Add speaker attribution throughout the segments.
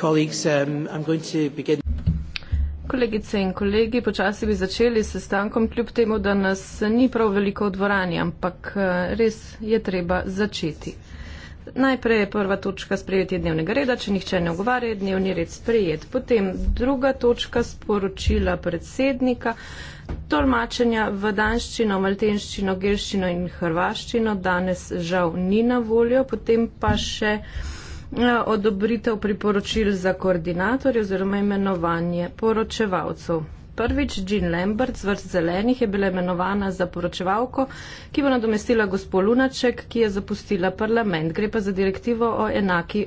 Speaker 1: colleagues um, I'm going to begin
Speaker 2: Kolegice in kolegi, počasi bi začeli s sestankom, kljub temu, da nas ni prav veliko v dvorani, ampak eh, res je treba začeti. Najprej je prva točka sprejetje dnevnega reda, če nihče ne ogovarja, je dnevni red sprejet. Potem druga točka sporočila predsednika, tolmačenja v danščino, maltenščino, gelščino in hrvaščino, danes žal ni na voljo, potem pa še. Um, Eh, odobritev priporočil za koordinatorje oziroma imenovanje poročevalcev. Prvič, Jean Lambert z vrst zelenih je bila imenovana za poročevalko, ki bo nadomestila gospod Lunaček, ki je zapustila parlament. Gre pa za direktivo o enaki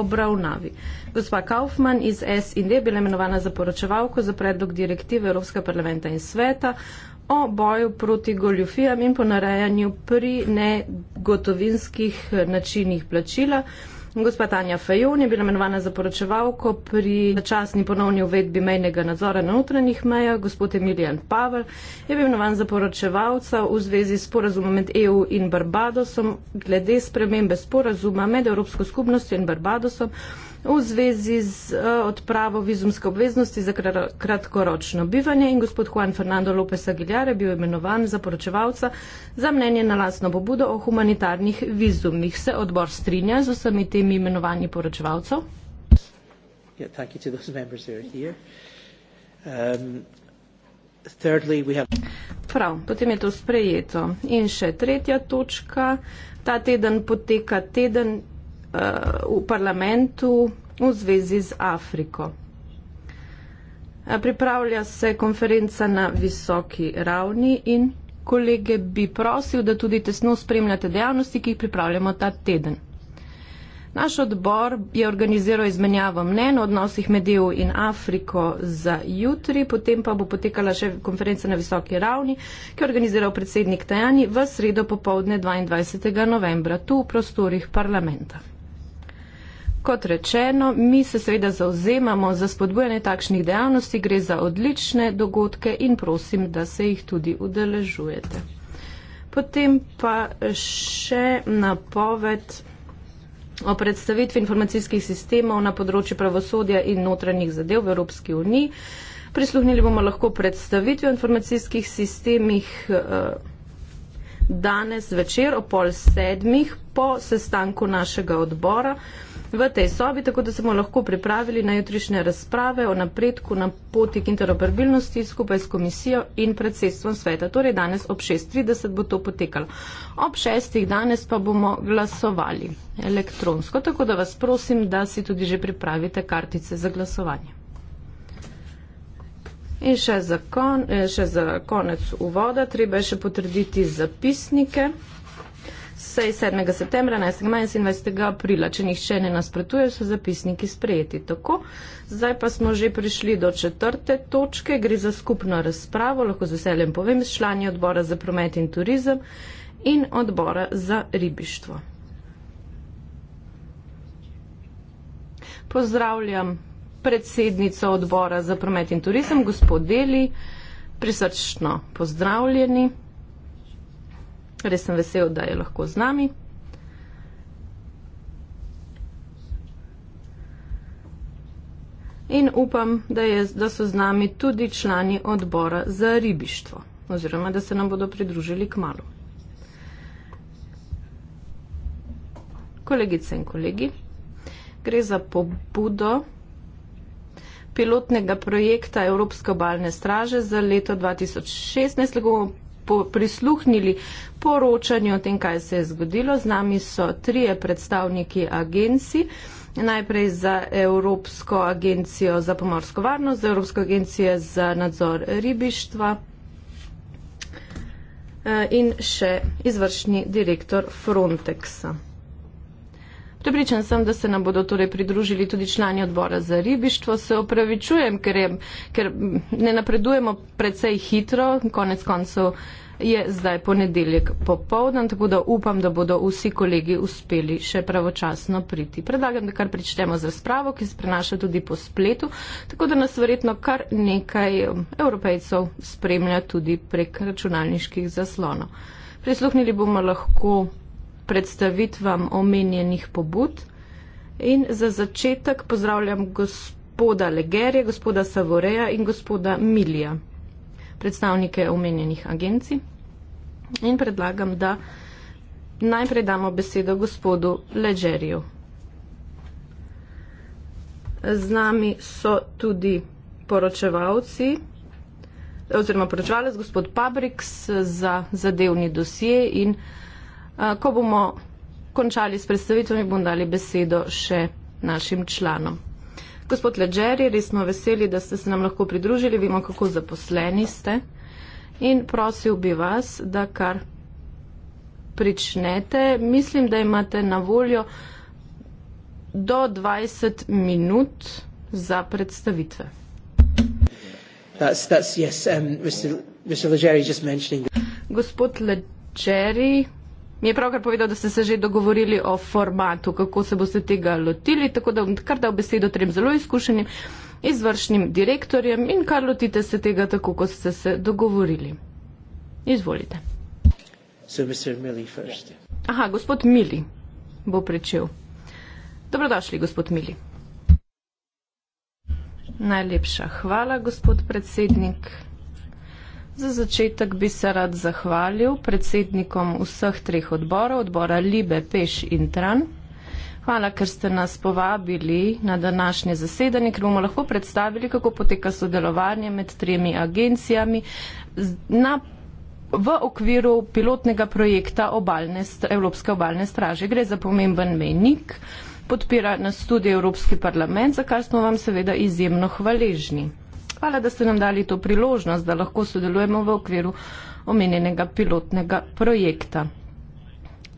Speaker 2: obravnavi. Gospa Kaufmann iz SND je bila imenovana za poročevalko za predlog direktive Evropskega parlamenta in sveta o boju proti goljufijam in ponarejanju pri negotovinskih načinih plačila. Gospa Tanja Fajon je bila imenovana za poročevalko pri začasni ponovni uvedbi mejnega nadzora na notranjih mejah. Gospod Emilijan Pavel je bil imenovan za poročevalca v zvezi s porazumom med EU in Barbadosom glede spremembe sporazuma med Evropsko skupnostjo in Barbadosom v zvezi z eh, odpravo vizumske obveznosti za kratkoročno bivanje in gospod Juan Fernando López Aguilar je bil imenovan za poročevalca za mnenje na lastno pobudo o humanitarnih vizumih. Se odbor strinja z vsemi temi imenovanji poročevalcev?
Speaker 3: Um,
Speaker 2: Prav, potem je to sprejeto. In še tretja točka. Ta teden poteka teden Eh, v parlamentu v zvezi z Afriko. Eh, pripravlja se konferenca na visoki ravni in kolege bi prosil, da tudi tesno spremljate dejavnosti, ki jih pripravljamo ta teden. Naš odbor je organiziral izmenjavo mnen o odnosih med EU in Afriko za jutri, potem pa bo potekala še konferenca na visoki ravni, ki je organiziral predsednik Tajani v sredo popovdne 22. novembra tu v prostorih parlamenta. Kot rečeno, mi se seveda zauzemamo za spodbujanje takšnih dejavnosti, gre za odlične dogodke in prosim, da se jih tudi udeležujete. Potem pa še napoved o predstavitvi informacijskih sistemov na področju pravosodja in notranjih zadev v Evropski uniji. Prisluhnili bomo lahko predstavitvi o informacijskih sistemih eh, danes večer o pol sedmih po sestanku našega odbora v tej sobi, tako da se bomo lahko pripravili na jutrišnje razprave o napredku na poti k interoperabilnosti skupaj s komisijo in predsedstvom sveta. Torej danes ob 6.30 bo to potekalo. Ob 6.00 danes pa bomo glasovali elektronsko, tako da vas prosim, da si tudi že pripravite kartice za glasovanje. In še za, kon, eh, še za konec uvoda, treba je še potrditi zapisnike sej 7. septembra, 11. maja in 27. aprila. Če nihče ne nasprotuje, so zapisniki sprejeti. Tako, zdaj pa smo že prišli do četrte točke, gre za skupno razpravo, lahko z veseljem povem, s člani odbora za promet in turizem in odbora za ribištvo. Pozdravljam predsednico odbora za promet in turizem, gospod Deli, prisrčno pozdravljeni. Res sem vesel, da je lahko z nami. In upam, da, je, da so z nami tudi člani odbora za ribištvo, oziroma da se nam bodo pridružili k malu. Kolegice in kolegi, gre za pobudo pilotnega projekta Evropske obalne straže za leto 2016 po, prisluhnili poročanju o tem, kaj se je zgodilo. Z nami so trije predstavniki agencij. Najprej za Evropsko agencijo za pomorsko varnost, za Evropsko agencijo za nadzor ribištva eh, in še izvršni direktor Frontexa. Pripričan sem, da se nam bodo torej pridružili tudi člani odbora za ribištvo. Se opravičujem, ker, je, ker ne napredujemo precej hitro. Konec koncev je zdaj ponedeljek popovdan, tako da upam, da bodo vsi kolegi uspeli še pravočasno priti. Predlagam, da kar pričnemo z razpravo, ki se prenaša tudi po spletu, tako da nas verjetno kar nekaj um, evropejcev spremlja tudi prek računalniških zaslonov. Prisluhnili bomo lahko predstavitvam omenjenih pobud. In za začetek pozdravljam gospoda Legerje, gospoda Savoreja in gospoda Milija, predstavnike omenjenih agencij. In predlagam, da najprej damo besedo gospodu Legerju. Z nami so tudi poročevalci oziroma poročevalec gospod Pabriks za zadevni dosje in Ko bomo končali s predstavitvami, bom dali besedo še našim članom. Gospod Leđeri, res smo veseli, da ste se nam lahko pridružili, vemo, kako zaposleni ste in prosil bi vas, da kar pričnete. Mislim, da imate na voljo do 20 minut za predstavitve.
Speaker 1: That's, that's, yes, um, Mr. Mr. Leggeri just mentioning that.
Speaker 2: Gospod Leggeri, Mi je pravkar povedal, da ste se že dogovorili o formatu, kako se boste tega lotili, tako da bom kar dal besedo trem zelo izkušenim izvršnim direktorjem in kar lotite se tega, tako kot ste se dogovorili. Izvolite. So, Aha, gospod Mili bo pričel. Dobrodošli, gospod Mili. Najlepša hvala, gospod predsednik. Za začetek bi se rad zahvalil predsednikom vseh treh odborov, odbora Libe, Peš in Tran. Hvala, ker ste nas povabili na današnje zasedanje, ker bomo lahko predstavili, kako poteka sodelovanje med tremi agencijami na, v okviru pilotnega projekta obalne, Evropske obalne straže. Gre za pomemben menik, podpira nas tudi Evropski parlament, za kar smo vam seveda izjemno hvaležni hvala, da ste nam dali to priložnost, da lahko sodelujemo v okviru omenjenega pilotnega projekta.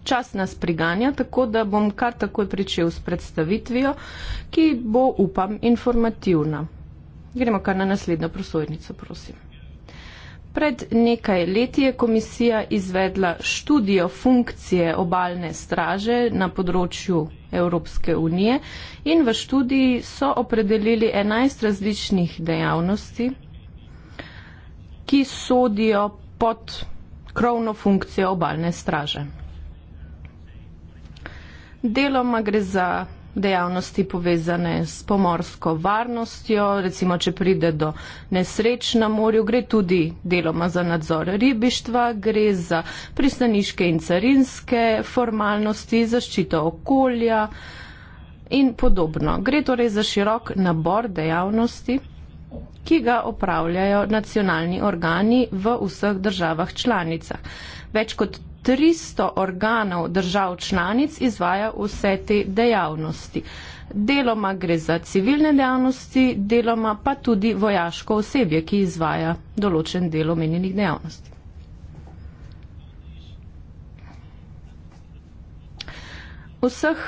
Speaker 2: Čas nas priganja, tako da bom kar takoj pričel s predstavitvijo, ki bo, upam, informativna. Gremo kar na naslednjo prosojnico, prosim. Pred nekaj leti je komisija izvedla študijo funkcije obalne straže na področju Evropske unije in v študiji so opredelili 11 različnih dejavnosti, ki sodijo pod krovno funkcijo obalne straže. Deloma gre za dejavnosti povezane s pomorsko varnostjo, recimo, če pride do nesreč na morju, gre tudi deloma za nadzor ribištva, gre za pristaniške in carinske formalnosti, zaščito okolja in podobno. Gre torej za širok nabor dejavnosti, ki ga opravljajo nacionalni organi v vseh državah članicah. Več kot 300 organov držav članic izvaja vse te dejavnosti. Deloma gre za civilne dejavnosti, deloma pa tudi vojaško osebje, ki izvaja določen del omenjenih dejavnosti. Vseh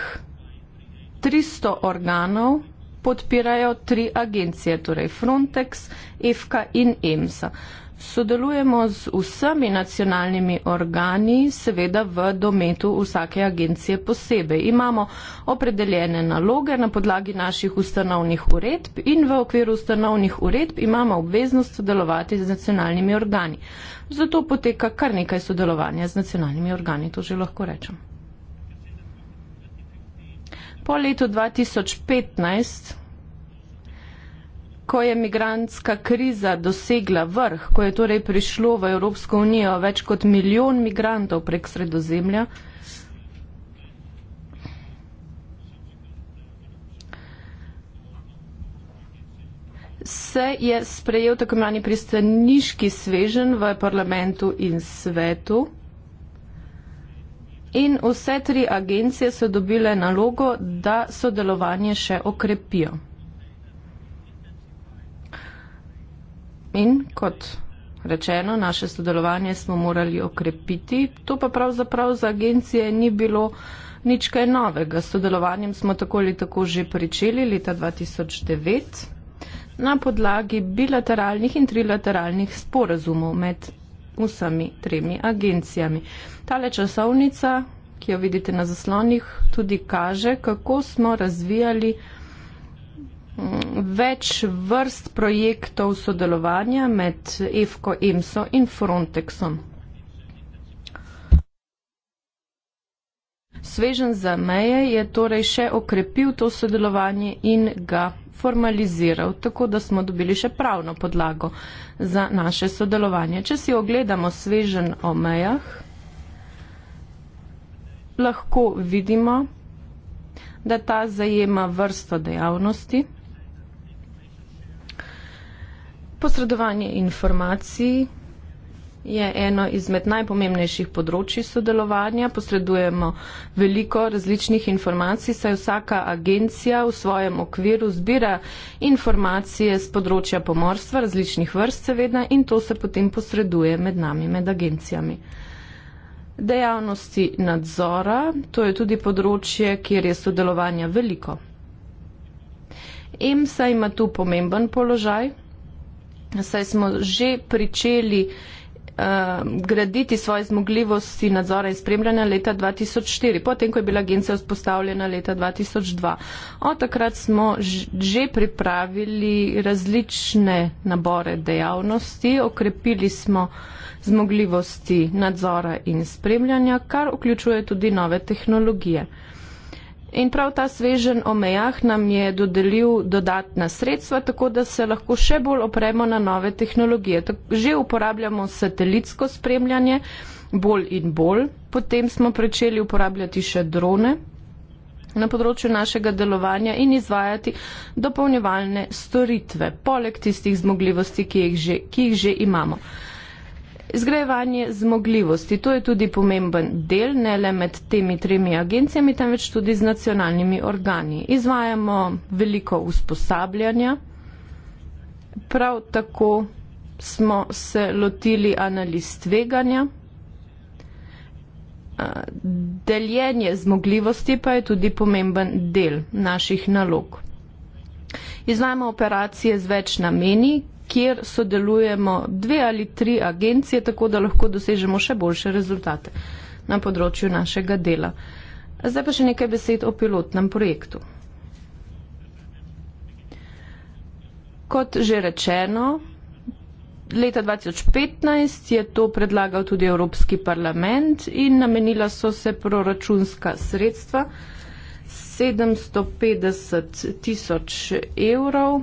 Speaker 2: 300 organov podpirajo tri agencije, torej Frontex, EFKA in EMSA. Sodelujemo z vsemi nacionalnimi organi, seveda v dometu vsake agencije posebej. Imamo opredeljene naloge na podlagi naših ustanovnih uredb in v okviru ustanovnih uredb imamo obveznost sodelovati z nacionalnimi organi. Zato poteka kar nekaj sodelovanja z nacionalnimi organi, to že lahko rečem. Po letu 2015 ko je migrantska kriza dosegla vrh, ko je torej prišlo v Evropsko unijo več kot milijon migrantov prek sredozemlja, se je sprejel tako imenovani pristaniški svežen v parlamentu in svetu. In vse tri agencije so dobile nalogo, da sodelovanje še okrepijo. In kot rečeno, naše sodelovanje smo morali okrepiti. To pa pravzaprav za agencije ni bilo nič kaj novega. S sodelovanjem smo tako ali tako že pričeli leta 2009 na podlagi bilateralnih in trilateralnih sporazumov med vsemi tremi agencijami. Tale časovnica, ki jo vidite na zaslonih, tudi kaže, kako smo razvijali več vrst projektov sodelovanja med EFKO, EMSO in Frontexom. Svežen za meje je torej še okrepil to sodelovanje in ga formaliziral, tako da smo dobili še pravno podlago za naše sodelovanje. Če si ogledamo svežen o mejah, lahko vidimo, da ta zajema vrsto dejavnosti. Posredovanje informacij je eno izmed najpomembnejših področji sodelovanja. Posredujemo veliko različnih informacij, saj vsaka agencija v svojem okviru zbira informacije z področja pomorstva različnih vrst seveda in to se potem posreduje med nami, med agencijami. Dejavnosti nadzora, to je tudi področje, kjer je sodelovanja veliko. EMSA ima tu pomemben položaj saj smo že pričeli eh, graditi svoje zmogljivosti nadzora in spremljanja leta 2004, potem, ko je bila agencija vzpostavljena leta 2002. Od takrat smo že pripravili različne nabore dejavnosti, okrepili smo zmogljivosti nadzora in spremljanja, kar vključuje tudi nove tehnologije. In prav ta svežen o mejah nam je dodelil dodatna sredstva, tako da se lahko še bolj opremo na nove tehnologije. Že uporabljamo satelitsko spremljanje bolj in bolj, potem smo začeli uporabljati še drone na področju našega delovanja in izvajati dopolnjevalne storitve, poleg tistih zmogljivosti, ki jih že, ki jih že imamo izgrajevanje zmogljivosti. To je tudi pomemben del, ne le med temi tremi agencijami, temveč tudi z nacionalnimi organi. Izvajamo veliko usposabljanja, prav tako smo se lotili analiz tveganja. Deljenje zmogljivosti pa je tudi pomemben del naših nalog. Izvajamo operacije z več nameni, kjer sodelujemo dve ali tri agencije, tako da lahko dosežemo še boljše rezultate na področju našega dela. Zdaj pa še nekaj besed o pilotnem projektu. Kot že rečeno, leta 2015 je to predlagal tudi Evropski parlament in namenila so se proračunska sredstva 750 tisoč evrov.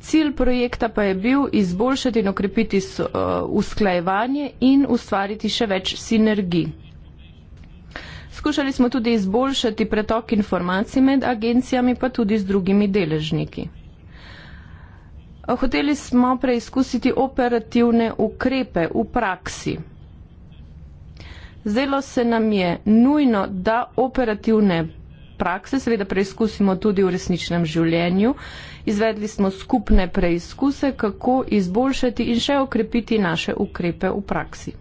Speaker 2: Cilj projekta pa je bil izboljšati in okrepiti eh, usklajevanje in ustvariti še več sinergij. Skušali smo tudi izboljšati pretok informacij med agencijami pa tudi z drugimi deležniki. Hoteli smo preizkusiti operativne ukrepe v praksi. Zdelo se nam je nujno, da operativne prakse seveda preizkusimo tudi v resničnem življenju. Izvedli smo skupne preizkuse, kako izboljšati in še okrepiti naše ukrepe v praksi.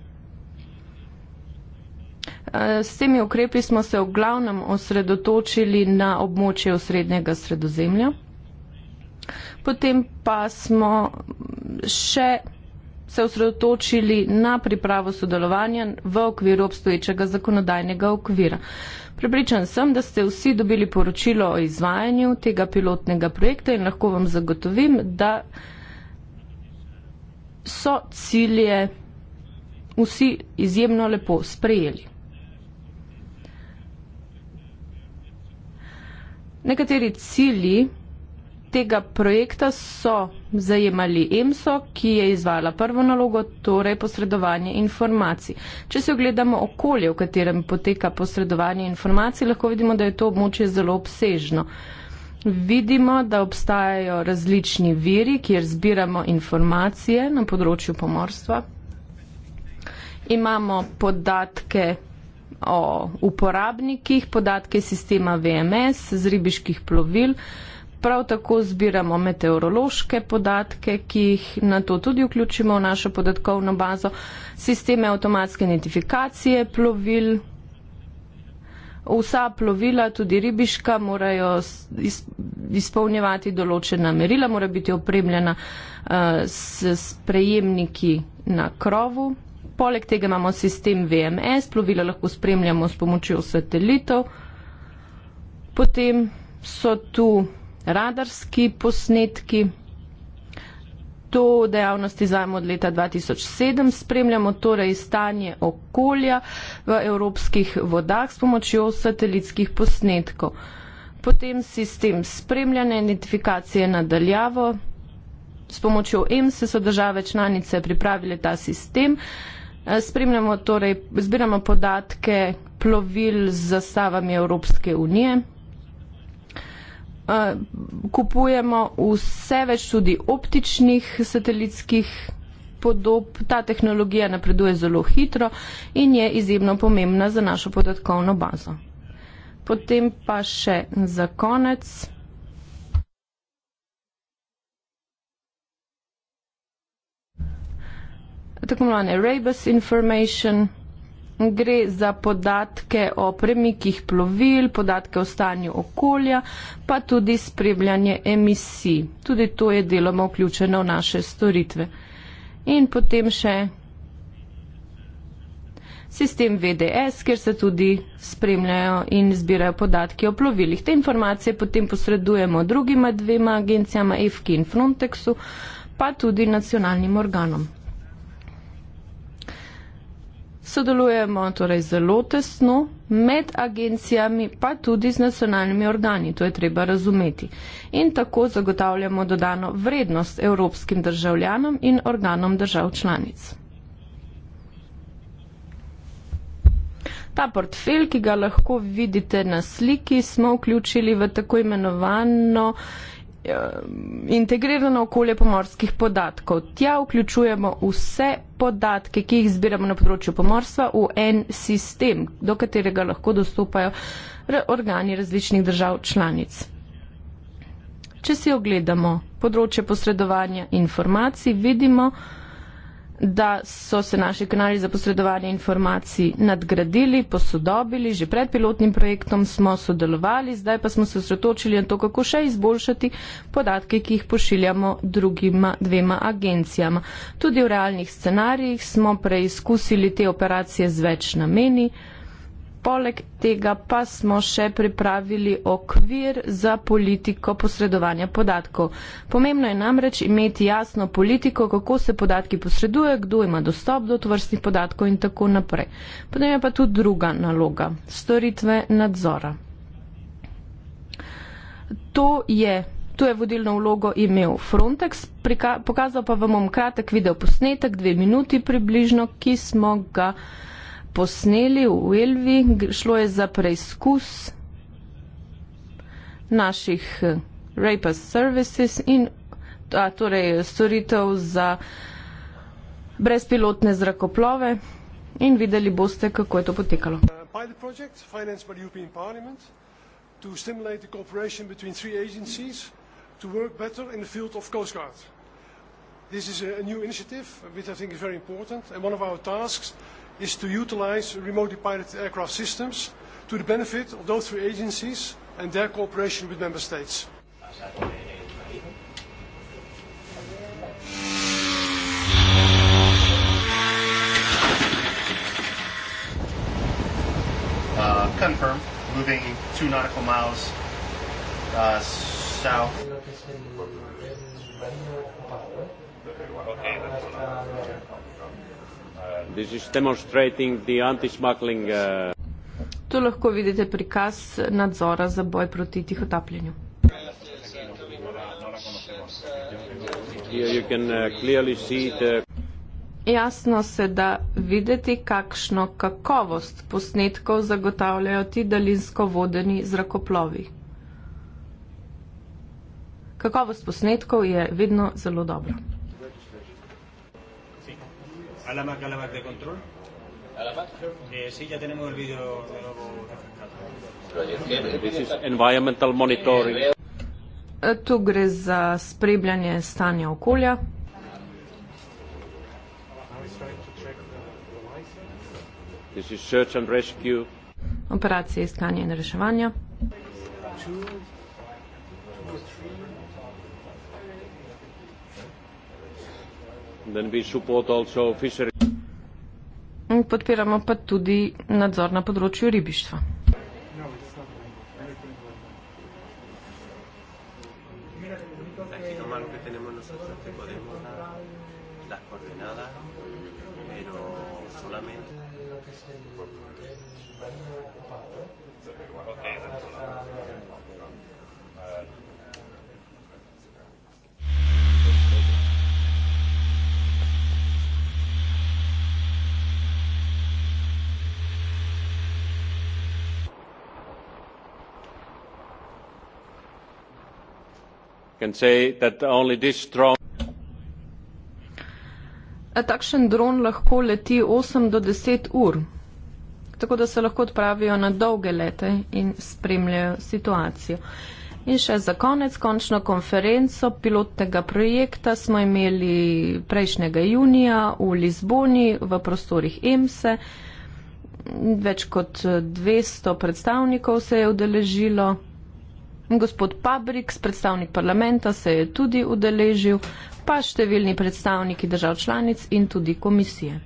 Speaker 2: Eh, s temi ukrepi smo se v glavnem osredotočili na območje osrednjega sredozemlja. Potem pa smo še se osredotočili na pripravo sodelovanja v okviru obstoječega zakonodajnega okvira. Uh, Prepričan sem, da ste vsi dobili poročilo o izvajanju tega pilotnega projekta in lahko vam zagotovim, da so cilje vsi izjemno lepo sprejeli. Nekateri cilji tega projekta so zajemali EMSO, ki je izvala prvo nalogo, torej posredovanje informacij. Če se ogledamo okolje, v katerem poteka posredovanje informacij, lahko vidimo, da je to območje zelo obsežno. Vidimo, da obstajajo različni viri, kjer zbiramo informacije na področju pomorstva. Imamo podatke o uporabnikih, podatke sistema VMS z ribiških plovil, prav tako zbiramo meteorološke podatke, ki jih na to tudi vključimo v našo podatkovno bazo, sisteme avtomatske identifikacije plovil. Vsa plovila, tudi ribiška, morajo izpolnjevati določena merila, mora biti opremljena eh, s sprejemniki na krovu. Poleg tega imamo sistem VMS, plovila lahko spremljamo s pomočjo satelitov. Potem so tu radarski posnetki. To dejavnost izvajamo od leta 2007. Spremljamo torej stanje okolja v evropskih vodah s pomočjo satelitskih posnetkov. Potem sistem spremljanja identifikacije nadaljavo. S pomočjo EMS so države članice pripravile ta sistem. Eh, spremljamo torej, zbiramo podatke plovil z zastavami Evropske unije. Eh, kupujemo vse več tudi optičnih satelitskih podob. Ta tehnologija napreduje zelo hitro in je izjemno pomembna za našo podatkovno bazo. Potem pa še za konec. Tako imenovane Rabus Information. Gre za podatke o premikih plovil, podatke o stanju okolja, pa tudi spremljanje emisij. Tudi to je deloma vključeno v naše storitve. In potem še sistem VDS, kjer se tudi spremljajo in zbirajo podatki o plovilih. Te informacije potem posredujemo drugima dvema agencijama, EFK in Frontexu, pa tudi nacionalnim organom sodelujemo torej zelo tesno med agencijami, pa tudi z nacionalnimi organi, to je treba razumeti. In tako zagotavljamo dodano vrednost evropskim državljanom in organom držav članic. Ta portfel, ki ga lahko vidite na sliki, smo vključili v tako imenovano integrirano okolje pomorskih podatkov. Tja vključujemo vse podatke, ki jih zbiramo na področju pomorstva v en sistem, do katerega lahko dostopajo organi različnih držav članic. Če si ogledamo področje posredovanja informacij, vidimo, da da so se naši kanali za posredovanje informacij nadgradili, posodobili, že pred pilotnim projektom smo sodelovali, zdaj pa smo se osredotočili na to, kako še izboljšati podatke, ki jih pošiljamo drugima dvema agencijama. Tudi v realnih scenarijih smo preizkusili te operacije z več nameni. Poleg tega pa smo še pripravili okvir za politiko posredovanja podatkov. Pomembno je namreč imeti jasno politiko, kako se podatki posreduje, kdo ima dostop do tvrstnih podatkov in tako naprej. Potem je pa tu druga naloga, storitve nadzora. To je, tu je vodilno vlogo imel Frontex, pokazal pa vam bom kratek video posnetek, dve minuti približno, ki smo ga pripravili posneli v Elvi, šlo je za preizkus naših eh, rapist services in a, torej storitev za brezpilotne zrakoplove in videli boste, kako je to potekalo.
Speaker 3: Uh, to work better in the field of Coast Guard. This is a, a new initiative which I think is very important, and one of our tasks is to utilize remotely piloted aircraft systems to the benefit of those three agencies and their cooperation with member states. Uh,
Speaker 4: Confirm, moving two nautical miles uh, south.
Speaker 3: Okay, that's what I'm
Speaker 4: Uh, to
Speaker 2: lahko vidite prikaz nadzora za boj proti tihotapljenju. Uh, Jasno se da videti, kakšno kakovost posnetkov zagotavljajo ti daljinsko vodeni zrakoplovi. Kakovost posnetkov je vedno zelo dobra.
Speaker 3: Alama Calabar de Control. ¿Alama? Eh, sí, ya tenemos el vídeo
Speaker 2: Environmental Monitoring. Eh, tu gre za spremljanje stanja okolja. Operacije iskanja in reševanja. Podpiramo pa tudi nadzor na področju ribištva.
Speaker 3: can say that only this strong
Speaker 2: A takšen dron lahko leti 8 do 10 ur, tako da se lahko odpravijo na dolge lete in spremljajo situacijo. In še za konec, končno konferenco pilotnega projekta smo imeli prejšnjega junija v Lizboni v prostorih EMSE. Več kot 200 predstavnikov se je udeležilo. Gospod Pabrik, predstavnik parlamenta, se je tudi udeležil, pa številni predstavniki držav članic in tudi komisije.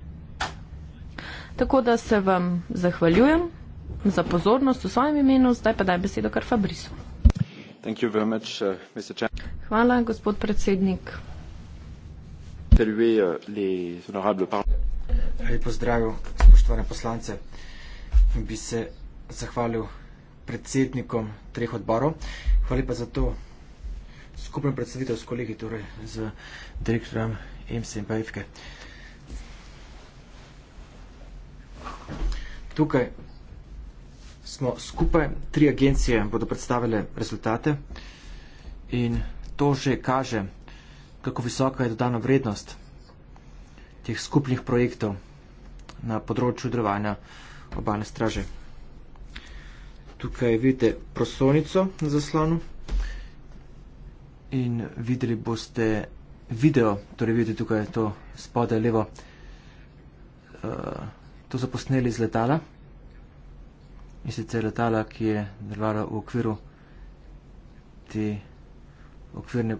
Speaker 2: Tako da se vam zahvaljujem za pozornost v svojem imenu, zdaj pa daj besedo kar Fabrisu.
Speaker 3: Thank you very much, uh, Mr.
Speaker 2: Hvala, gospod predsednik.
Speaker 5: Hey, uh, pozdravil spoštovane poslance. Bi se zahvalil predsednikom treh odborov. Hvala lepa za to skupno predstavitev s kolegi, torej z direktorjem EMS in PFK. Tukaj smo skupaj, tri agencije bodo predstavile rezultate in to že kaže, kako visoka je dodana vrednost teh skupnih projektov na področju drevanja obalne straže tukaj vidite prosonico na zaslonu in videli boste video, torej vidite tukaj to spode levo, uh, to so posneli iz letala in sicer letala, ki je delovala v okviru te okvirne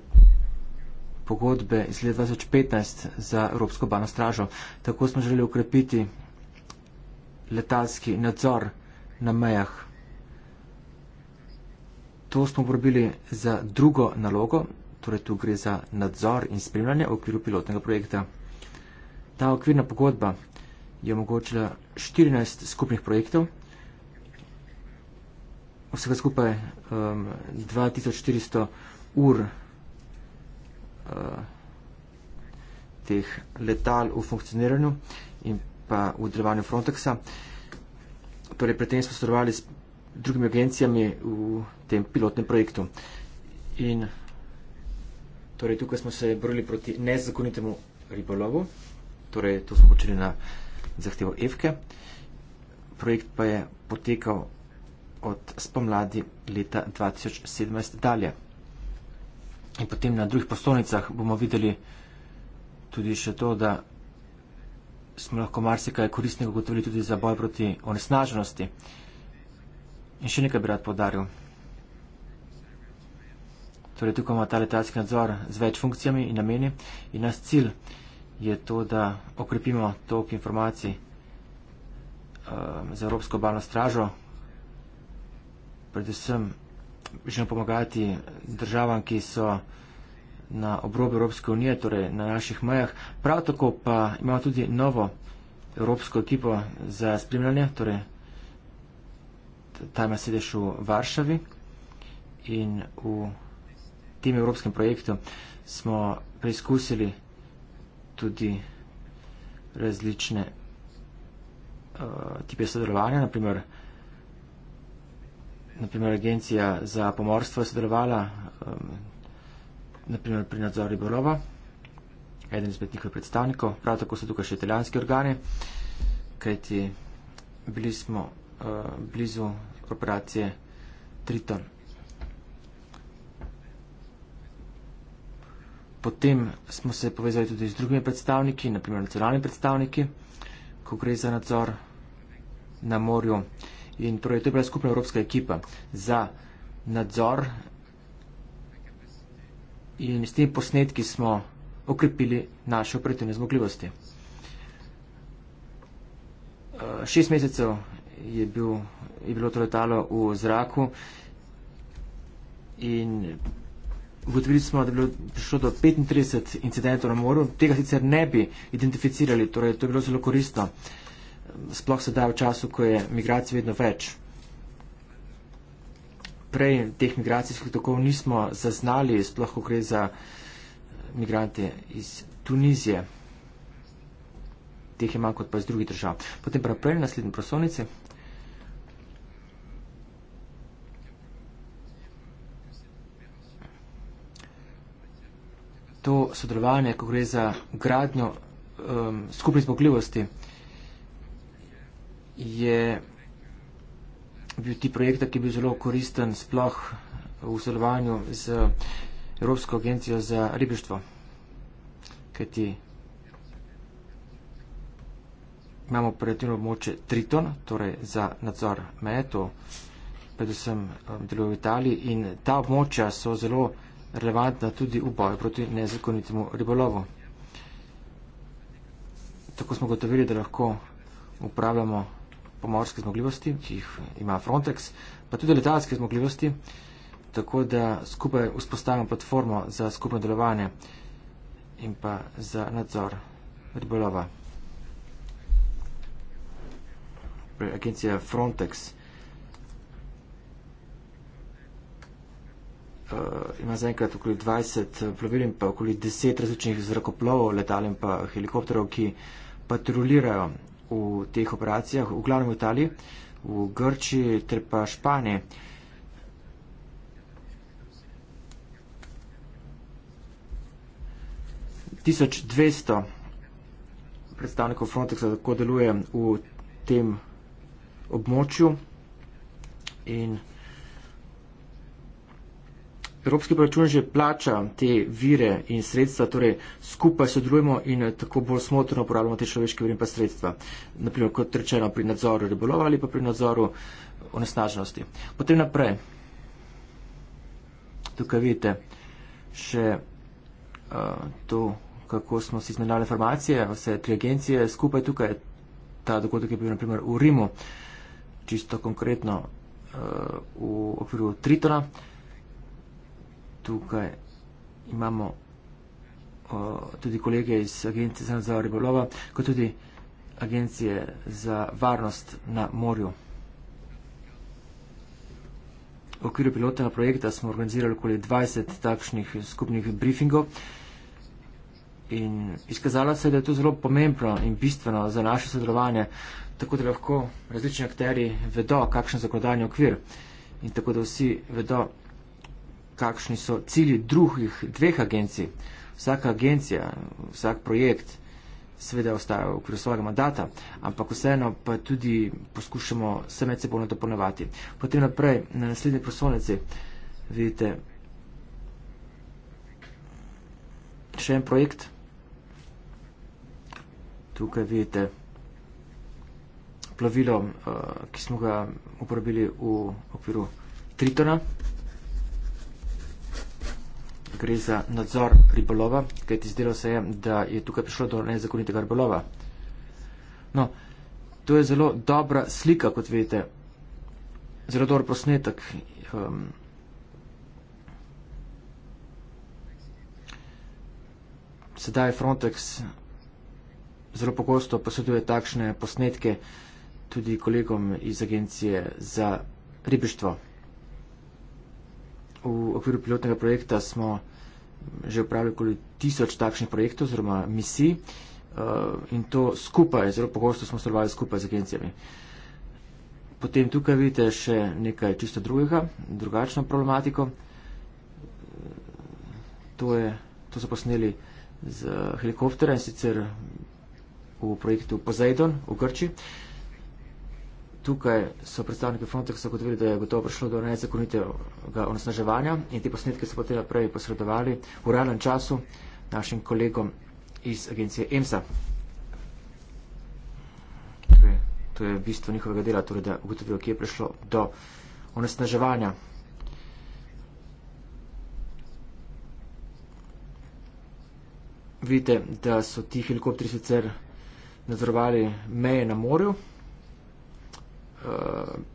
Speaker 5: pogodbe iz leta 2015 za Evropsko obalno stražo. Tako smo želeli ukrepiti letalski nadzor na mejah to smo uporabili za drugo nalogo, torej tu gre za nadzor in spremljanje v okviru pilotnega projekta. Ta okvirna pogodba je omogočila 14 skupnih projektov, vsega skupaj um, 2400 ur uh, teh letal v funkcioniranju in pa v delovanju Frontexa. Torej, pri tem smo sodelovali s drugimi agencijami v tem pilotnem projektu. In torej tukaj smo se borili proti nezakonitemu ribolovu, torej to smo počeli na zahtevo EFKE. Projekt pa je potekal od spomladi leta 2017 dalje. In potem na drugih poslovnicah bomo videli tudi še to, da smo lahko marsikaj koristnega gotovili tudi za boj proti onesnaženosti. In še nekaj bi rad podaril. Torej, tukaj imamo ta letalski nadzor z več funkcijami in nameni in nas cilj je to, da okrepimo tok informacij um, za Evropsko obalno stražo, predvsem želimo pomagati državam, ki so na obrobi Evropske unije, torej na naših mejah. Prav tako pa imamo tudi novo evropsko ekipo za spremljanje, torej ta ima sedež v Varšavi in v tem evropskem projektu smo preizkusili tudi različne uh, tipe sodelovanja, naprimer, naprimer agencija za pomorstvo je sodelovala, um, naprimer pri nadzoru ribolova, eden izmed njihovih predstavnikov, prav tako so tukaj še italijanski organi, kajti bili smo Eh, blizu korporacije Triton. Potem smo se povezali tudi z drugimi predstavniki, naprimer nacionalni predstavniki, ko gre za nadzor na morju. In torej, to je bila skupna evropska ekipa za nadzor in s temi posnetki smo okrepili naše operativne zmogljivosti. Eh, šest mesecev je, bil, je bilo to letalo v zraku in ugotovili smo, da je bilo prišlo do 35 incidentov na moru. Tega sicer ne bi identificirali, torej to je bilo zelo koristno. Sploh sedaj v času, ko je migracij vedno več. Prej teh migracijskih tokov nismo zaznali, sploh ko gre za eh, migrante iz Tunizije. Teh je manj kot pa iz drugih držav. Potem pa naprej na naslednji prosovnici. to sodelovanje, ko gre za gradnjo um, skupne zmogljivosti, je bil ti projekt, ki je bil zelo koristen sploh v sodelovanju z Evropsko agencijo za ribištvo. Kajti imamo operativno območje Triton, torej za nadzor meje, to predvsem um, deluje v Italiji in ta območja so zelo relevantna tudi v boju proti nezakonitemu ribolovu. Tako smo gotovili, da lahko upravljamo pomorske zmogljivosti, ki jih ima Frontex, pa tudi letalske zmogljivosti, tako da skupaj vzpostavimo platformo za skupno delovanje in pa za nadzor ribolova. Torej, agencija Frontex. uh, ima zaenkrat okoli 20 eh, plovil in pa okoli 10 različnih zrakoplovov, letal in pa helikopterov, ki patrulirajo v teh operacijah, v glavnem v Italiji, v Grči ter pa Španiji. predstavnikov Frontexa tako deluje v tem območju in Evropski proračun že plača te vire in sredstva, torej skupaj sodelujemo in eh, tako bolj smotrno uporabljamo te človeške vire in pa sredstva. Naprimer, kot rečeno, pri nadzoru ribolova ali pa pri nadzoru onesnaženosti. Potem naprej. Tukaj vidite še uh, to, kako smo si izmenjali informacije, vse tri agencije skupaj tukaj. Ta dogodek je bil naprimer v Rimu, čisto konkretno uh, v okviru Tritona tukaj imamo uh, tudi kolege iz Agencije za nadzor ribolova, kot tudi Agencije za varnost na morju. V okviru pilotnega projekta smo organizirali okoli 20 takšnih skupnih briefingov in izkazalo se, da je to zelo pomembno in bistveno za naše sodelovanje, tako da lahko različni akteri vedo, kakšen zakladanje okvir in tako da vsi vedo, kakšni so cilji drugih dveh agencij. Vsaka agencija, vsak projekt seveda ostaja v okviru svojega mandata, ampak vseeno pa tudi poskušamo se med seboj dopolnjevati. Potem naprej na naslednji prosolnici vidite še en projekt. Tukaj vidite plovilo, eh, ki smo ga uporabili v okviru Tritona gre za nadzor ribolova, kaj ti zdelo se je, da je tukaj prišlo do nezakonitega ribolova. No, to je zelo dobra slika, kot vidite, zelo dober posnetek. Um, sedaj Frontex zelo pogosto posreduje takšne posnetke tudi kolegom iz agencije za ribištvo. V okviru pilotnega projekta smo že upravili okoli tisoč takšnih projektov oziroma misij eh, in to skupaj, zelo pogosto smo sodelovali skupaj z agencijami. Potem tukaj vidite še nekaj čisto drugega, drugačno problematiko. Eh, to, je, to so posneli z helikoptera in sicer v projektu Poseidon v Grčiji tukaj so predstavniki Frontexa ugotovili, da je gotovo prišlo do nezakonitega onesnaževanja in te posnetke so potem naprej posredovali v realnem času našim kolegom iz agencije EMSA. Torej, to je bistvo njihovega dela, torej da ugotovijo, kje je prišlo do onesnaževanja. Vidite, da so ti helikopteri sicer nadzorovali meje na morju. Eh,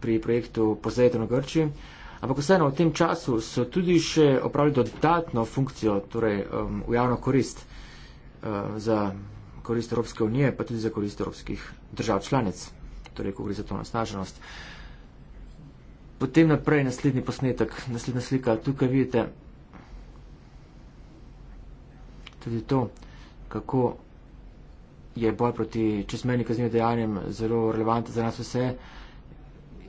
Speaker 5: pri projektu Pozajete na Grči. Ampak vseeno v tem času so tudi še opravili dodatno funkcijo, torej um, v javno korist uh, za korist Evropske unije, pa tudi za korist evropskih držav članic, torej ko gre za to nasnaženost. Potem naprej naslednji posnetek, naslednja slika, tukaj vidite tudi to, kako je boj proti čezmeni kaznivim dejanjem zelo relevanten za nas vse. Uh,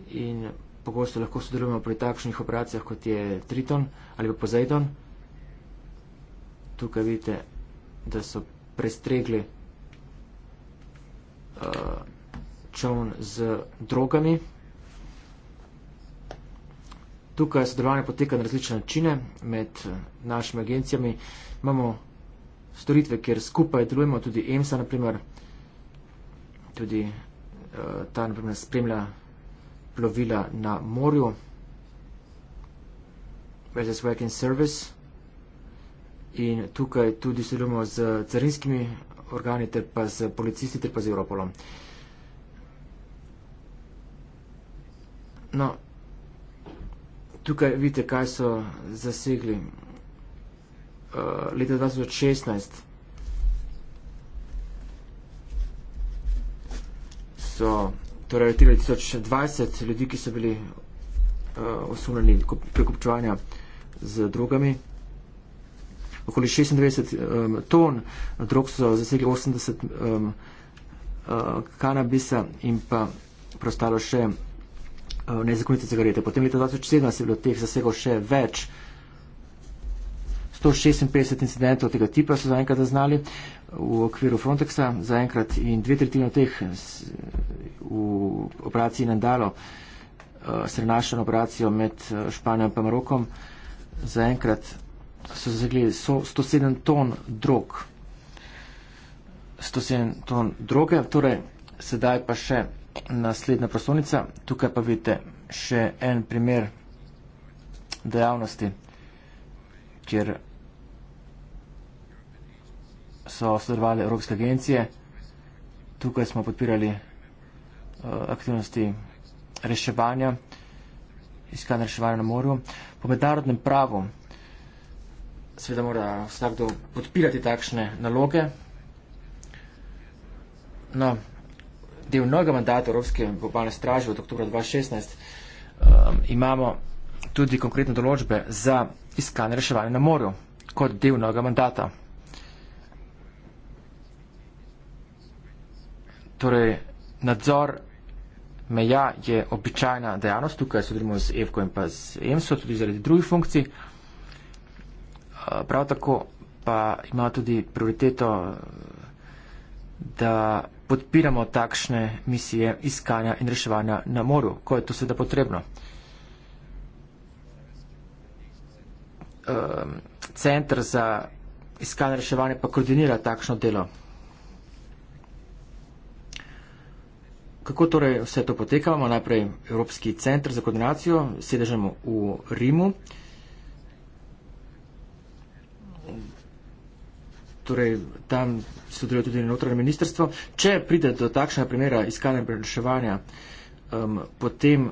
Speaker 5: in pogosto lahko sodelujemo pri takšnih operacijah, kot je Triton ali pa Poseidon. Tukaj vidite, da so prestregli uh, eh, čovn z drogami. Tukaj sodelovanje poteka na različne načine med eh, našimi agencijami. Imamo storitve, kjer skupaj delujemo, tudi EMSA, naprimer, tudi uh, ta, naprimer, spremlja plovila na morju. Vezes Wagon Service. In tukaj tudi sodelujemo z carinskimi organi, ter pa z policisti, ter pa z Europolom. No, tukaj vidite, kaj so zasegli. Uh, leta 2016 so torej leta 2020, ljudi, ki so bili uh, eh, osumljeni prekupčevanja z drogami. Okoli 96 um, eh, ton drog so zasegli 80 um, uh, kanabisa in pa preostalo še uh, nezakonite cigarete. Potem leta 2017 je bilo teh zasegov še več. 156 incidentov tega tipa so zaenkrat zaznali v okviru Frontexa zaenkrat in dve tretjine teh v operaciji Nandalo eh, se nanašajo na operacijo med eh, Španijo in Marokom. Zaenkrat so zazegli 107 ton drog. 107 ton droge, torej sedaj pa še naslednja prostornica. Tukaj pa vidite še en primer dejavnosti, kjer so sodelovali evropske agencije. Tukaj smo podpirali uh, aktivnosti reševanja, iskanja reševanja na morju. Po mednarodnem pravu seveda mora vsakdo podpirati takšne naloge. No, del novega mandata Evropske globalne straže od oktobra 2016 um, ehm, imamo tudi konkretne določbe za iskanje reševanja na morju kot del novega mandata. Torej, nadzor meja je običajna dejavnost, tukaj sodelujemo z EFKO in pa z EMSO, tudi zaradi drugih funkcij. Eh, prav tako pa ima tudi prioriteto, eh, da podpiramo takšne misije iskanja in reševanja na moru, ko je to seveda potrebno. Eh, center za iskanje in reševanje pa koordinira takšno delo. Kako torej vse to poteka? Imamo najprej Evropski centr za koordinacijo, sedežemo v Rimu. Torej, tam sodeluje tudi notranje ministrstvo. Če pride do takšnega primera iskanja in prenaševanja, um, potem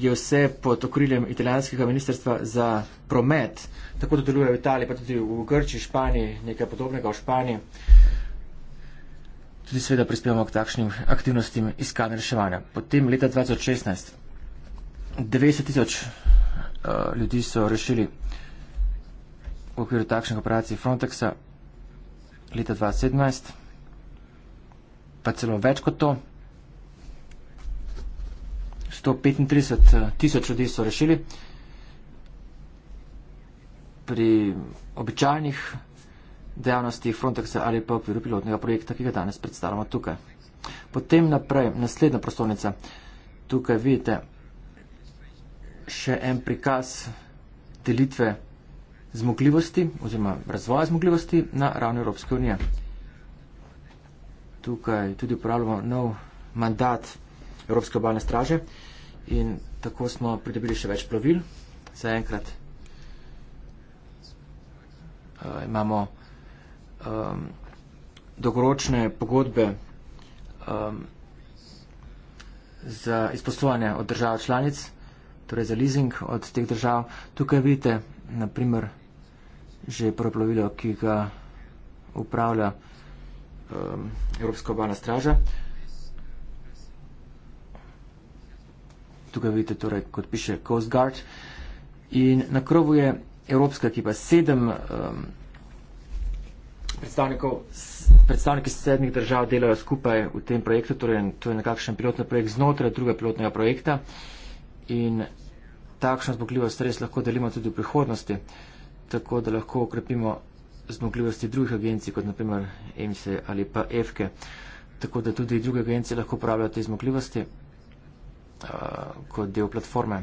Speaker 5: je vse pod okriljem italijanskega ministrstva za promet. Tako to deluje v Italiji, pa tudi v Grči, Španiji, nekaj podobnega v Španiji tudi seveda prispevamo k takšnim aktivnostim iskanja reševanja. Potem leta 2016 90 tisoč uh, ljudi so rešili v okviru takšnih operacij Frontexa, leta 2017 pa celo več kot to. 135 eh, tisoč ljudi so rešili pri običajnih dejavnosti Frontexa ali pa v okviru pilotnega projekta, ki ga danes predstavljamo tukaj. Potem naprej, naslednja prostornica. Tukaj vidite še en prikaz delitve zmogljivosti oziroma razvoja zmogljivosti na ravni Evropske unije. Tukaj tudi uporabljamo nov mandat Evropske obalne straže in tako smo pridobili še več plovil. Zaenkrat uh, imamo um, dogoročne pogodbe um, za izposlovanje od držav članic, torej za leasing od teh držav. Tukaj vidite, naprimer, že proplovilo, ki ga upravlja um, Evropska obalna straža. Tukaj vidite, torej, kot piše Coast Guard. In na krovu je Evropska ekipa sedem. Um, predstavniki sedmih držav delajo skupaj v tem projektu, torej to je nekakšen pilotni projekt znotraj drugega pilotnega projekta in takšno zmogljivost res lahko delimo tudi v prihodnosti, tako da lahko ukrepimo zmogljivosti drugih agencij, kot naprimer EMSE ali pa EFKE, tako da tudi druge agencije lahko uporabljajo te zmogljivosti uh, kot del platforme.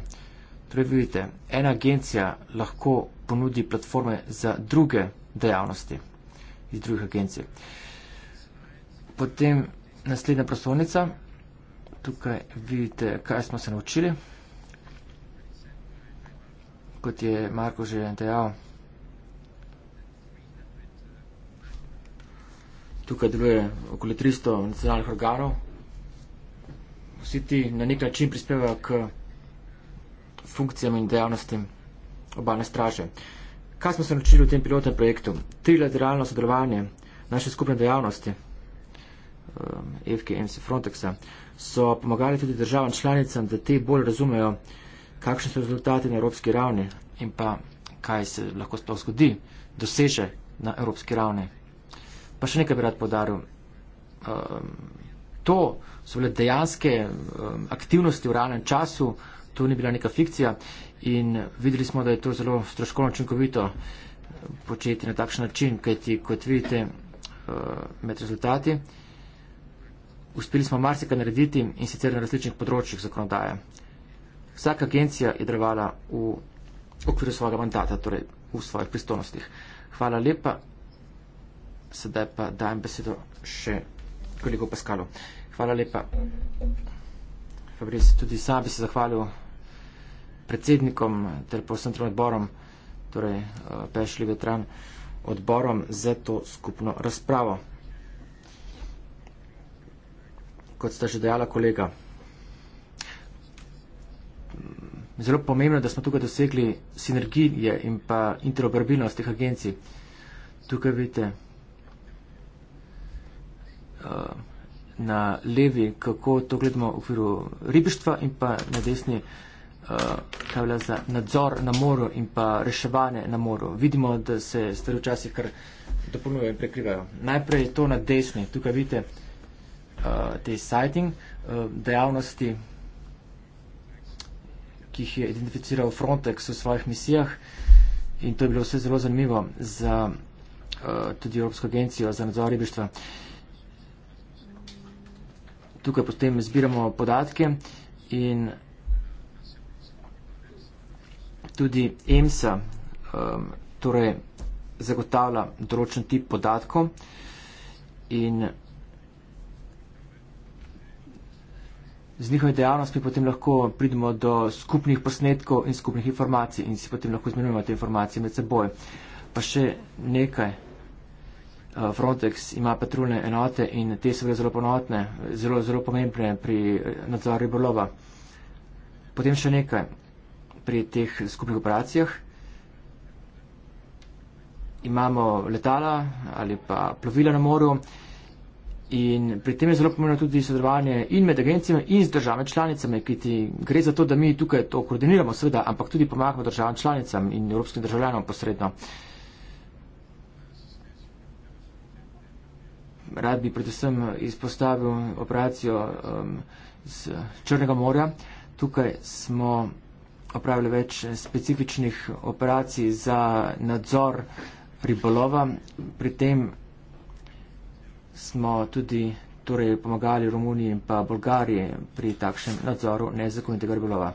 Speaker 5: Torej vidite, ena agencija lahko ponudi platforme za druge dejavnosti iz drugih agencij. Potem naslednja prostornica. Tukaj vidite, kaj smo se naučili. Kot je Marko že dejal, tukaj deluje okoli 300 nacionalnih organov. Vsi ti na nek način prispevajo k funkcijam in dejavnostim obalne straže. Uh, Kaj smo se naučili v tem pilotnem projektu? Trilateralno sodelovanje naše skupne dejavnosti um, FKMC Frontexa so pomagali tudi državam članicam, da te bolj razumejo, kakšne so rezultati na evropski ravni in pa kaj se lahko sploh zgodi, doseže na evropski ravni. Pa še nekaj bi rad podaril. Um, to so bile dejanske um, aktivnosti v realnem času, to ni bila neka fikcija in videli smo, da je to zelo stroškovno učinkovito početi na takšen način, kajti kot vidite eh, med rezultati, uspeli smo marsikaj narediti in sicer na različnih področjih zakonodaje. Vsaka agencija je drevala v okviru svojega mandata, torej v svojih pristojnostih. Hvala lepa. Sedaj pa dajem besedo še kolegu Paskalu. Hvala lepa. Fabrice, tudi sam bi se zahvalil predsednikom ter posebnim odborom, torej eh, Pešli Vetran, odborom za to skupno razpravo. Kot sta že dejala kolega, mm, zelo pomembno, da smo tukaj dosegli sinergije in pa interoperabilnost teh agencij. Tukaj vidite eh, na levi, kako to gledamo v okviru ribištva in pa na desni, uh, kaj velja za nadzor na moru in pa reševanje na moru. Vidimo, da se stvari včasih kar dopolnjujejo in prekrivajo. Najprej je to na desni, tukaj vidite uh, te sighting, uh, dejavnosti, ki jih je identificiral Frontex v svojih misijah in to je bilo vse zelo zanimivo za uh, tudi Evropsko agencijo za nadzor ribištva. Tukaj potem zbiramo podatke in tudi EMSA um, torej zagotavlja določen tip podatkov in z njihovim dejavnostmi potem lahko pridemo do skupnih posnetkov in skupnih informacij in si potem lahko izmenujemo te informacije med seboj. Pa še nekaj. Uh, Frontex ima patrulne enote in te so bile zelo ponotne, zelo, zelo pomembne pri nadzoru ribolova. Potem še nekaj pri teh skupnih operacijah. Imamo letala ali pa plovila na morju in pri tem je zelo pomembno tudi sodelovanje in med agencijami in z državami članicami, ki ti gre za to, da mi tukaj to koordiniramo, seveda, ampak tudi pomagamo državam članicam in evropskim državljanom posredno. Rad bi predvsem izpostavil operacijo um, z Črnega morja. Tukaj smo opravili več specifičnih operacij za nadzor ribolova. Pri tem smo tudi torej, pomagali Romuniji in pa Bolgariji pri takšnem nadzoru nezakonitega ribolova.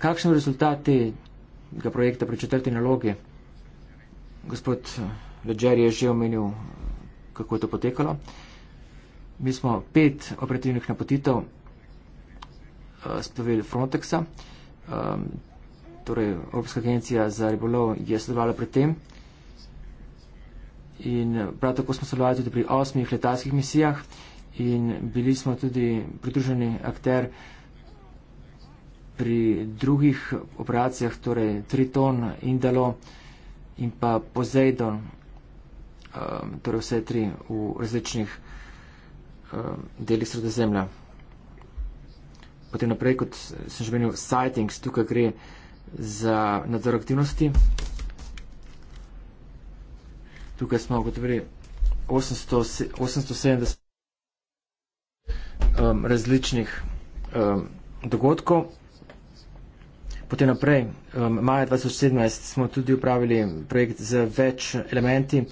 Speaker 5: Kakšni so rezultati tega projekta pri četrti nalogi? Gospod Leđer je že omenil, kako je to potekalo. Mi smo pet operativnih napotitev eh, spravili Frontexa um, torej Evropska agencija za ribolov je sodelovala pri tem. In eh, prav tako smo sodelovali tudi pri osmih letalskih misijah in bili smo tudi pridruženi akter pri drugih operacijah, torej Triton, Indalo in pa Poseidon, um, torej vse tri v različnih um, delih sredozemlja. Potem naprej, kot sem že menil, sightings, tukaj gre za nadzor aktivnosti. Tukaj smo ugotovili 870 um, različnih um, dogodkov. Potem naprej, um, maja 2017, smo tudi upravili projekt z več elementi.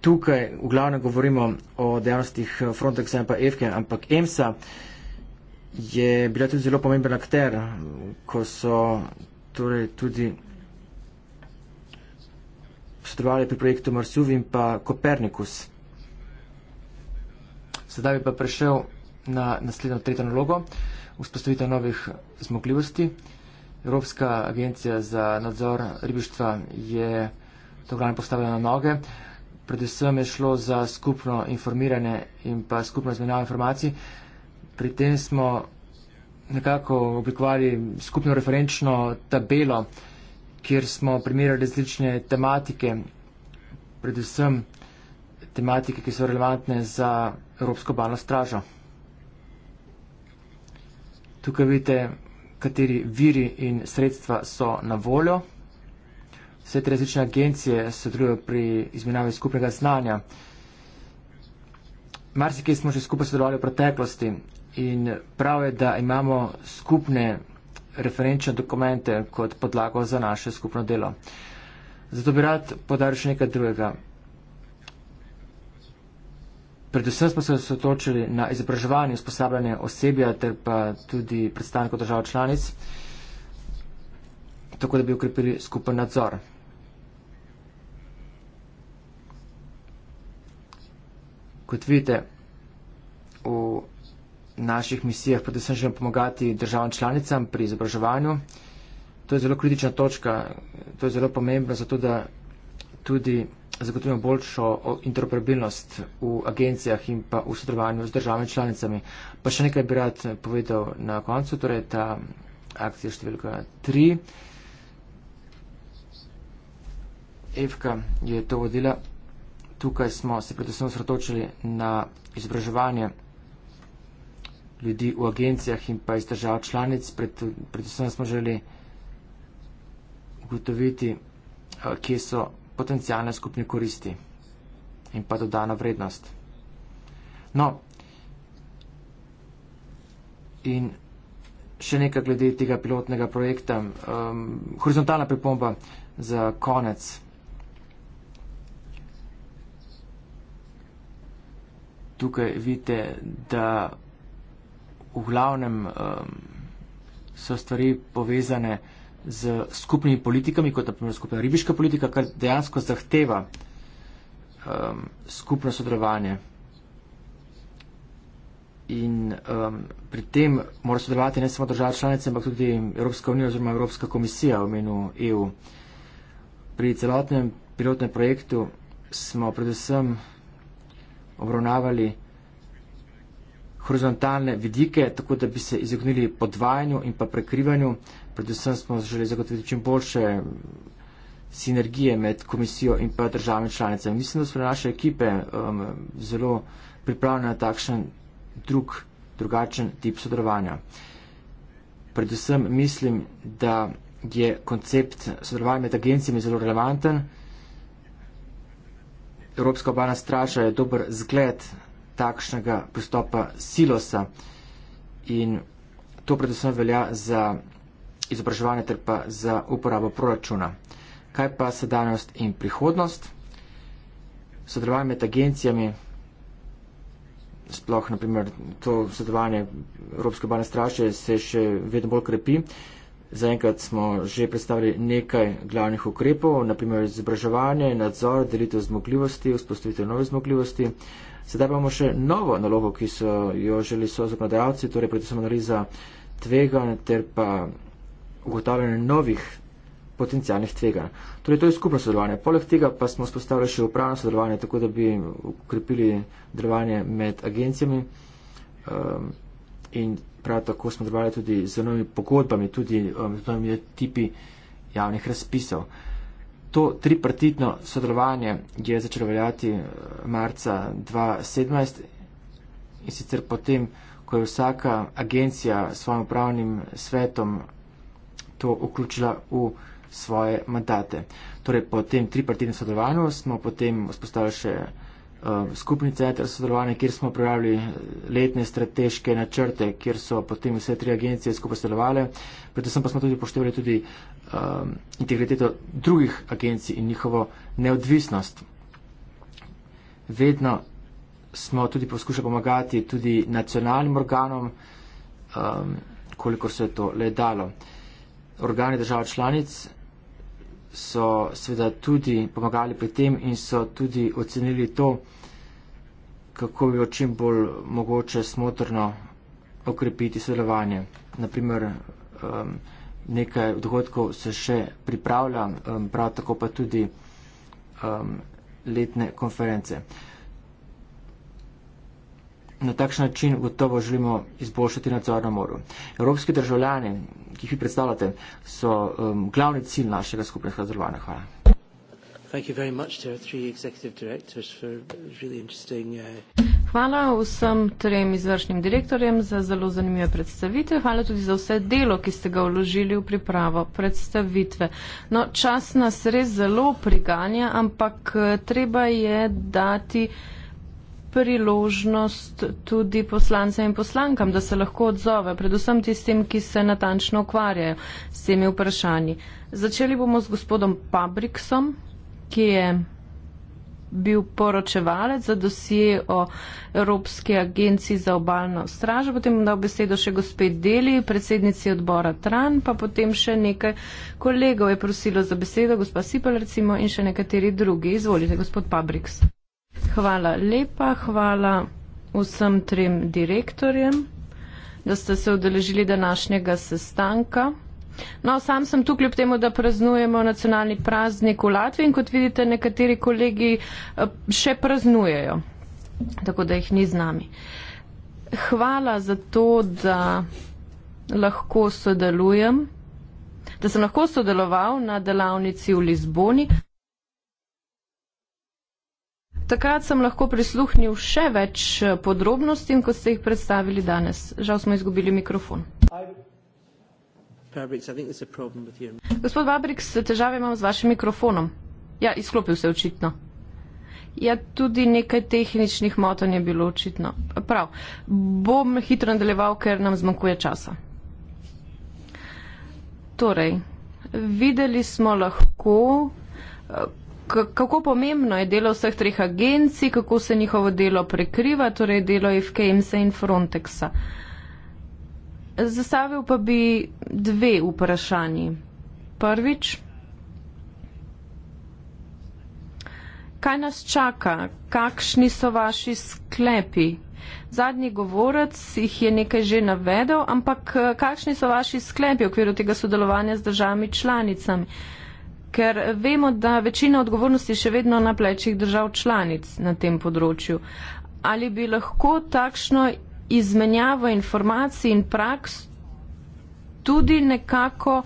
Speaker 5: Tukaj v glavnem govorimo o dejavnostih uh, Frontexa in pa EFKE, ampak EMSA. Uh, je bila tudi zelo pomemben akter, ko so torej tudi sodelovali pri projektu Marsuv in pa Kopernikus. Sedaj bi pa prešel na naslednjo tretjo nalogo, vzpostavitev novih zmogljivosti. Evropska agencija za nadzor ribištva je to glavno postavila na noge. Predvsem je šlo za skupno informiranje in pa skupno izmenjavo informacij pri tem smo nekako oblikovali skupno referenčno tabelo, kjer smo primerjali različne tematike, predvsem tematike, ki so relevantne za Evropsko obalno stražo. Tukaj vidite, kateri viri in sredstva so na voljo. Vse te različne agencije sodelujejo pri izmenjavi skupnega znanja. Marsikaj smo že skupaj sodelovali v preteklosti, In prav je, da imamo skupne referenčne dokumente kot podlago za naše skupno delo. Zato bi rad podaril še nekaj drugega. Predvsem smo se osotočili na izobraževanje in usposabljanje osebja ter pa tudi predstavnikov držav članic, tako da bi ukrepili skupen nadzor. Kot vidite, v naših misijah predvsem želimo pomagati državam članicam pri izobraževanju. To je zelo kritična točka, to je zelo pomembno, zato da tudi zagotovimo boljšo interoperabilnost v agencijah in pa v sodelovanju z državami članicami. Pa še nekaj bi rad povedal na koncu, torej ta akcija številka 3. Evka je to vodila. Tukaj smo se predvsem osredotočili na izobraževanje ljudi v agencijah in pa iz držav članic. Pred, predvsem smo želeli ugotoviti, kje so potencijalne skupne koristi in pa dodana vrednost. No, in še nekaj glede tega pilotnega projekta. Um, horizontalna pripomba za konec. Tukaj vidite, da v glavnem um, so stvari povezane z skupnimi politikami, kot naprimer skupna ribiška politika, kar dejansko zahteva um, skupno sodelovanje. In um, pri tem mora sodelovati ne samo država članice, ampak tudi Evropska unija oziroma Evropska komisija v imenu EU. Pri celotnem pilotnem projektu smo predvsem obravnavali horizontalne vidike, tako da bi se izognili podvajanju in pa prekrivanju. Predvsem smo želeli zagotoviti čim boljše sinergije med komisijo in pa državnim članicami. Mislim, da so naše ekipe um, zelo pripravljene na takšen drug, drugačen tip sodelovanja. Predvsem mislim, da je koncept sodelovanja med agencijami zelo relevanten. Evropska obana straža je dober zgled takšnega pristopa silosa. In to predvsem velja za izobraževanje ter pa za uporabo proračuna. Kaj pa sedanjost in prihodnost? Sodelovanje med agencijami, sploh naprimer to sodelovanje Evropske obalne straže, se še vedno bolj krepi. Zaenkrat smo že predstavili nekaj glavnih ukrepov, naprimer izobraževanje, nadzor, delitev zmogljivosti, vzpostavitev nove zmogljivosti, uh, Sedaj bomo še novo nalogo, ki so jo želi so zakonodajalci, torej predvsem analiza tveganj ter pa ugotavljanje novih potencijalnih tveganj. Torej, to je skupno sodelovanje. Poleg tega pa smo spostavili še upravno sodelovanje, tako da bi ukrepili delovanje med agencijami um, in prav tako smo delovali tudi z novimi pogodbami, tudi um, z novimi tipi javnih razpisov. Uh, To tripartitno sodelovanje je začelo veljati eh, marca 2017 in sicer potem, ko je vsaka agencija s svojim upravnim svetom to vključila v svoje mandate. Torej, po tem tripartitnem sodelovanju smo potem vzpostavili še Eh, skupni center sodelovanja, kjer smo pripravili letne strateške načrte, kjer so potem vse tri agencije skupaj sodelovale. Predvsem pa smo tudi upoštevali tudi um, integriteto drugih agencij in njihovo neodvisnost. Vedno smo tudi poskušali pomagati tudi nacionalnim organom, um, eh, koliko se je to le dalo. Organi držav članic so seveda tudi pomagali pri tem in so tudi ocenili to, kako bi jo čim bolj mogoče smotrno okrepiti sodelovanje. Naprimer, um, nekaj dogodkov se še pripravlja, um, prav tako pa tudi um, letne konference na takšen način gotovo želimo izboljšati nadzor na moru. Evropski državljani, ki jih vi predstavljate, so um, glavni cilj našega skupnega zdravljanja. Hvala.
Speaker 1: Uh,
Speaker 2: Hvala vsem trem izvršnim direktorjem za zelo zanimive predstavitve. Hvala tudi za vse delo, ki ste ga vložili v pripravo predstavitve. No, čas nas res zelo priganja, ampak eh, treba je dati priložnost tudi poslancem in poslankam, da se lahko odzove, predvsem tistim, ki se natančno ukvarjajo s temi vprašanji. Začeli bomo z gospodom Pabriksom, ki je bil poročevalec za dosije o Evropski agenciji za obalno stražo, potem bom dal besedo še gospod Deli, predsednici odbora Tran, pa potem še nekaj kolegov je prosilo za besedo, gospod Sipel recimo in še nekateri drugi. Izvolite, gospod Pabriks. Hvala lepa, hvala vsem trem direktorjem, da ste se udeležili današnjega sestanka. No, sam sem tu, kljub temu, da praznujemo nacionalni praznik v Latviji in kot vidite, nekateri kolegi eh, še praznujejo, tako da jih ni z nami. Hvala za to, da lahko sodelujem, da sem lahko sodeloval na delavnici v Lizboni. Takrat sem lahko prisluhnil še več eh, podrobnosti, kot ste jih predstavili danes. Žal smo izgubili mikrofon. Gospod Babriks, težave imam z vašim mikrofonom. Ja, izklopil se očitno. Ja, tudi nekaj tehničnih motenj je bilo očitno. Prav, bom hitro nadaljeval, ker nam zmanjkuje časa. Torej, videli smo lahko, eh, kako pomembno je delo vseh treh agencij, kako se njihovo delo prekriva, torej delo FKM-sa in Frontexa. Zastavil pa bi dve vprašanji. Prvič, kaj nas čaka, kakšni so vaši sklepi? Zadnji govorec jih je nekaj že navedel, ampak eh, kakšni so vaši sklepi v okviru tega sodelovanja z državami članicami? ker vemo, da večina odgovornosti še vedno na plečih držav članic na tem področju. Ali bi lahko takšno izmenjavo informacij in praks tudi nekako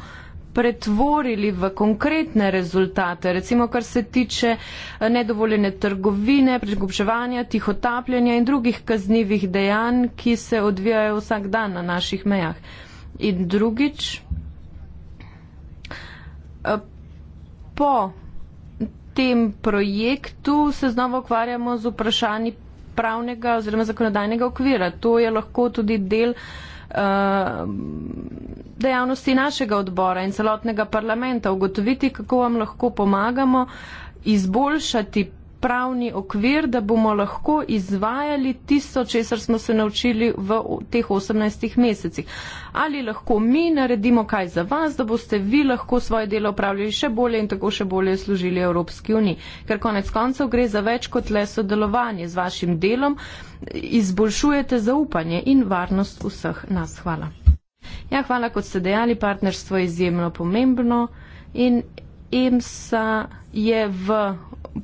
Speaker 2: pretvorili v konkretne rezultate, recimo kar se tiče eh, nedovoljene trgovine, prekupčevanja, tihotapljanja in drugih kaznivih dejanj, ki se odvijajo vsak dan na naših mejah. In drugič, eh, po tem projektu se znova ukvarjamo z vprašanji pravnega oziroma zakonodajnega okvira. To je lahko tudi del eh, dejavnosti našega odbora in celotnega parlamenta, ugotoviti, kako vam lahko pomagamo izboljšati pravni okvir, da bomo lahko izvajali tisto, česar smo se naučili v teh 18 mesecih. Ali lahko mi naredimo kaj za vas, da boste vi lahko svoje delo upravljali še bolje in tako še bolje služili Evropski uniji. Ker konec koncev gre za več kot le sodelovanje z vašim delom, izboljšujete zaupanje in varnost vseh nas. Hvala. Ja, hvala, kot ste dejali, partnerstvo je izjemno pomembno in EMSA je v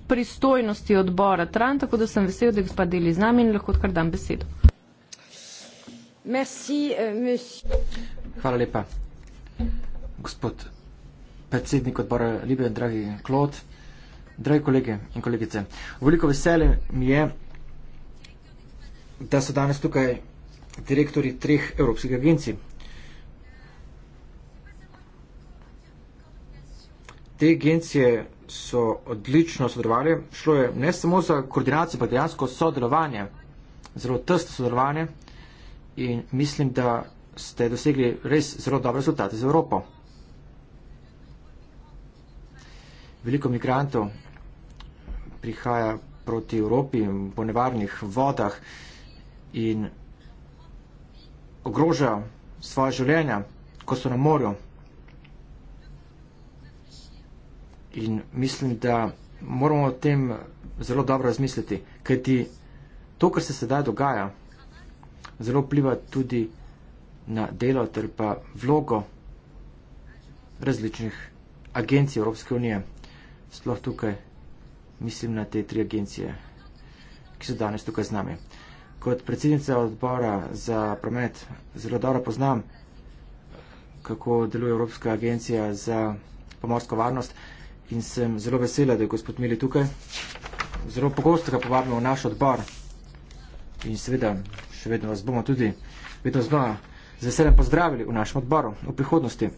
Speaker 2: pristojnosti odbora Tran, tako da sem vesel, da gospod deli z nami in lahko odkar dam besedo. Merci, eh,
Speaker 5: Hvala lepa. Gospod predsednik odbora Libe, dragi Klod, dragi kolege in kolegice. Veliko veselje mi je, da so danes tukaj direktori treh evropskih agencij. Te agencije so odlično sodelovali. Šlo je ne samo za koordinacijo, pa dejansko sodelovanje, zelo tesno sodelovanje in mislim, da ste dosegli res zelo dobre rezultate za Evropo. Veliko migrantov prihaja proti Evropi po nevarnih vodah in ogroža svoje življenja, ko so na morju. In mislim, da moramo o tem zelo dobro razmisliti, kajti to, kar se sedaj dogaja, zelo pliva tudi na delo ter pa vlogo različnih agencij Evropske unije. Sploh tukaj mislim na te tri agencije, ki so danes tukaj z nami. Kot predsednica odbora za promet zelo dobro poznam, kako deluje Evropska agencija za pomorsko varnost in sem zelo vesela, da je gospod Mili tukaj. Zelo pogosto ga povabimo v naš odbor in seveda še vedno vas bomo tudi vedno znova z veseljem pozdravili v našem odboru v prihodnosti.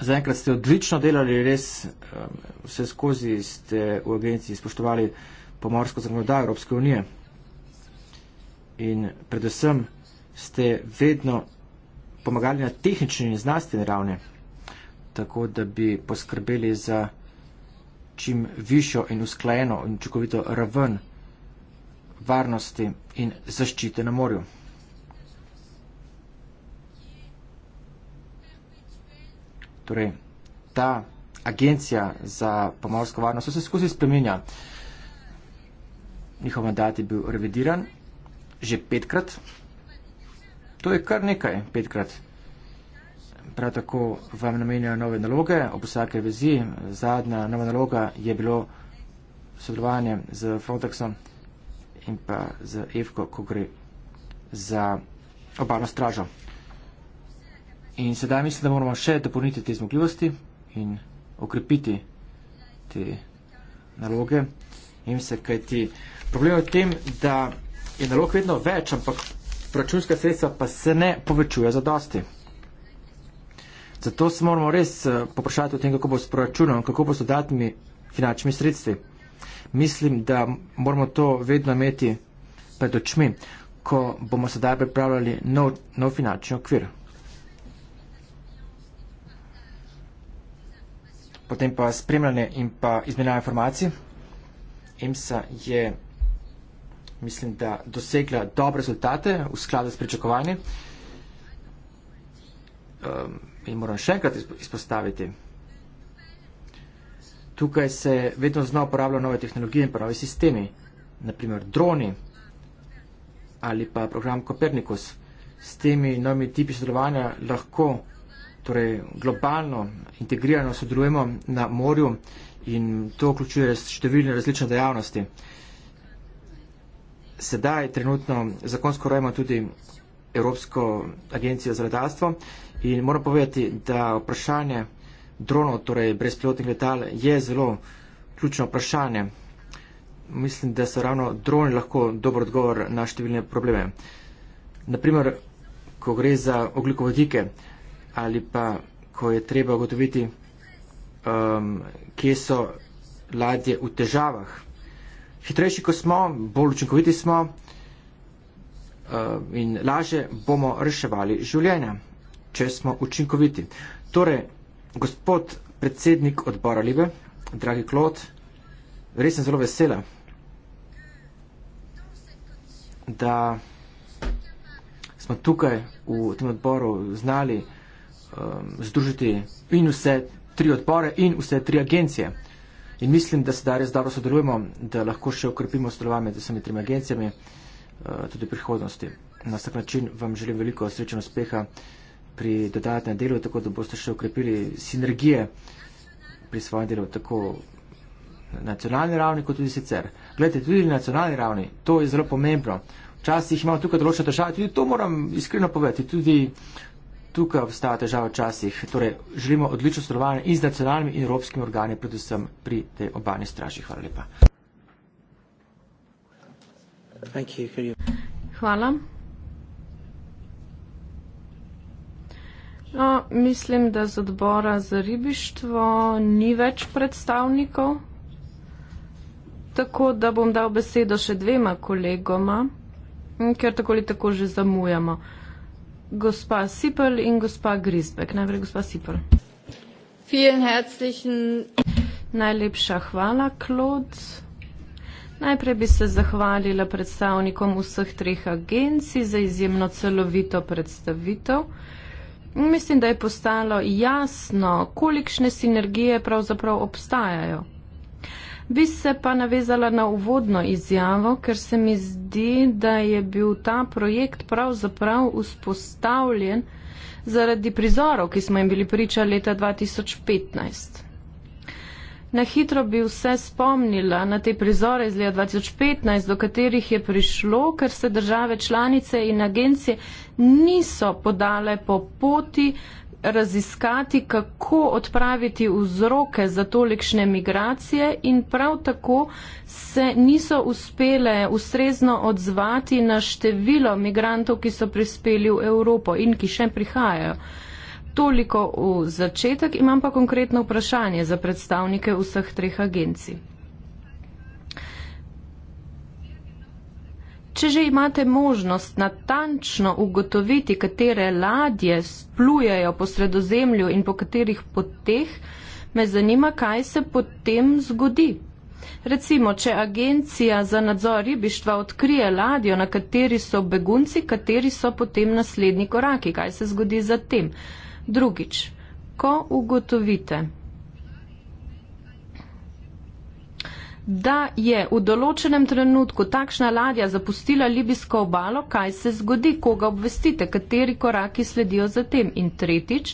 Speaker 5: Zaenkrat ste odlično delali, res um, vse skozi ste v agenciji spoštovali pomorsko zakonodajo Evropske unije. In predvsem ste vedno pomagali na tehnični in znanstveni ravni, tako da bi poskrbeli za čim višjo in usklajeno in učinkovito raven varnosti in zaščite na morju. Torej, ta agencija za pomorsko varnost se skozi spreminja. Njihov mandat je bil revidiran že petkrat. To je kar nekaj, petkrat. Prav tako vam namenjajo nove naloge, ob vsake vezi. Zadnja nova naloga je bilo sodelovanje z Frontexom in pa z EFKO, ko gre za obalno stražo. In sedaj mislim, da moramo še dopolniti te zmogljivosti in okrepiti te naloge. In se kaj ti problem je v tem, da je nalog vedno več, ampak proračunska sredstva pa se ne povečuje za dosti. Zato se moramo res eh, poprašati o tem, kako bo s proračunom, kako bo s dodatnimi finančnimi sredstvi. Mislim, da moramo to vedno imeti pred očmi, ko bomo sedaj pripravljali nov, nov finančni okvir. Potem pa spremljanje in pa izmenjava informacij. EMSA je mislim, da dosegla dobre rezultate v skladu s pričakovanji. Um, in moram še enkrat izpostaviti. Tukaj se vedno znova uporabljajo nove tehnologije in pa novi sistemi, naprimer droni ali pa program Copernicus. S temi novimi tipi sodelovanja lahko torej, globalno, integrirano sodelujemo na morju in to vključuje številne različne dejavnosti sedaj trenutno zakonsko rojemo tudi Evropsko agencijo za letalstvo in moram povedati, da vprašanje dronov, torej brezpilotnih letal, je zelo ključno vprašanje. Mislim, da so ravno droni lahko dober odgovor na številne probleme. Naprimer, ko gre za oglikovodike ali pa ko je treba ugotoviti, um, kje so ladje v težavah hitrejši ko smo, bolj učinkoviti smo eh, in laže bomo reševali življenja, če smo učinkoviti. Torej, gospod predsednik odbora Libe, dragi Klot, res sem zelo vesela, da smo tukaj v tem odboru znali eh, združiti in vse tri odbore in vse tri agencije. In mislim, da sedaj res dobro sodelujemo, da lahko še okrepimo sodelovanje med vsemi tremi agencijami eh, tudi v prihodnosti. Na vsak način vam želim veliko srečen uspeha pri dodatnem delu, tako da boste še okrepili sinergije pri svojem delu, tako na nacionalni ravni, kot tudi sicer. Gledajte, tudi na nacionalni ravni, to je zelo pomembno. Včasih imamo tukaj določene države, tudi to moram iskreno povedati, tudi tukaj obstaja težava včasih. Torej, želimo odlično sodelovanje in z nacionalnimi in evropskimi organi, predvsem pri tej obalni straži. Hvala lepa.
Speaker 2: Hvala. No, mislim, da z odbora za ribištvo ni več predstavnikov, tako da bom dal besedo še dvema kolegoma, ker tako ali tako že zamujamo gospa Sipel in gospa Grisbek. Najprej gospa Sipel. Vielen herzlichen. Najlepša hvala, Klod. Najprej bi se zahvalila predstavnikom vseh treh agencij za izjemno celovito predstavitev. Mislim, da je postalo jasno, kolikšne sinergije pravzaprav obstajajo. Bi se pa navezala na uvodno izjavo, ker se mi zdi, da je bil ta projekt pravzaprav vzpostavljen zaradi prizorov, ki smo jim bili priča leta 2015. Na hitro bi vse spomnila na te prizore iz leta 2015, do katerih je prišlo, ker se države članice in agencije niso podale po poti, raziskati, kako odpraviti vzroke za tolikšne migracije in prav tako se niso uspele ustrezno odzvati na število migrantov, ki so prispeli v Evropo in ki še prihajajo. Toliko v začetek imam pa konkretno vprašanje za predstavnike vseh treh agencij. Če že imate možnost natančno ugotoviti, katere ladje splujejo po sredozemlju in po katerih poteh, me zanima, kaj se potem zgodi. Recimo, če agencija za nadzor ribištva odkrije ladjo, na kateri so begunci, kateri so potem naslednji koraki, kaj se zgodi zatem. Drugič, ko ugotovite, da je v določenem trenutku takšna ladja zapustila libijsko obalo, kaj se zgodi, koga obvestite, kateri koraki sledijo za tem. In tretjič,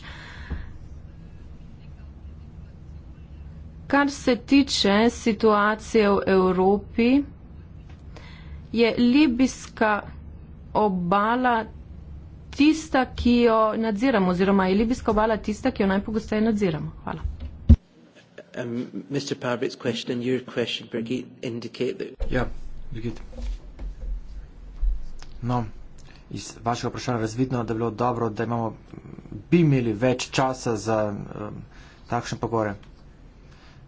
Speaker 2: kar se tiče situacije v Evropi, je libijska obala tista, ki jo nadziramo, oziroma je libijska obala tista, ki jo najpogosteje nadziramo. Hvala
Speaker 1: um, Mr. Parbit's question and your question, Brigitte, indicate that. Yeah, ja, Brigitte.
Speaker 5: No. Iz vašega vprašanja razvidno, da bi bilo dobro, da imamo, bi imeli več časa za um, takšne pogovore.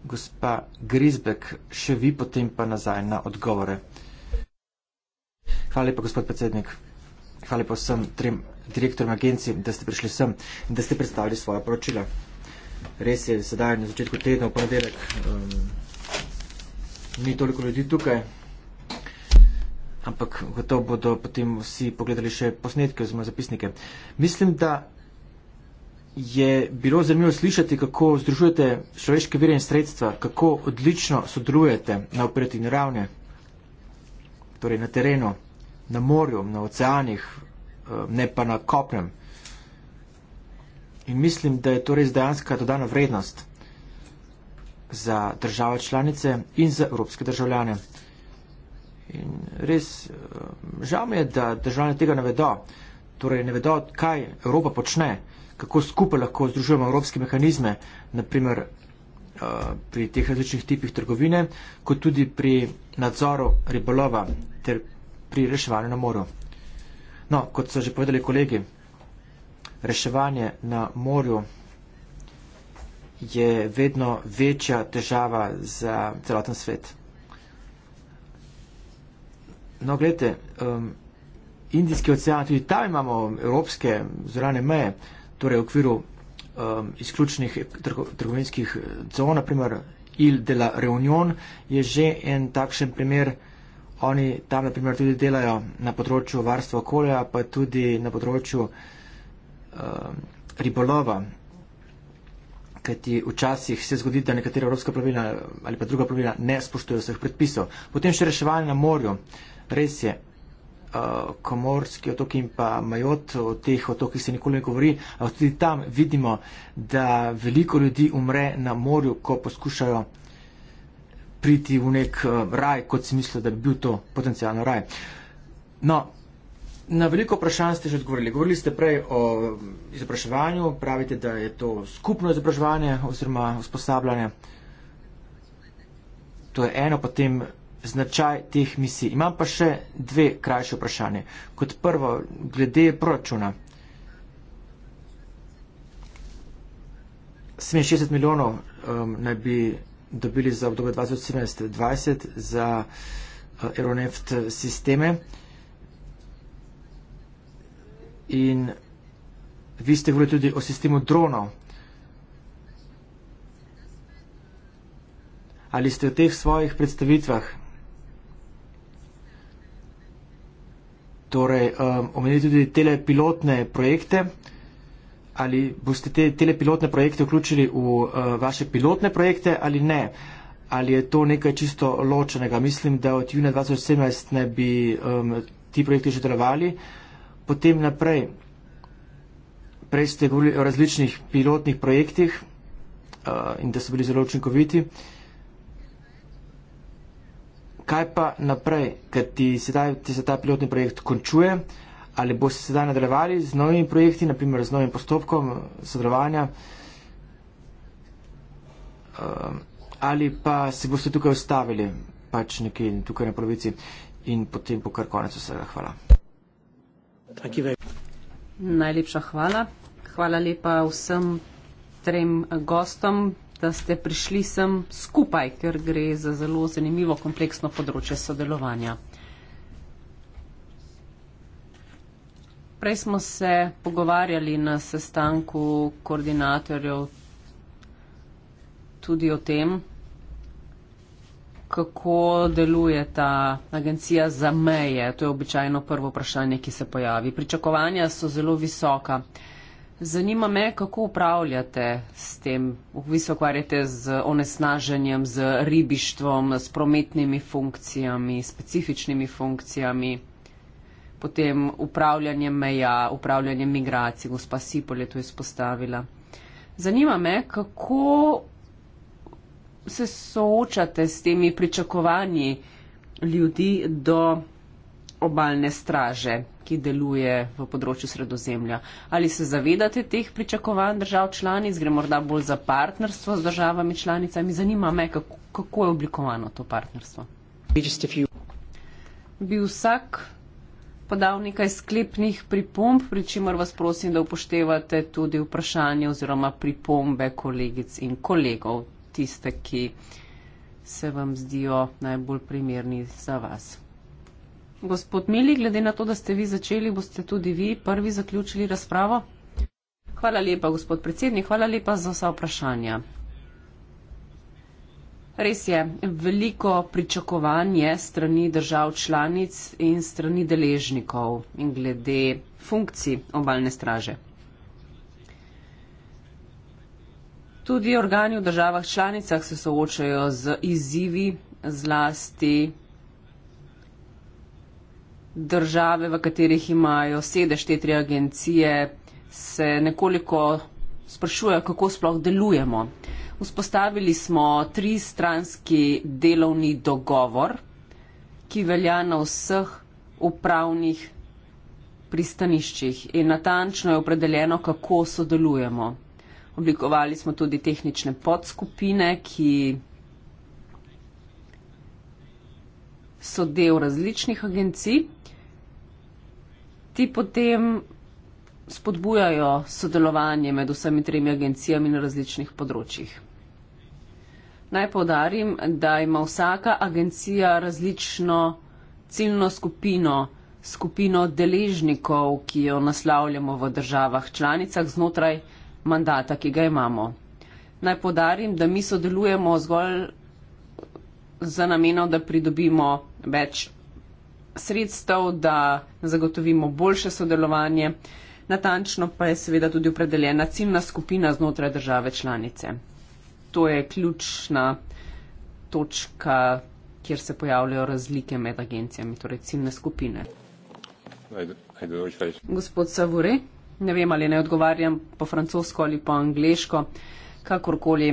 Speaker 5: Gospa Grizbek, še vi potem pa nazaj na odgovore. Hvala lepa, gospod predsednik. Hvala lepa vsem trem direktorjem agencij, da ste prišli sem in da ste predstavili svoje poročila res je sedaj na začetku tedna v ponedeljek um, ni toliko ljudi tukaj, ampak gotovo bodo potem vsi pogledali še posnetke oziroma zapisnike. Mislim, da je bilo zanimivo slišati, kako združujete človeške vire in sredstva, kako odlično sodelujete na operativni ravni, torej na terenu, na morju, na oceanih, um, ne pa na kopnem. In mislim, da je to res dejanska dodana vrednost za države članice in za evropske državljane. In res eh, žal mi je, da državljane tega ne vedo. Torej ne vedo, kaj Evropa počne, kako skupaj lahko združujemo evropske mehanizme, naprimer eh, pri teh različnih tipih trgovine, kot tudi pri nadzoru ribolova ter pri reševanju na moru. No, kot so že povedali kolegi, reševanje na morju je vedno večja težava za celoten svet. No, gledajte, um, Indijski ocean, tudi tam imamo evropske zorane meje, torej v okviru um, izključnih trgovinskih zon, naprimer Il de la Reunion je že en takšen primer. Oni tam, naprimer, tudi delajo na področju varstva okolja, pa tudi na področju uh, Um, ribolova. Kajti včasih se zgodi, da nekatera evropska pravila ali pa druga pravila ne spoštujejo vseh predpisov. Potem še reševanje na morju. Res je, uh, komorski otoki in pa majot, o teh otokih se nikoli ne govori, ampak tudi tam vidimo, da veliko ljudi umre na morju, ko poskušajo priti v nek uh, raj, kot si mislijo, da bi bil to potencijalno raj. No, Na veliko vprašanj ste že odgovorili. Govorili ste prej o izobraževanju, pravite, da je to skupno izobraževanje oziroma usposabljanje. To je eno, potem značaj teh misij. Imam pa še dve krajše vprašanje. Kot prvo, glede proračuna. 67 milijonov um, naj bi dobili za obdobje 2017-2020 za uh, Euronaft sisteme in vi ste govorili tudi o sistemu dronov. Ali ste v teh svojih predstavitvah torej, um, omenili tudi telepilotne projekte? Ali boste te telepilotne projekte vključili v uh, vaše pilotne projekte ali ne? Ali je to nekaj čisto ločenega? Mislim, da od junija 2017 ne bi um, ti projekti že delovali. Uh, Potem naprej, prej ste govorili o različnih pilotnih projektih uh, in da so bili zelo učinkoviti. Kaj pa naprej, ker ti, sedaj, ti se ta pilotni projekt končuje, ali boste sedaj nadaljevali z novimi projekti, naprimer z novim postopkom eh, sodelovanja, uh, ali pa se boste tukaj ustavili, pač nekje tukaj na polovici in potem pokar konec vsega. Hvala.
Speaker 4: Najlepša hvala. Hvala lepa vsem trem gostom, da ste prišli sem skupaj, ker gre za zelo zanimivo kompleksno področje sodelovanja. Prej smo se pogovarjali na sestanku koordinatorjev tudi o tem, kako deluje ta agencija za meje? To je običajno prvo vprašanje, ki se pojavi. Pričakovanja so zelo visoka. Zanima me, kako upravljate s tem, vi se ukvarjate z onesnaženjem, z ribištvom, s prometnimi funkcijami, specifičnimi funkcijami, potem upravljanjem meja, upravljanjem migracij, gospa Sipol je to izpostavila. Zanima me, kako se soočate s temi pričakovanji ljudi do obalne straže, ki deluje v področju sredozemlja? Ali se zavedate teh pričakovanj držav članic, gre morda bolj za partnerstvo z državami članicami? Zanima me, kako, kako je oblikovano to partnerstvo. Bi vsak podal nekaj sklepnih pripomb, pri čemer vas prosim, da upoštevate tudi vprašanje oziroma pripombe kolegic in kolegov tiste, ki se vam zdijo najbolj primerni za vas. Gospod Mili, glede na to, da ste vi začeli, boste tudi vi prvi zaključili razpravo. Hvala lepa, gospod predsednik, hvala lepa za vsa vprašanja. Res je, veliko pričakovanje strani držav članic in strani deležnikov in glede funkcij obalne straže. Tudi organi v državah članicah se soočajo z izzivi, zlasti države, v katerih imajo sedež te tri agencije, se nekoliko sprašujejo, kako sploh delujemo. Vzpostavili smo tristranski delovni dogovor, ki velja na vseh upravnih pristaniščih in natančno je opredeljeno, kako sodelujemo. Oblikovali smo tudi tehnične podskupine, ki so del različnih agencij. Ti potem spodbujajo sodelovanje med vsemi tremi agencijami na različnih področjih. Naj povdarim, da ima vsaka agencija različno ciljno skupino, skupino deležnikov, ki jo naslavljamo v državah članicah znotraj agencije mandata, ki ga imamo. Naj podarim, da mi sodelujemo zgolj za namenom, da pridobimo več sredstev, da zagotovimo boljše sodelovanje. Natančno pa je seveda tudi opredeljena ciljna skupina znotraj države članice. To je ključna točka, kjer se pojavljajo razlike med agencijami, torej ciljne skupine. Gospod Savure ne vem ali ne odgovarjam po francosko ali po angliško, kakorkoli.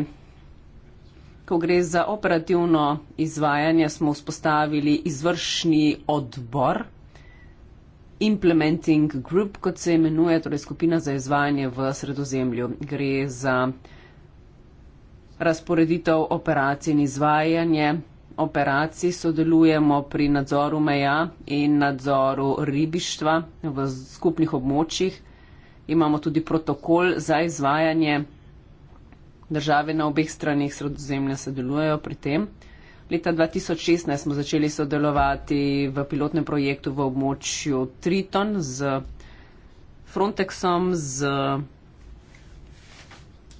Speaker 4: Ko gre za operativno izvajanje, smo vzpostavili izvršni odbor, Implementing Group, kot se imenuje, torej skupina za izvajanje v sredozemlju. Gre za razporeditev operacij in izvajanje operacij, sodelujemo pri nadzoru meja in nadzoru ribištva v skupnih območjih imamo tudi protokol za izvajanje. Države na obeh stranih sredozemlja sodelujejo pri tem. Leta 2016 smo začeli sodelovati v pilotnem projektu v območju Triton z Frontexom, z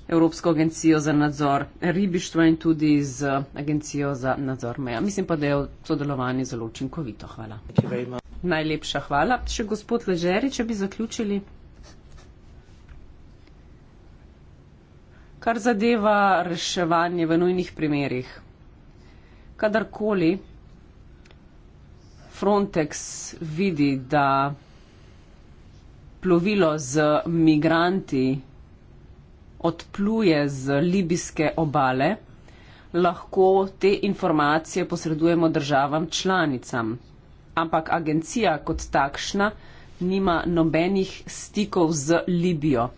Speaker 4: Evropsko agencijo za nadzor ribištva in tudi z Agencijo za nadzor meja. Mislim pa, da je sodelovanje zelo učinkovito. Hvala. Najlepša hvala. Še gospod Ležeri, če bi zaključili. kar zadeva reševanje v nujnih primerih. Kadarkoli Frontex vidi, da plovilo z migranti odpluje z libijske obale, lahko te informacije posredujemo državam članicam. Ampak agencija kot takšna nima nobenih stikov z Libijo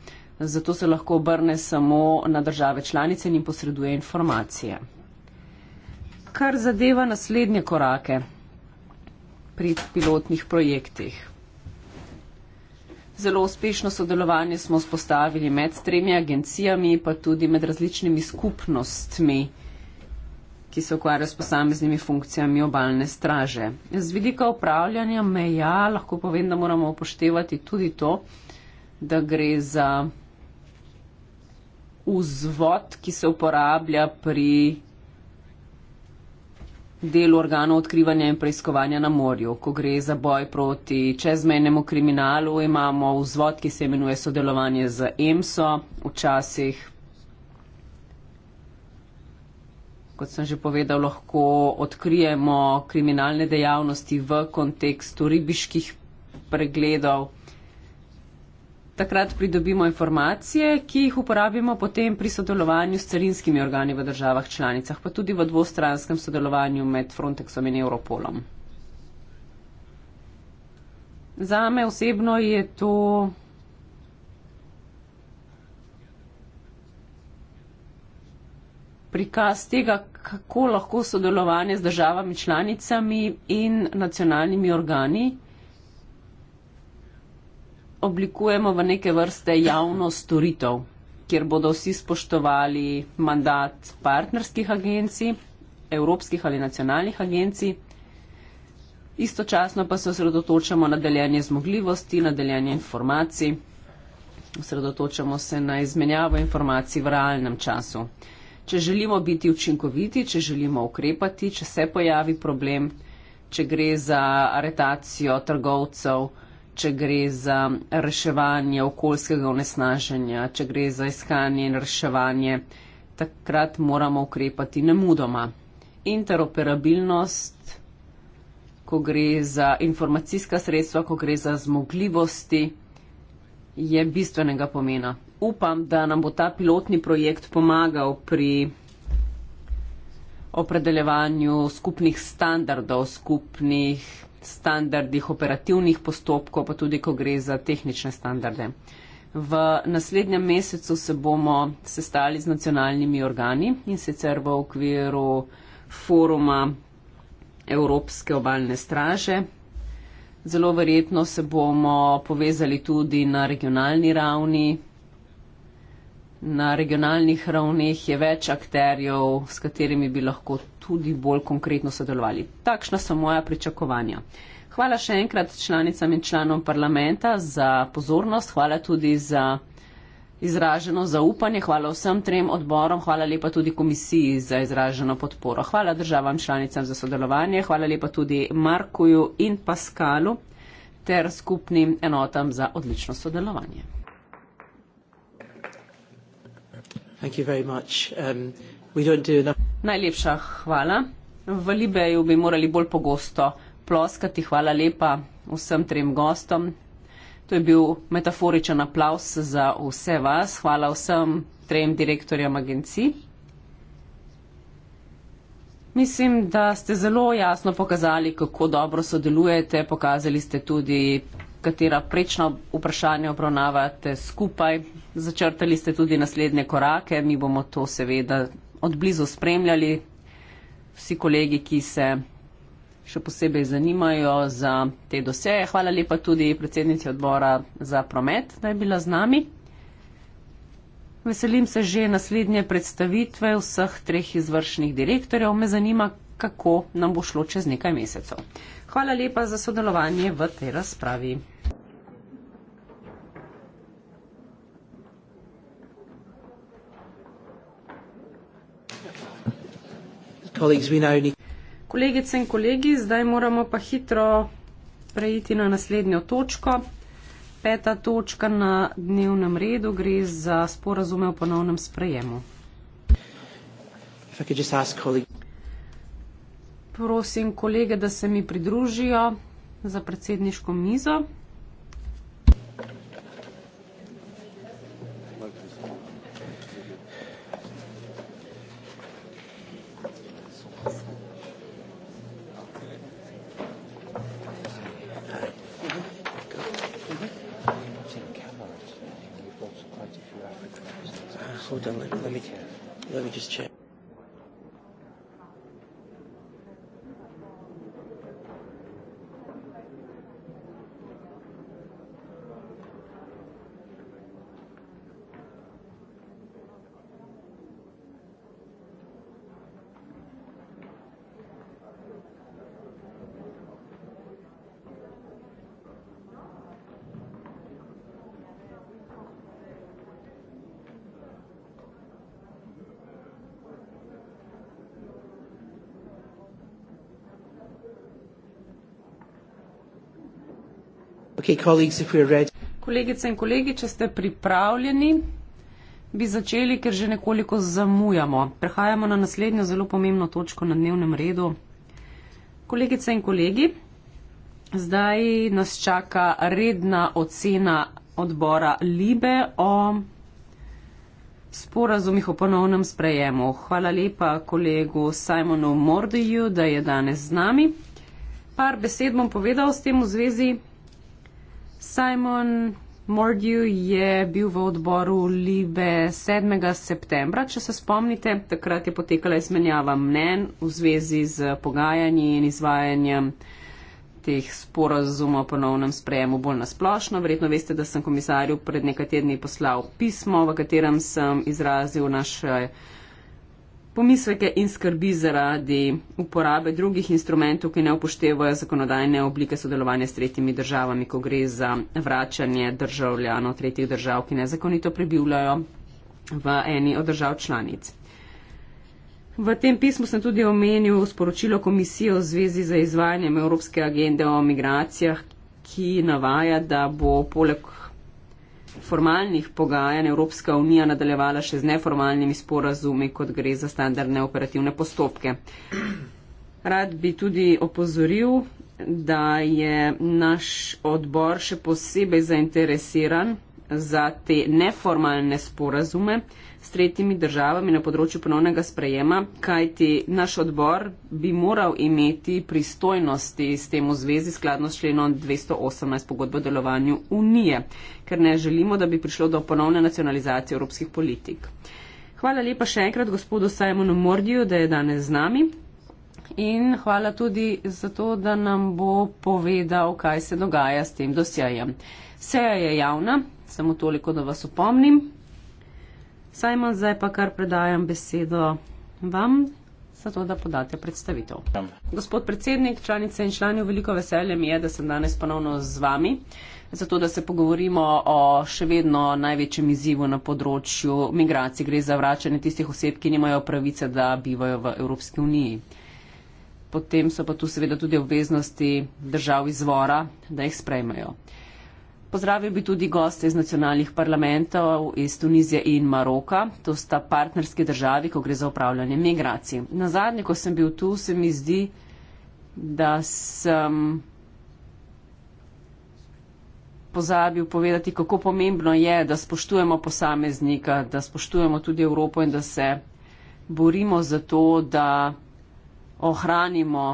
Speaker 4: zato se lahko obrne samo na države članice in jim posreduje informacije. Kar zadeva naslednje korake pri pilotnih projektih. Zelo uspešno sodelovanje smo spostavili med tremi agencijami, pa tudi med različnimi skupnostmi, ki se ukvarjajo s posameznimi funkcijami obaljne straže. Z vidika upravljanja meja lahko povem, da moramo upoštevati tudi to, da gre za vzvod, ki se uporablja pri delu organov odkrivanja in preiskovanja na morju. Ko gre za boj proti čezmejnemu kriminalu, imamo vzvod, ki se imenuje sodelovanje z EMSO. Včasih, kot sem že povedal, lahko odkrijemo kriminalne dejavnosti v kontekstu ribiških pregledov. Takrat pridobimo informacije, ki jih uporabimo potem pri sodelovanju s carinskimi organi v državah članicah, pa tudi v dvostranskem sodelovanju med Frontexom in Europolom. Zame osebno je to prikaz tega, kako lahko sodelovanje z državami članicami in nacionalnimi organi oblikujemo v neke vrste javno storitev, kjer bodo vsi spoštovali mandat partnerskih agencij, evropskih ali nacionalnih agencij. Istočasno pa se osredotočamo na deljenje zmogljivosti, na deljenje informacij, osredotočamo se na izmenjavo informacij v realnem času. Če želimo biti učinkoviti, če želimo ukrepati, če se pojavi problem, če gre za aretacijo trgovcev, če gre za reševanje okoljskega onesnaženja, če gre za iskanje in reševanje, takrat moramo ukrepati nemudoma. Interoperabilnost, ko gre za informacijska sredstva, ko gre za zmogljivosti, je bistvenega pomena. Upam, da nam bo ta pilotni projekt pomagal pri opredeljevanju skupnih standardov, skupnih standardih operativnih postopkov, pa tudi, ko gre za tehnične standarde. V naslednjem mesecu se bomo sestali z nacionalnimi organi in sicer v okviru foruma Evropske obaljne straže. Zelo verjetno se bomo povezali tudi na regionalni ravni, Na regionalnih ravneh je več akterjev, s katerimi bi lahko tudi bolj konkretno sodelovali. Takšna so moja pričakovanja. Hvala še enkrat članicam in članom parlamenta za pozornost, hvala tudi za izraženo zaupanje, hvala vsem trem odborom, hvala lepa tudi komisiji za izraženo podporo. Hvala državam članicam za sodelovanje, hvala lepa tudi Markuju in Paskalu ter skupnim enotam za odlično sodelovanje. Um, Najlepša hvala. V Libeju bi morali bolj pogosto ploskati. Hvala lepa vsem trem gostom. To je bil metaforičen aplaus za vse vas. Hvala vsem trem direktorjem agencij. Mislim, da ste zelo jasno pokazali, kako dobro sodelujete. Pokazali ste tudi katera prečna vprašanja obravnavate skupaj. Začrtali ste tudi naslednje korake, mi bomo to seveda odblizu spremljali. Vsi kolegi, ki se še posebej zanimajo za te doseje. Hvala lepa tudi predsednici odbora za promet, da je bila z nami. Veselim se že naslednje predstavitve vseh treh izvršnih direktorjev. Me zanima, kako nam bo šlo čez nekaj mesecev. Hvala lepa za sodelovanje v tej razpravi.
Speaker 1: Kolegice
Speaker 4: in kolegi, zdaj moramo pa hitro preiti na naslednjo točko. Peta točka na dnevnem redu gre za sporazume o ponovnem sprejemu. Prosim kolege, da se mi pridružijo za predsedniško mizo.
Speaker 1: just check. Kolegice
Speaker 4: in kolegi, če ste pripravljeni, bi začeli, ker že nekoliko zamujamo. Prehajamo na naslednjo zelo pomembno točko na dnevnem redu. Kolegice in kolegi, zdaj nas čaka redna ocena odbora Libe o sporazumih o ponovnem sprejemu. Hvala lepa kolegu Simonu Mordeju, da je danes z nami. Par besed bom povedal s tem v zvezi. Simon Mordew je bil v odboru Libe 7. septembra, če se spomnite. Takrat je potekala izmenjava mnen v zvezi z pogajanji in izvajanjem teh sporazumov o ponovnem sprejemu bolj nasplošno. Verjetno veste, da sem komisarju pred nekaj tedni poslal pismo, v katerem sem izrazil naše. Uh, pomisleke in skrbi zaradi uporabe drugih instrumentov, ki ne upoštevajo zakonodajne oblike sodelovanja s tretjimi državami, ko gre za vračanje državljanov tretjih držav, ki nezakonito prebivljajo v eni od držav članic. V tem pismu sem tudi omenil sporočilo komisije v zvezi za izvajanjem Evropske agende o migracijah, ki navaja, da bo poleg formalnih pogajanj Evropska unija nadaljevala še z neformalnimi sporazumi, kot gre za standardne operativne postopke. Rad bi tudi opozoril, da je naš odbor še posebej zainteresiran za te neformalne sporazume, s tretjimi državami na področju ponovnega sprejema, kajti naš odbor bi moral imeti pristojnosti s tem v zvezi skladno s členom 218 pogodbe o delovanju Unije, ker ne želimo, da bi prišlo do ponovne nacionalizacije evropskih politik. Hvala lepa še enkrat gospodu Simonu Mordiju, da je danes z nami. In hvala tudi za to, da nam bo povedal, kaj se dogaja s tem dosjajem. Seja je javna, samo toliko, da vas opomnim. Simon, zdaj pa kar predajam besedo vam, zato da podate predstavitev. Gospod predsednik, članice in člani, veliko veselje mi je, da sem danes ponovno z vami, zato da se pogovorimo o še vedno največjem izzivu na področju migracij. Gre za vračanje tistih oseb, ki nimajo pravice, da bivajo v Evropski uniji. Potem so pa tu seveda tudi obveznosti držav izvora, da jih sprejmejo. Pozdravil bi tudi goste iz nacionalnih parlamentov iz Tunizije in Maroka. To sta partnerski državi, ko gre za upravljanje migracij. Na zadnje, ko sem bil tu, se mi zdi, da sem pozabil povedati, kako pomembno je, da spoštujemo posameznika, da spoštujemo tudi Evropo in da se borimo za to, da ohranimo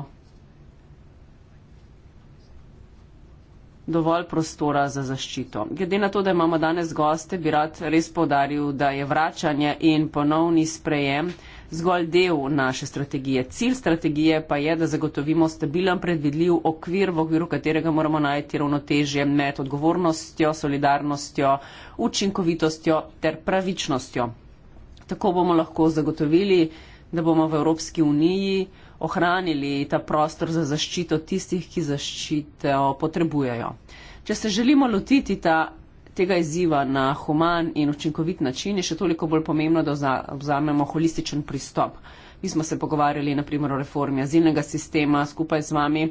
Speaker 4: dovolj prostora za zaščito. Glede na to, da imamo danes goste, bi rad res povdaril, da je vračanje in ponovni sprejem zgolj del naše strategije. Cilj strategije pa je, da zagotovimo stabilen, predvidljiv okvir, v okviru katerega moramo najti ravnotežje med odgovornostjo, solidarnostjo, učinkovitostjo ter pravičnostjo. Tako bomo lahko zagotovili, da bomo v Evropski uniji ohranili ta prostor za zaščito tistih, ki zaščito potrebujejo. Če se želimo lotiti ta, tega izziva na human in učinkovit način, je še toliko bolj pomembno, da vzamemo holističen pristop. Mi smo se pogovarjali naprimer o reformi azilnega sistema, skupaj z vami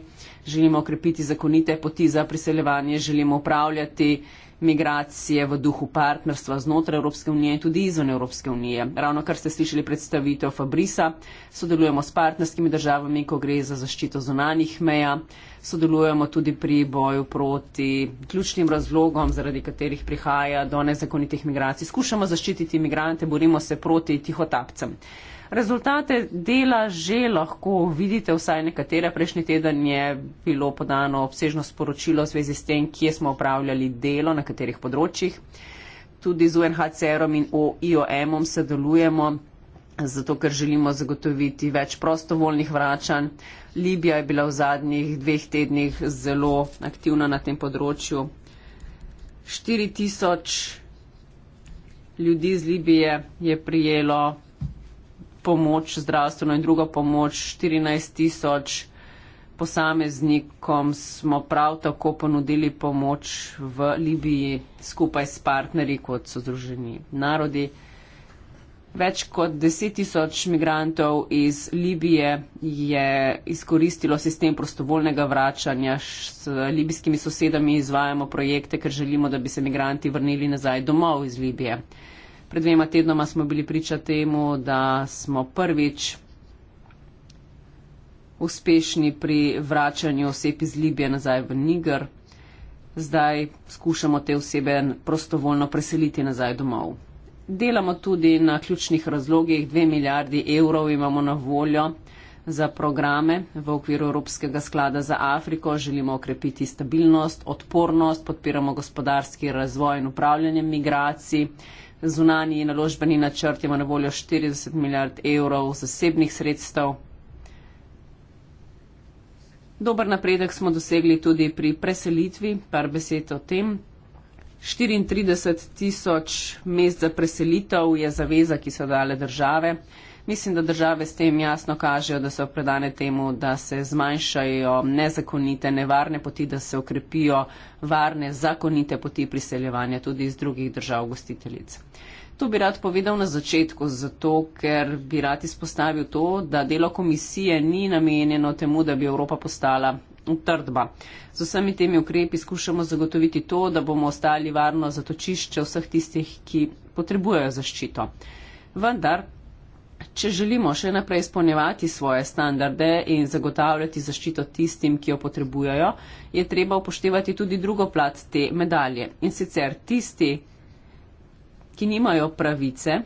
Speaker 4: želimo okrepiti zakonite poti za priseljevanje, želimo upravljati migracije v duhu partnerstva znotraj Evropske unije in tudi izven Evropske unije. Ravno kar ste slišali predstavitev Fabrisa, sodelujemo s partnerskimi državami, ko gre za zaščito zunanih meja, sodelujemo tudi pri boju proti ključnim razlogom, zaradi katerih prihaja do nezakonitih migracij. Skušamo zaščititi migrante, borimo se proti tihotapcem. Rezultate dela že lahko vidite vsaj nekatere. Prejšnji teden je bilo podano obsežno sporočilo v zvezi s tem, kje smo upravljali delo na katerih področjih. Tudi z UNHCR-om in OIOM-om sodelujemo, zato ker želimo zagotoviti več prostovoljnih vračanj. Libija je bila v zadnjih dveh tednih zelo aktivna na tem področju. 4000 ljudi iz Libije je prijelo pomoč, zdravstveno in drugo pomoč 14 tisoč posameznikom smo prav tako ponudili pomoč v Libiji skupaj s partnerji, kot so združeni narodi. Več kot 10 tisoč migrantov iz Libije je izkoristilo sistem prostovoljnega vračanja. S libijskimi sosedami izvajamo projekte, ker želimo, da bi se migranti vrnili nazaj domov iz Libije. Pred dvema tednoma smo bili priča temu, da smo prvič uspešni pri vračanju oseb iz Libije nazaj v Niger. Zdaj skušamo te osebe prostovoljno preseliti nazaj domov. Delamo tudi na ključnih razlogih. 2 milijardi evrov imamo na voljo za programe v okviru Evropskega sklada za Afriko. Želimo okrepiti stabilnost, odpornost, podpiramo gospodarski razvoj in upravljanje migracij zunani naložbeni načrt ima na voljo 40 milijard evrov zasebnih sredstev. Dober napredek smo dosegli tudi pri preselitvi, par besed o tem. 34 tisoč mest za preselitev je zaveza, ki so dale države. Mislim, da države s tem jasno kažejo, da so predane temu, da se zmanjšajo nezakonite, nevarne poti, da se okrepijo varne, zakonite poti priseljevanja tudi iz drugih držav gostiteljic. To bi rad povedal na začetku, zato ker bi rad izpostavil to, da delo komisije ni namenjeno temu, da bi Evropa postala utrdba. Z vsemi temi ukrepi skušamo zagotoviti to, da bomo ostali varno zatočišče vseh tistih, ki potrebujejo zaščito. Vendar Če želimo še naprej izpolnjevati svoje standarde in zagotavljati zaščito tistim, ki jo potrebujejo, je treba upoštevati tudi drugo plat te medalje. In sicer tisti, ki nimajo pravice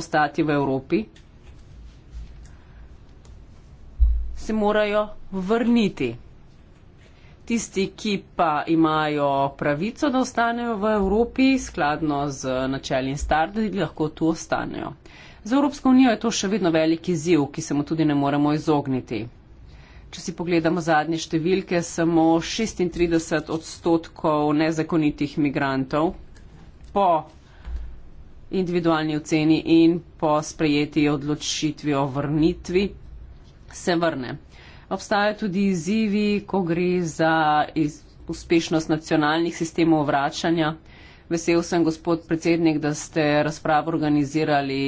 Speaker 4: ostati v Evropi, se morajo vrniti. Tisti, ki pa imajo pravico, da ostanejo v Evropi, skladno z načeljem Stardy, lahko tu ostanejo. Za Evropsko unijo je to še vedno velik izziv, ki se mu tudi ne moremo izogniti. Če si pogledamo zadnje številke, samo 36 odstotkov nezakonitih migrantov po individualni oceni in po sprejeti odločitvi o vrnitvi se vrne. Obstajajo tudi izzivi, ko gre za uspešnost nacionalnih sistemov vračanja. Vesel sem, gospod predsednik, da ste razpravo organizirali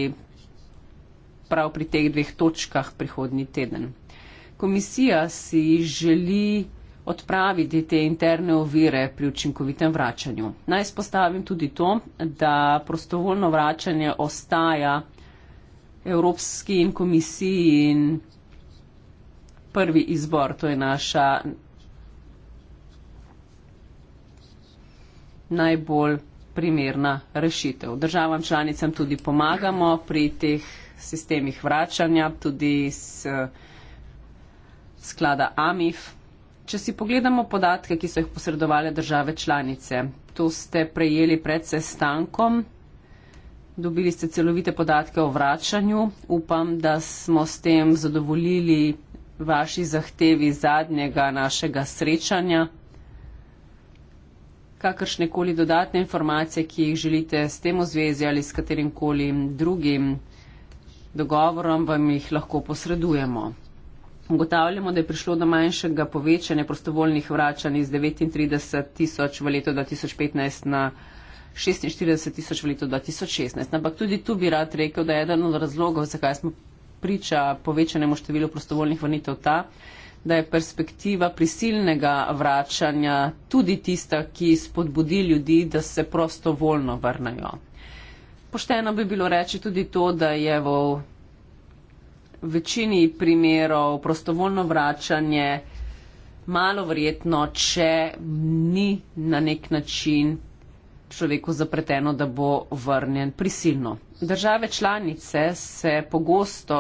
Speaker 4: prav pri teh dveh točkah prihodnji teden. Komisija si želi odpraviti te interne ovire pri učinkovitem vračanju. Naj spostavim tudi to, da prostovoljno vračanje ostaja Evropski in komisiji in prvi izbor, to je naša najbolj primerna rešitev. Državam članicam tudi pomagamo pri teh sistemih vračanja, tudi s sklada AMIF. Če si pogledamo podatke, ki so jih posredovali države članice, to ste prejeli pred sestankom, dobili ste celovite podatke o vračanju. Upam, da smo s tem zadovoljili vaši zahtevi zadnjega našega srečanja. Kakršne koli dodatne informacije, ki jih želite s tem v zvezi ali s katerim koli drugim dogovorom vam jih lahko posredujemo. Ugotavljamo, da je prišlo do manjšega povečanja prostovoljnih vračanj iz 39 tisoč v letu 2015 na 46 tisoč v letu 2016. Ampak tudi tu bi rad rekel, da je eden od razlogov, zakaj smo priča povečanemu številu prostovoljnih vrnitev ta, da je perspektiva prisilnega vračanja tudi tista, ki spodbudi ljudi, da se prostovoljno vrnajo pošteno bi bilo reči tudi to, da je v večini primerov prostovoljno vračanje malo verjetno, če ni na nek način človeku zapreteno, da bo vrnjen prisilno. Države članice se pogosto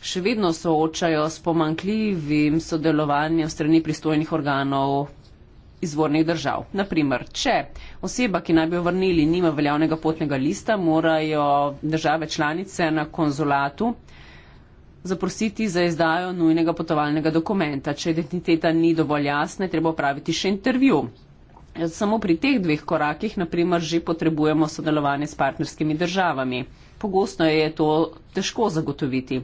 Speaker 4: še vedno soočajo s pomankljivim sodelovanjem strani pristojnih organov izvornih držav. Naprimer, če oseba, ki naj bi jo vrnili, nima veljavnega potnega lista, morajo države članice na konzulatu zaprositi za izdajo nujnega potovalnega dokumenta. Če identiteta ni dovolj jasna, treba opraviti še intervju. Samo pri teh dveh korakih, naprimer, že potrebujemo sodelovanje s partnerskimi državami. Pogosto je to težko zagotoviti.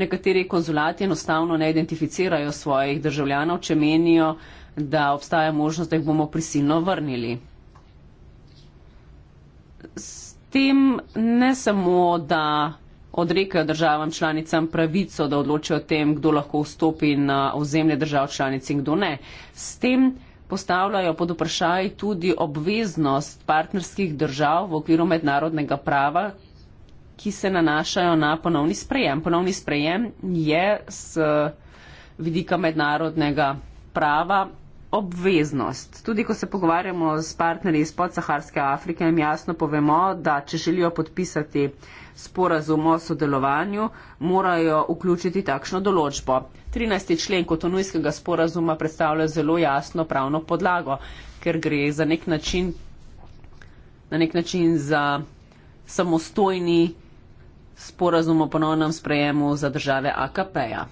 Speaker 4: Nekateri konzulati enostavno ne identificirajo svojih državljanov, če menijo, da obstaja možnost, da jih bomo prisilno vrnili. S tem ne samo, da odrekajo državam članicam pravico, da odločijo o tem, kdo lahko vstopi na ozemlje držav članic in kdo ne. S tem postavljajo pod vprašaj tudi obveznost partnerskih držav v okviru mednarodnega prava, ki se nanašajo na ponovni sprejem. Ponovni sprejem je z vidika mednarodnega prava obveznost. Tudi ko se pogovarjamo s partnerji iz podsaharske Afrike, jim jasno povemo, da če želijo podpisati sporazum o sodelovanju, morajo vključiti takšno določbo. 13. člen kotonujskega sporazuma predstavlja zelo jasno pravno podlago, ker gre za nek način, na nek način za samostojni sporazum o ponovnem sprejemu za države AKP-ja.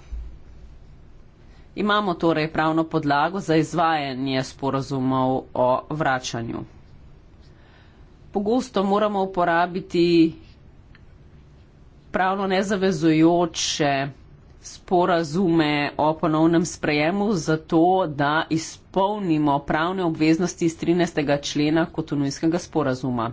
Speaker 4: Imamo torej pravno podlago za izvajanje sporazumov o vračanju. Pogosto moramo uporabiti pravno nezavezujoče sporazume o ponovnem sprejemu, zato da izpolnimo pravne obveznosti iz 13. člena kotonujskega sporazuma.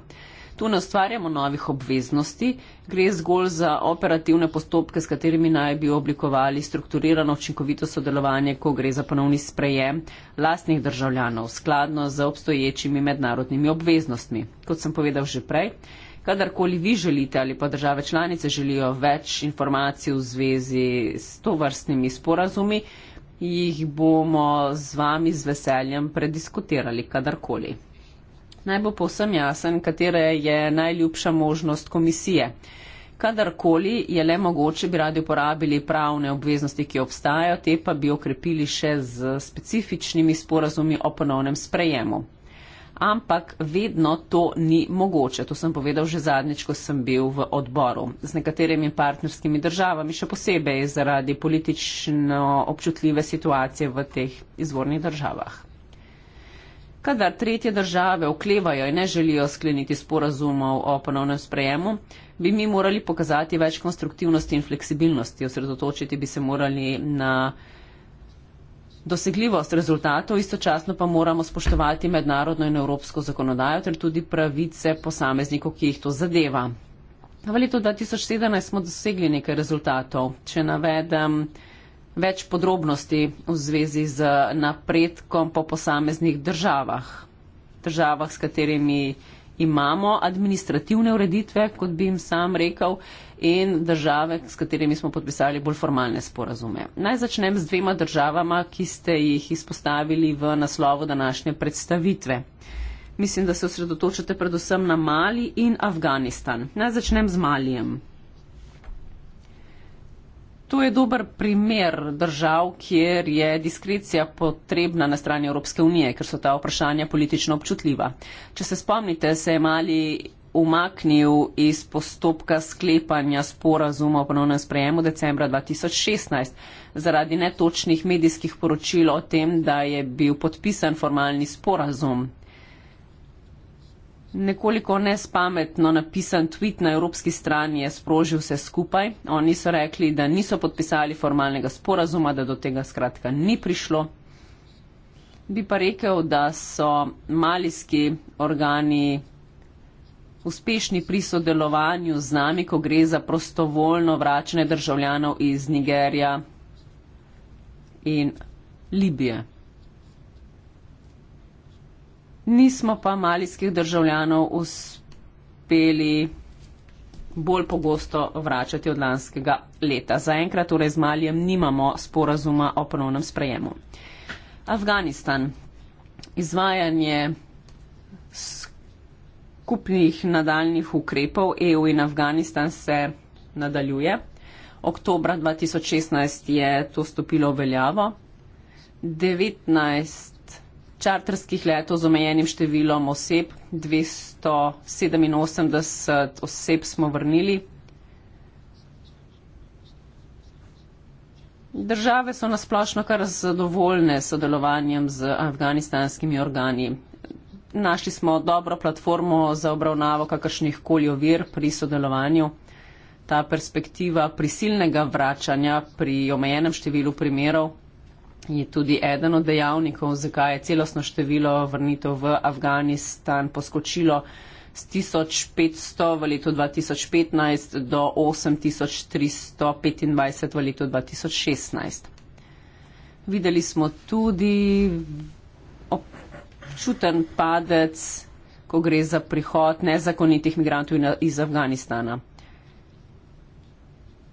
Speaker 4: Tu ne ustvarjamo novih obveznosti, gre zgolj za operativne postopke, s katerimi naj bi oblikovali strukturirano učinkovito sodelovanje, ko gre za ponovni sprejem lastnih državljanov skladno z obstoječimi mednarodnimi obveznostmi. Kot sem povedal že prej, kadarkoli vi želite ali pa države članice želijo več informacij v zvezi s to vrstnimi sporazumi, jih bomo z vami z veseljem prediskutirali kadarkoli. Naj bo povsem jasen, katera je najljubša možnost komisije. Kadarkoli je le mogoče, bi radi uporabili pravne obveznosti, ki obstajajo, te pa bi okrepili še z specifičnimi sporazumi o ponovnem sprejemu. Ampak vedno to ni mogoče. To sem povedal že zadnjič, ko sem bil v odboru. Z nekaterimi partnerskimi državami, še posebej zaradi politično občutljive situacije v teh izvornih državah kadar tretje države oklevajo in ne želijo skleniti sporazumov o ponovnem sprejemu, bi mi morali pokazati več konstruktivnosti in fleksibilnosti, osredotočiti bi se morali na dosegljivost rezultatov, istočasno pa moramo spoštovati mednarodno in evropsko zakonodajo ter tudi pravice posameznikov, ki jih to zadeva. V letu 2017 smo dosegli nekaj rezultatov. Če navedem, več podrobnosti v zvezi z napredkom po posameznih državah, državah, s katerimi imamo administrativne ureditve, kot bi jim sam rekel, in države, s katerimi smo podpisali bolj formalne sporazume. Naj začnem z dvema državama, ki ste jih izpostavili v naslovu današnje predstavitve. Mislim, da se osredotočate predvsem na Mali in Afganistan. Naj začnem z Malijem. To je dober primer držav, kjer je diskrecija potrebna na strani Evropske unije, ker so ta vprašanja politično občutljiva. Če se spomnite, se je mali umaknil iz postopka sklepanja sporazuma o ponovnem sprejemu decembra 2016 zaradi netočnih medijskih poročil o tem, da je bil podpisan formalni sporazum nekoliko nespametno napisan tweet na evropski strani je sprožil vse skupaj. Oni so rekli, da niso podpisali formalnega sporazuma, da do tega skratka ni prišlo. Bi pa rekel, da so malijski organi uspešni pri sodelovanju z nami, ko gre za prostovoljno vračanje državljanov iz Nigerija in Libije nismo pa malijskih državljanov uspeli bolj pogosto vračati od lanskega leta. Zaenkrat torej z Malijem nimamo sporazuma o ponovnem sprejemu. Afganistan. Izvajanje skupnih nadaljnih ukrepov EU in Afganistan se nadaljuje. Oktober 2016 je to stopilo v veljavo. 19 čarterskih letov z omejenim številom oseb, 287 oseb smo vrnili. Države so nasplošno kar zadovoljne s sodelovanjem z afganistanskimi organi. Našli smo dobro platformo za obravnavo kakršnih koli ovir pri sodelovanju. Ta perspektiva prisilnega vračanja pri omejenem številu primerov je tudi eden od dejavnikov, zakaj je celostno število vrnitev v Afganistan poskočilo z 1500 v letu 2015 do 8325 v letu 2016. Videli smo tudi občuten padec, ko gre za prihod nezakonitih migrantov iz Afganistana.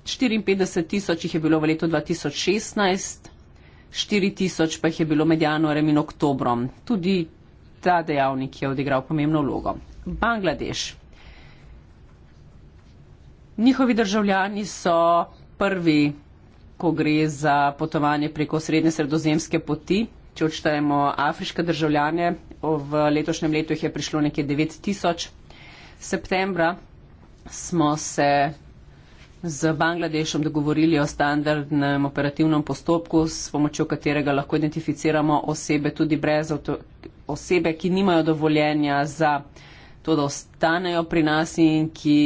Speaker 4: 54 tisoč jih je bilo v letu 2016. 4000 pa jih je bilo med januarjem in oktobrom. Tudi ta dejavnik je odigral pomembno vlogo. Bangladeš. Njihovi državljani so prvi, ko gre za potovanje preko srednje sredozemske poti. Če odštejemo afriške državljane, v letošnjem letu jih je prišlo nekje 9000. Septembra smo se z Bangladešem dogovorili o standardnem operativnem postopku, s pomočjo katerega lahko identificiramo osebe tudi brez osebe, ki nimajo dovoljenja za to, da ostanejo pri nas in ki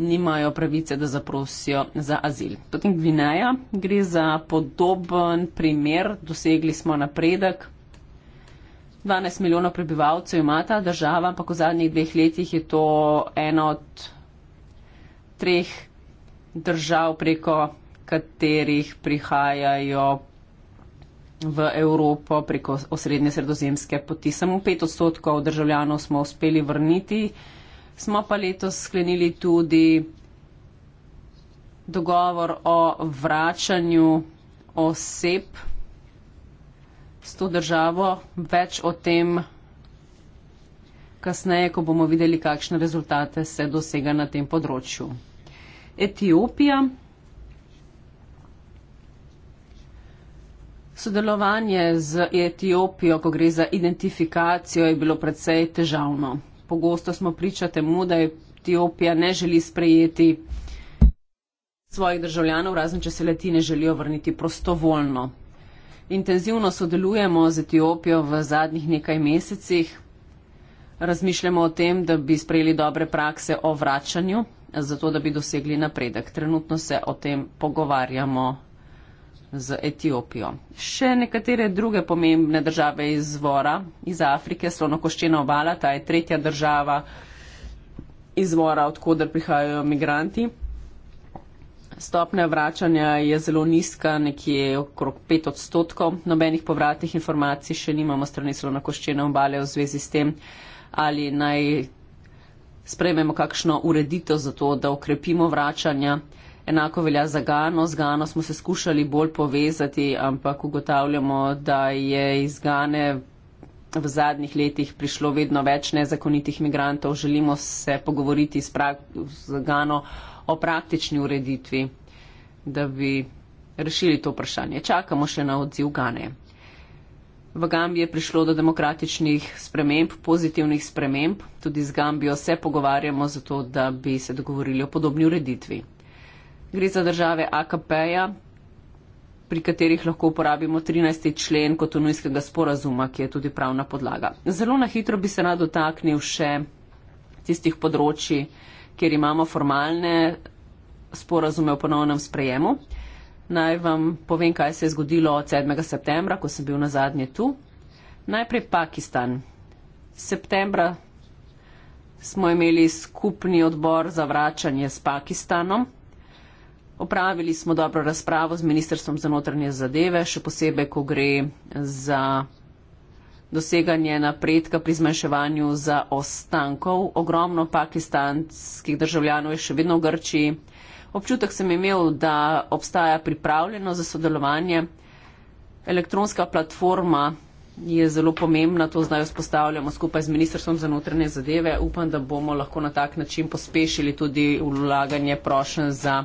Speaker 4: nimajo pravice, da zaprosijo za azil. Potem Gvineja gre za podoben primer, dosegli smo napredek. 12 milijonov prebivalcev ima ta država, ampak v zadnjih dveh letih je to ena od treh držav, preko katerih prihajajo v Evropo preko osrednje sredozemske poti. Samo 5 odstotkov državljanov smo uspeli vrniti. Smo pa letos sklenili tudi dogovor o vračanju oseb s to državo. Več o tem kasneje, ko bomo videli, kakšne rezultate se dosega na tem področju. Etiopija. Sodelovanje z Etiopijo, ko gre za identifikacijo, je bilo precej težavno. Pogosto smo priča temu, da Etiopija ne želi sprejeti svojih državljanov, razen če se leti ne želijo vrniti prostovoljno. Intenzivno sodelujemo z Etiopijo v zadnjih nekaj mesecih. Razmišljamo o tem, da bi sprejeli dobre prakse o vračanju zato, da bi dosegli napredek. Trenutno se o tem pogovarjamo z Etiopijo. Še nekatere druge pomembne države izvora iz Afrike, slonokoščena obala, ta je tretja država izvora, odkuder prihajajo migranti. Stopnja vračanja je zelo nizka, nekje okrog 5 odstotkov. Nobenih povratnih informacij še nimamo strani slonokoščene obale v zvezi s tem, ali naj sprejmemo kakšno ureditev za to, da okrepimo vračanja. Enako velja za Gano. Z Gano smo se skušali bolj povezati, ampak ugotavljamo, da je iz Gane v zadnjih letih prišlo vedno več nezakonitih migrantov. Želimo se pogovoriti z, z Gano o praktični ureditvi, da bi rešili to vprašanje. Čakamo še na odziv Gane. V Gambiji je prišlo do demokratičnih sprememb, pozitivnih sprememb. Tudi z Gambijo se pogovarjamo zato, da bi se dogovorili o podobni ureditvi. Gre za države AKP-ja, pri katerih lahko uporabimo 13. člen kot unijskega sporazuma, ki je tudi pravna podlaga. Zelo na hitro bi se rad dotaknil še tistih področji, kjer imamo formalne sporazume o ponovnem sprejemu. Naj vam povem, kaj se je zgodilo od 7. septembra, ko sem bil na zadnje tu. Najprej Pakistan. Septembra smo imeli skupni odbor za vračanje s Pakistanom. Opravili smo dobro razpravo z Ministrstvom za notranje zadeve, še posebej, ko gre za doseganje napredka pri zmanjševanju za ostankov. Ogromno pakistanskih državljanov je še vedno v Grčiji. Občutek sem imel, da obstaja pripravljeno za sodelovanje. Elektronska platforma je zelo pomembna, to zdaj vzpostavljamo skupaj z Ministrstvom za notranje zadeve. Upam, da bomo lahko na tak način pospešili tudi ulaganje prošen za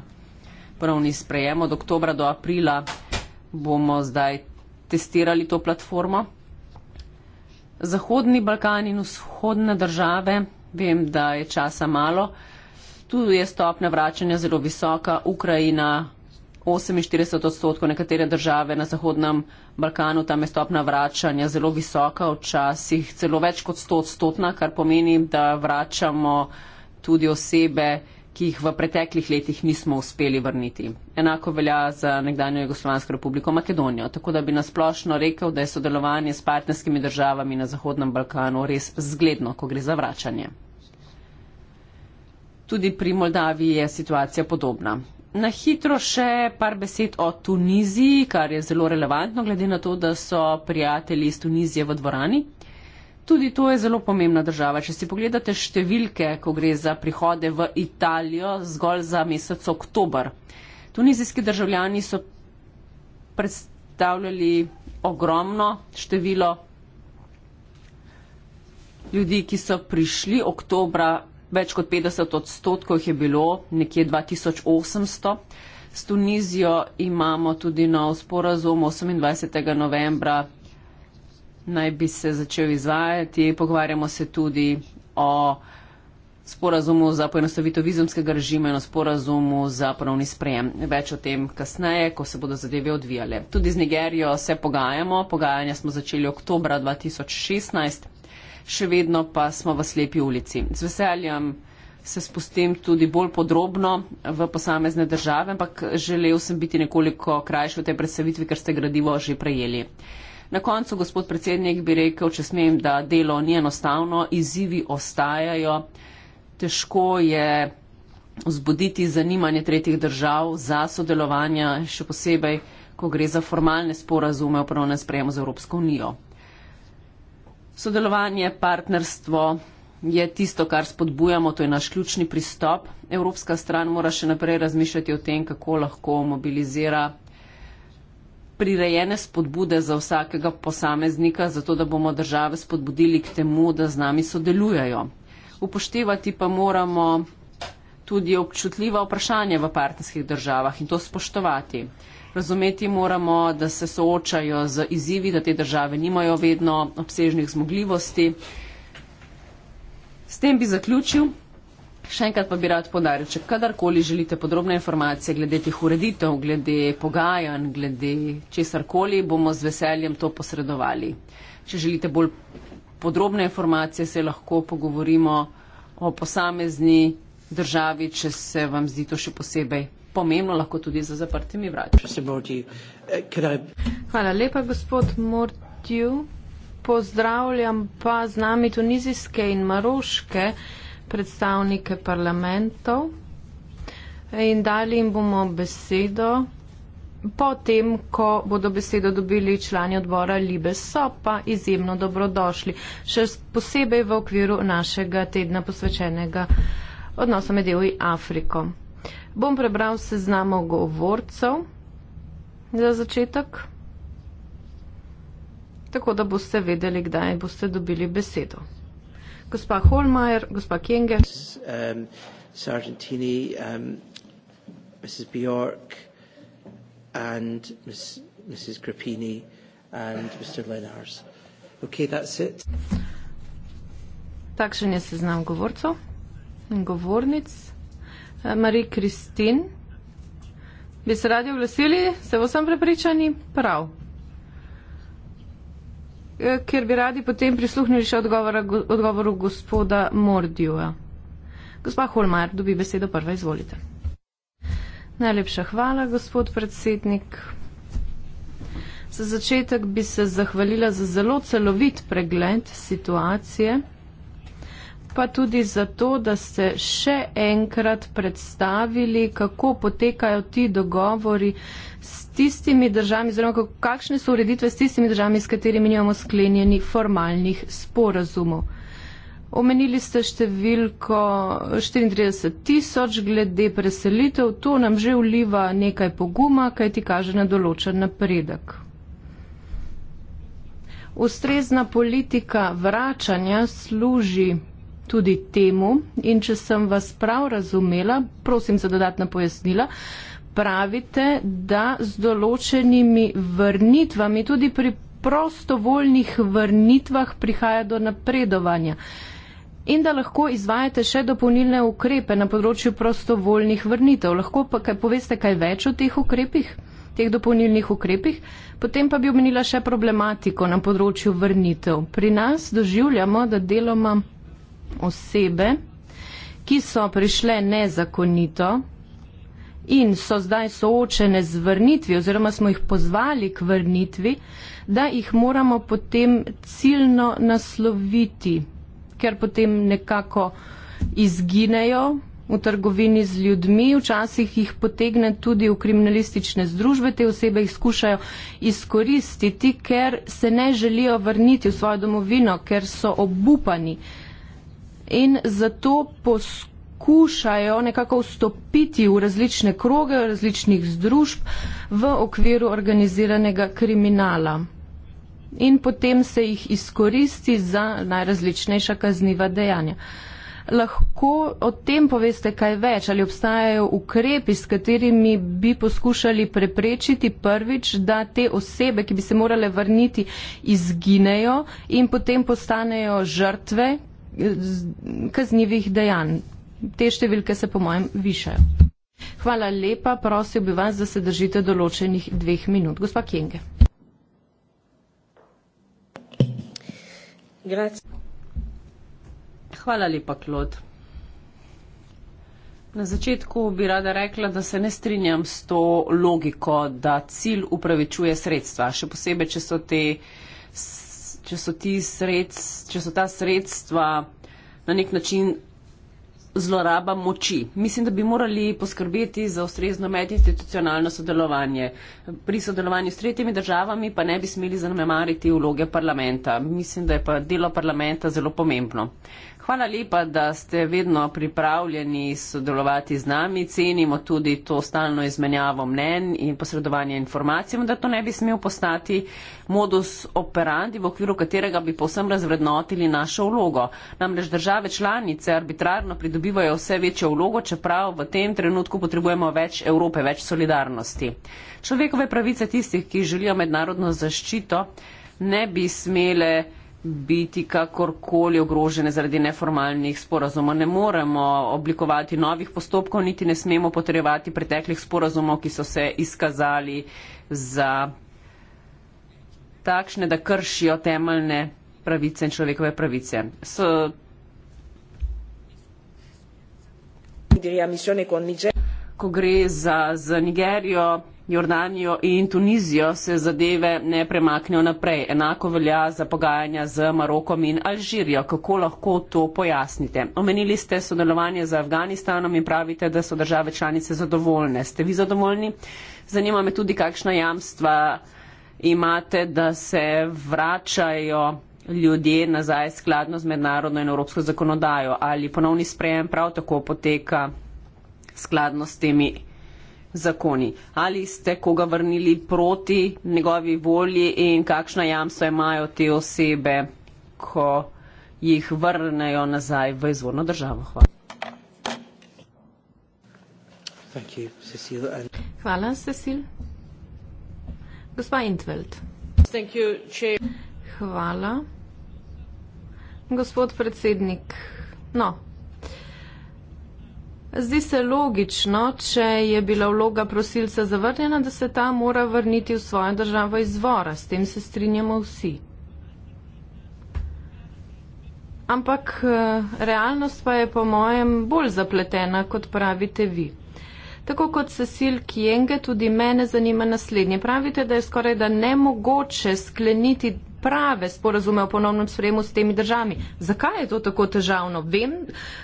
Speaker 4: pravni sprejem. Od oktobra do aprila bomo zdaj testirali to platformo. Zahodni Balkan in vzhodne države, vem, da je časa malo. Tu je stopna vračanja zelo visoka, Ukrajina 48 odstotkov, nekatere države na Zahodnem Balkanu, tam je stopna vračanja zelo visoka, včasih celo več kot 100 odstotna, kar pomeni, da vračamo tudi osebe, ki jih v preteklih letih nismo uspeli vrniti. Enako velja za nekdanjo Jugoslovansko republiko Makedonijo. Tako da bi nasplošno rekel, da je sodelovanje s partnerskimi državami na Zahodnem Balkanu res zgledno, ko gre za vračanje. Tudi pri Moldaviji je situacija podobna. Na hitro še par besed o Tuniziji, kar je zelo relevantno, glede na to, da so prijatelji iz Tunizije v dvorani. Tudi to je zelo pomembna država. Če si pogledate številke, ko gre za prihode v Italijo, zgolj za mesec oktober. Tunizijski državljani so predstavljali ogromno število ljudi, ki so prišli oktobra več kot 50 odstotkov jih je bilo, nekje 2800. S Tunizijo imamo tudi nov sporazum 28. novembra, naj bi se začel izvajati. Pogovarjamo se tudi o sporazumu za poenostavitev vizumskega režima in o sporazumu za ponovni sprejem. Več o tem kasneje, ko se bodo zadeve odvijale. Tudi z Nigerijo se pogajamo. Pogajanja smo začeli oktobra 2016 še vedno pa smo v slepi ulici. Z veseljem se spustim tudi bolj podrobno v posamezne države, ampak želel sem biti nekoliko krajši v tej predstavitvi, ker ste gradivo že prejeli. Na koncu, gospod predsednik, bi rekel, če smem, da delo ni enostavno, izzivi ostajajo, težko je vzbuditi zanimanje tretjih držav za sodelovanje, še posebej, ko gre za formalne sporazume o pravnem sprejemu z Evropsko unijo. Sodelovanje, partnerstvo je tisto, kar spodbujamo, to je naš ključni pristop. Evropska stran mora še naprej razmišljati o tem, kako lahko mobilizira prirejene spodbude za vsakega posameznika, zato da bomo države spodbudili k temu, da z nami sodelujajo. Upoštevati pa moramo tudi občutljiva vprašanja v partnerskih državah in to spoštovati. Razumeti moramo, da se soočajo z izzivi, da te države nimajo vedno obsežnih zmogljivosti. S tem bi zaključil. Še enkrat pa bi rad podaril, če kadarkoli želite podrobne informacije glede teh ureditev, glede pogajanj, glede česarkoli, bomo z veseljem to posredovali. Če želite bolj podrobne informacije, se lahko pogovorimo o posamezni državi, če se vam zdi to še posebej pomembno lahko tudi za zaprtimi
Speaker 1: vrati. Eh,
Speaker 4: Hvala lepa, gospod Mortju.
Speaker 2: Pozdravljam pa z nami tunizijske in maroške predstavnike parlamentov in dali jim bomo besedo. Potem, ko bodo besedo dobili člani odbora Libe, so pa izjemno dobrodošli, še posebej v okviru našega tedna posvečenega odnosa med EU in Afriko. Bom prebral seznamo govorcev za začetek, tako da boste vedeli, kdaj boste dobili besedo. Gospa Holmajer, gospa Kenge.
Speaker 3: Um,
Speaker 1: Sargentini, Mrs. Um, Bjork and Mrs. Grappini and Mr. Lenars. Okay, that's it.
Speaker 2: Takšen je seznam govorcev in govornic. Marie Kristin. Bi se radi oglasili? Se bo sem prepričani? Prav. E, ker bi radi potem prisluhnili še odgovora, odgovoru gospoda Mordjua. Gospa Holmar, dobi besedo prva, izvolite. Najlepša hvala, gospod predsednik. Za začetek bi se zahvalila za zelo celovit pregled situacije pa tudi zato, da ste še enkrat predstavili, kako potekajo ti dogovori s tistimi državami, oziroma kakšne so ureditve s tistimi državami, s katerimi nimamo sklenjeni formalnih sporazumov. Omenili ste številko 34 tisoč glede preselitev, to nam že vliva nekaj poguma, kaj ti kaže na določen napredek. Ustrezna politika vračanja služi tudi temu. In če sem vas prav razumela, prosim za dodatna pojasnila, pravite, da z določenimi vrnitvami, tudi pri prostovoljnih vrnitvah, prihaja do napredovanja. In da lahko izvajate še dopolnilne ukrepe na področju prostovoljnih vrnitev. Lahko pa kaj poveste kaj več o teh ukrepih, teh dopolnilnih ukrepih. Potem pa bi omenila še problematiko na področju vrnitev. Pri nas doživljamo, da deloma osebe, ki so prišle nezakonito in so zdaj soočene z vrnitvi oziroma smo jih pozvali k vrnitvi, da jih moramo potem ciljno nasloviti, ker potem nekako izginejo v trgovini z ljudmi, včasih jih potegne tudi v kriminalistične združbe, te osebe jih skušajo izkoristiti, ker se ne želijo vrniti v svojo domovino, ker so obupani, in zato poskušajo nekako vstopiti v različne kroge, različnih združb v okviru organiziranega kriminala. In potem se jih izkoristi za najrazličnejša kazniva dejanja. Lahko o tem poveste kaj več, ali obstajajo ukrepi, s katerimi bi poskušali preprečiti prvič, da te osebe, ki bi se morale vrniti, izginejo in potem postanejo žrtve kaznjivih dejanj. Te številke se po mojem višajo. Hvala lepa, prosil bi vas, da se držite določenih dveh minut. Gospa Kenge.
Speaker 4: Hvala lepa, Klod. Na začetku bi rada rekla, da se ne strinjam s to logiko, da cilj upravičuje sredstva, še posebej, če so te uh, če so, sredst, če so ta sredstva na nek način zloraba moči. Mislim, da bi morali poskrbeti za ustrezno medinstitucionalno sodelovanje. Pri sodelovanju s tretjimi državami pa ne bi smeli zanemariti vloge parlamenta. Mislim, da je pa delo parlamenta zelo pomembno. Hvala lepa, da ste vedno pripravljeni sodelovati z nami. Cenimo tudi to stalno izmenjavo mnen in posredovanje informacij, da to ne bi smel postati modus operandi, v okviru katerega bi posem razvrednotili našo vlogo. Namreč države članice arbitrarno pridobivajo vse večjo vlogo, čeprav v tem trenutku potrebujemo več Evrope, več solidarnosti. Človekove pravice tistih, ki želijo mednarodno zaščito, ne bi smele biti kakorkoli ogrožene zaradi neformalnih sporazumov. Ne moremo oblikovati novih postopkov, niti ne smemo potrebovati preteklih sporazumov, ki so se izkazali za takšne, da kršijo temeljne pravice in človekove pravice. So... Ko gre za, za Nigerijo, Jordanijo in Tunizijo se zadeve ne premaknejo naprej. Enako velja za pogajanja z Marokom in Alžirijo. Kako lahko to pojasnite? Omenili ste sodelovanje z Afganistanom in pravite, da so države članice zadovoljne. Ste vi zadovoljni? Zanima me tudi, kakšna jamstva imate, da se vračajo ljudje nazaj skladno z mednarodno in evropsko zakonodajo. Ali ponovni sprejem prav tako poteka skladno s temi zakoni. Ali ste koga vrnili proti njegovi volji in kakšna jamstva imajo te osebe, ko jih vrnejo nazaj v izvorno državo? Hvala.
Speaker 2: Hvala, Cecil. Gospa Intveld. Hvala. Gospod predsednik, no, Zdi se logično, če je bila vloga prosilca zavrnjena, da se ta mora vrniti v svojo državo izvora. S tem se strinjamo vsi. Ampak eh, realnost pa je po mojem bolj zapletena, kot pravite vi. Tako kot Cecil Kienge, tudi mene zanima naslednje. Pravite, da je skoraj da nemogoče skleniti priprave sporazume o ponovnem sprejemu s temi državami. Zakaj je to tako težavno? Vem,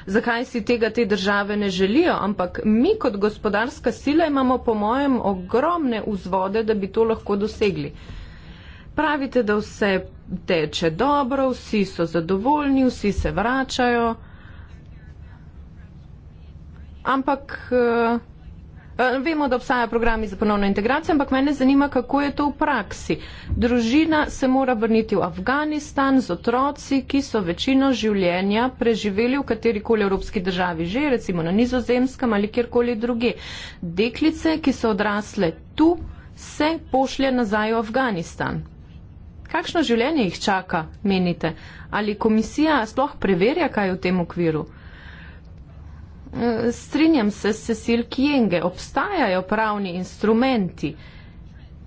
Speaker 2: zakaj si tega te države ne želijo, ampak mi kot gospodarska sila imamo po mojem ogromne vzvode, da bi to lahko dosegli. Pravite, da vse teče dobro, vsi so zadovoljni, vsi se vračajo. Ampak. Uh, Eh, vemo, da obstajajo programi za ponovno integracijo, ampak mene zanima, kako je to v praksi. Družina se mora vrniti v Afganistan z otroci, ki so večino življenja preživeli v katerikoli evropski državi, že recimo na nizozemskem ali kjerkoli druge. Deklice, ki so odrasle tu, se pošlje nazaj v Afganistan. Kakšno življenje jih čaka, menite? Ali komisija sploh preverja, kaj je v tem okviru? Eh, strinjam se s Cecil Kienge, obstajajo pravni instrumenti.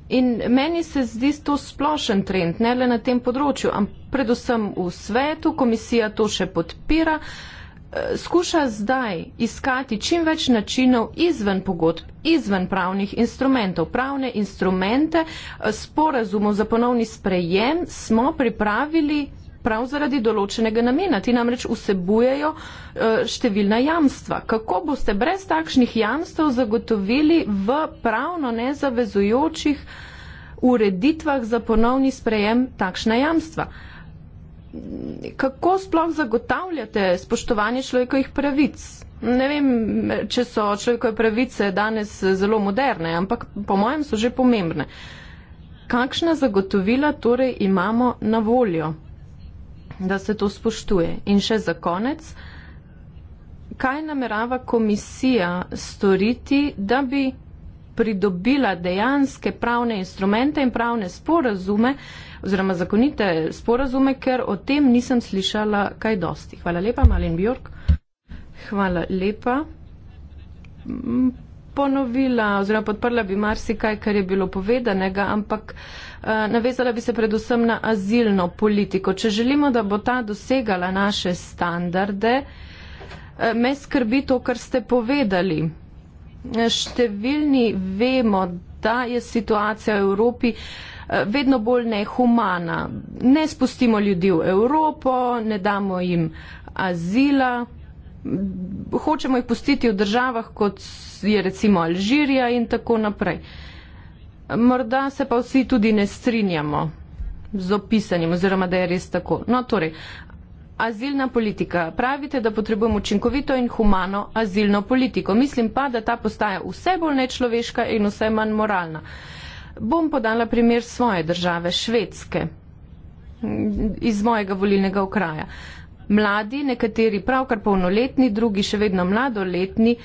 Speaker 2: In meni se zdi to splošen trend, ne le na tem področju, ampak predvsem v svetu, komisija to še podpira, eh, skuša zdaj iskati čim več načinov izven pogodb, izven pravnih instrumentov. Pravne instrumente eh, sporazumov za ponovni sprejem smo pripravili prav zaradi določenega namena. Ti namreč vsebujejo eh, številna jamstva. Kako boste brez takšnih jamstv zagotovili v pravno nezavezujočih ureditvah za ponovni sprejem takšna jamstva? Kako sploh zagotavljate spoštovanje človekovih pravic? Ne vem, če so človekove pravice danes zelo moderne, ampak po mojem so že pomembne. Kakšna zagotovila torej imamo na voljo? da se to spoštuje. In še za konec, kaj namerava komisija storiti, da bi pridobila dejanske pravne instrumente in pravne sporazume oziroma zakonite sporazume, ker o tem nisem slišala kaj dosti. Hvala lepa, Malin Bjork. Hvala lepa. Ponovila oziroma podprla bi marsikaj, kar je bilo povedanega, ampak. Eh, navezala bi se predvsem na azilno politiko. Če želimo, da bo ta dosegala naše standarde, eh, me skrbi to, kar ste povedali. Eh, številni vemo, da je situacija v Evropi vedno bolj nehumana. Ne spustimo ljudi v Evropo, ne damo jim azila. Hočemo jih pustiti v državah, kot je recimo Alžirija in tako naprej. Uh, Morda se pa vsi tudi ne strinjamo z opisanjem oziroma da je res tako. No, torej, azilna politika. Pravite, da potrebujemo učinkovito in humano azilno politiko. Mislim pa, da ta postaja vse bolj nečloveška in vse manj moralna. Bom podala primer svoje države, Švedske, iz mojega volilnega okraja. Mladi, nekateri pravkar polnoletni, drugi še vedno mladoletni,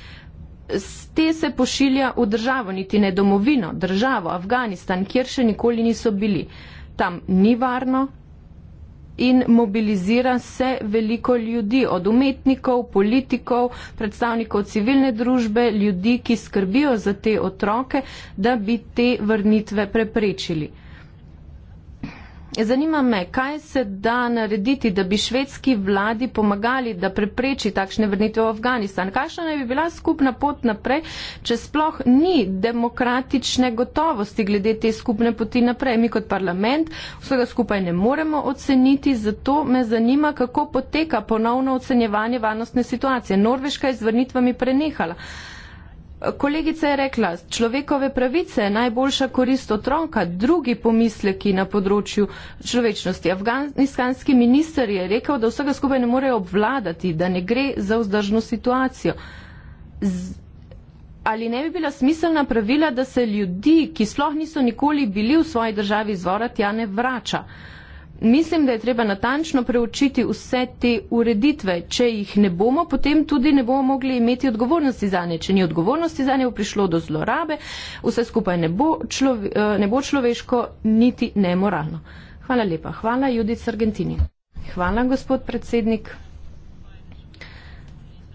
Speaker 2: te se pošilja v državo, niti ne domovino, državo, Afganistan, kjer še nikoli niso bili. Tam ni varno in mobilizira se veliko ljudi, od umetnikov, politikov, predstavnikov civilne družbe, ljudi, ki skrbijo za te otroke, da bi te vrnitve preprečili. Zanima me, kaj se da narediti, da bi švedski vladi pomagali, da prepreči takšne vrnitve v Afganistan? Kakšna naj bi bila skupna pot naprej, če sploh ni demokratične gotovosti glede te skupne poti naprej? Mi kot parlament vsega skupaj ne moremo oceniti, zato me zanima, kako poteka ponovno ocenjevanje varnostne situacije. Norveška je z vrnitvami prenehala. Kolegica je rekla, človekove pravice je najboljša korist otroka, drugi pomisleki na področju človečnosti. Afganistanski minister je rekel, da vsega skupaj ne morejo obvladati, da ne gre za vzdržno situacijo. Z... Ali ne bi bila smiselna pravila, da se ljudi, ki sploh niso nikoli bili v svoji državi izvora, tja ne vrača? Uh, Mislim, da je treba natančno preučiti vse te ureditve. Če jih ne bomo, potem tudi ne bomo mogli imeti odgovornosti za nje. Če ni odgovornosti za nje, bo prišlo do zlorabe, vse skupaj ne bo, človeško, eh, ne bo človeško, niti ne moralno. Hvala lepa. Hvala, Judic Argentini. Hvala, gospod predsednik.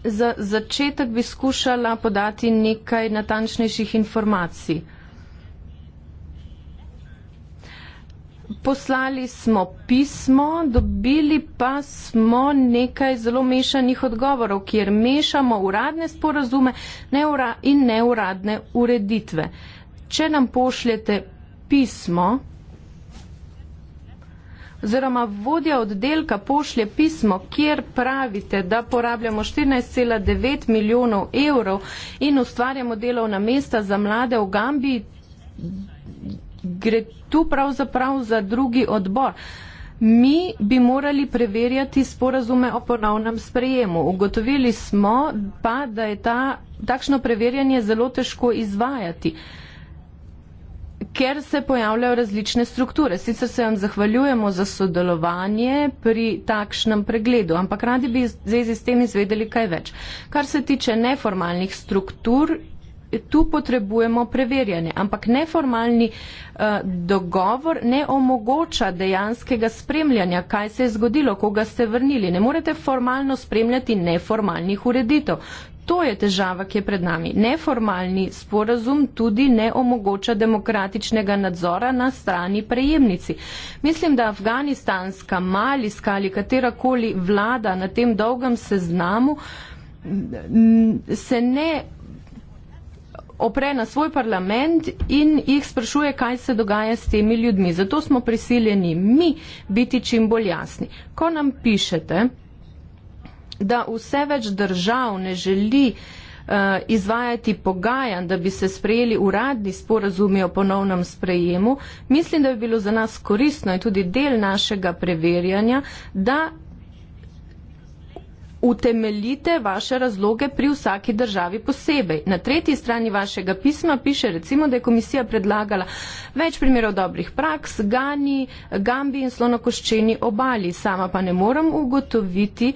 Speaker 2: Za začetek bi skušala podati nekaj natančnejših informacij. poslali smo pismo, dobili pa smo nekaj zelo mešanih odgovorov, kjer mešamo uradne sporazume in neuradne ureditve. Če nam pošljete pismo, oziroma vodja oddelka pošlje pismo, kjer pravite, da porabljamo 14,9 milijonov evrov in ustvarjamo delovna mesta za mlade v Gambiji, gre tu pravzaprav za drugi odbor. Mi bi morali preverjati sporazume o ponovnem sprejemu. Ugotovili smo pa, da je ta, takšno preverjanje zelo težko izvajati, ker se pojavljajo različne strukture. Sicer se vam zahvaljujemo za sodelovanje pri takšnem pregledu, ampak radi bi v zvezi s tem izvedeli kaj več. Kar se tiče neformalnih struktur, tu potrebujemo preverjanje. Ampak neformalni eh, dogovor ne omogoča dejanskega spremljanja, kaj se je zgodilo, koga ste vrnili. Ne morete formalno spremljati neformalnih ureditev. To je težava, ki je pred nami. Neformalni sporazum tudi ne omogoča demokratičnega nadzora na strani prejemnici. Mislim, da afganistanska, malijska ali katerakoli vlada na tem dolgem seznamu se ne opre na svoj parlament in jih sprašuje, kaj se dogaja s temi ljudmi. Zato smo prisiljeni mi biti čim bolj jasni. Ko nam pišete, da vse več držav ne želi eh, izvajati pogajanj, da bi se sprejeli uradni sporazumi o ponovnem sprejemu, mislim, da bi bilo za nas koristno in tudi del našega preverjanja, da utemeljite vaše razloge pri vsaki državi posebej. Na tretji strani vašega pisma piše recimo, da je komisija predlagala več primerov dobrih praks, Gani, Gambi in slonokoščeni obali. Sama pa ne morem ugotoviti,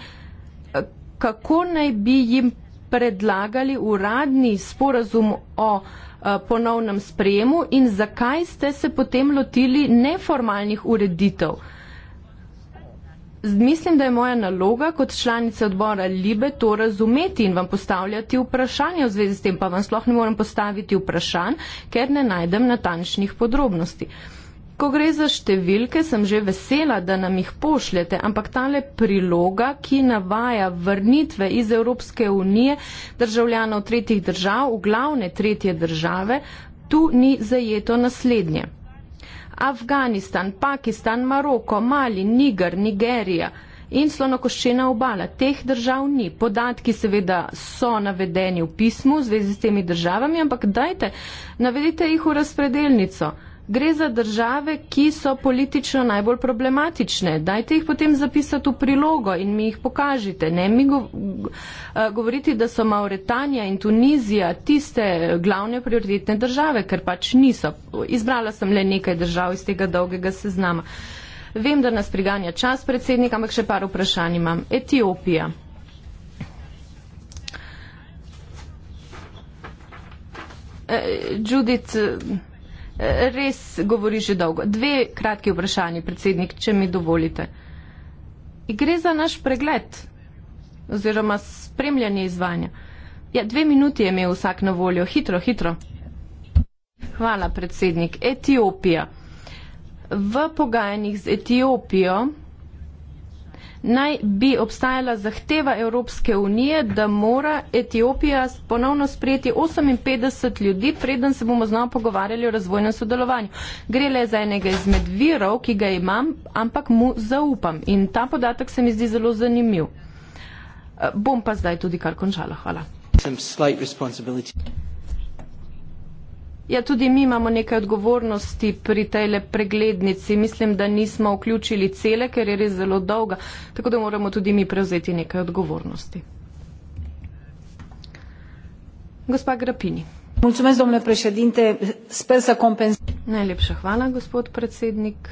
Speaker 2: eh, kako naj bi jim predlagali uradni sporazum o eh, ponovnem sprejemu in zakaj ste se potem lotili neformalnih ureditev. Mislim, da je moja naloga kot članice odbora Libe to razumeti in vam postavljati vprašanje v zvezi s tem, pa vam sploh ne morem postaviti vprašanj, ker ne najdem natančnih podrobnosti. Ko gre za številke, sem že vesela, da nam jih pošljete, ampak tale priloga, ki navaja vrnitve iz Evropske unije državljanov tretjih držav, v glavne tretje države, tu ni zajeto naslednje. Afganistan, Pakistan, Maroko, Mali, Niger, Nigerija in slonokoščena obala. Teh držav ni. Podatki seveda so navedeni v pismu v zvezi s temi državami, ampak dajte, navedite jih v razpredelnico gre za države, ki so politično najbolj problematične. Dajte jih potem zapisati v prilogo in mi jih pokažite. Ne mi go, eh, govoriti, da so Mauretanija in Tunizija tiste glavne prioritetne države, ker pač niso. Izbrala sem le nekaj držav iz tega dolgega seznama. Vem, da nas priganja čas, predsednik, ampak še par vprašanj imam. Etiopija. Eh, Judith, res govori že dolgo. Dve kratki vprašanji, predsednik, če mi dovolite. Gre za naš pregled oziroma spremljanje izvanja. Ja, dve minuti je imel vsak na voljo. Hitro, hitro. Hvala, predsednik. Etiopija. V pogajanjih z Etiopijo naj bi obstajala zahteva Evropske unije, da mora Etiopija ponovno sprejeti 58 ljudi, preden se bomo znova pogovarjali o razvojnem sodelovanju. Gre le za enega izmed virov, ki ga imam, ampak mu zaupam. In ta podatek se mi zdi zelo zanimiv. Bom pa zdaj tudi kar končala. Hvala. Ja, tudi mi imamo nekaj odgovornosti pri tej preglednici. Mislim, da nismo vključili cele, ker je res zelo dolga, tako da moramo tudi mi prevzeti nekaj odgovornosti. Gospa Grapini. Mulțumesc, domnule președinte, sper să compensez. Najlepša hvala, gospod predsednik.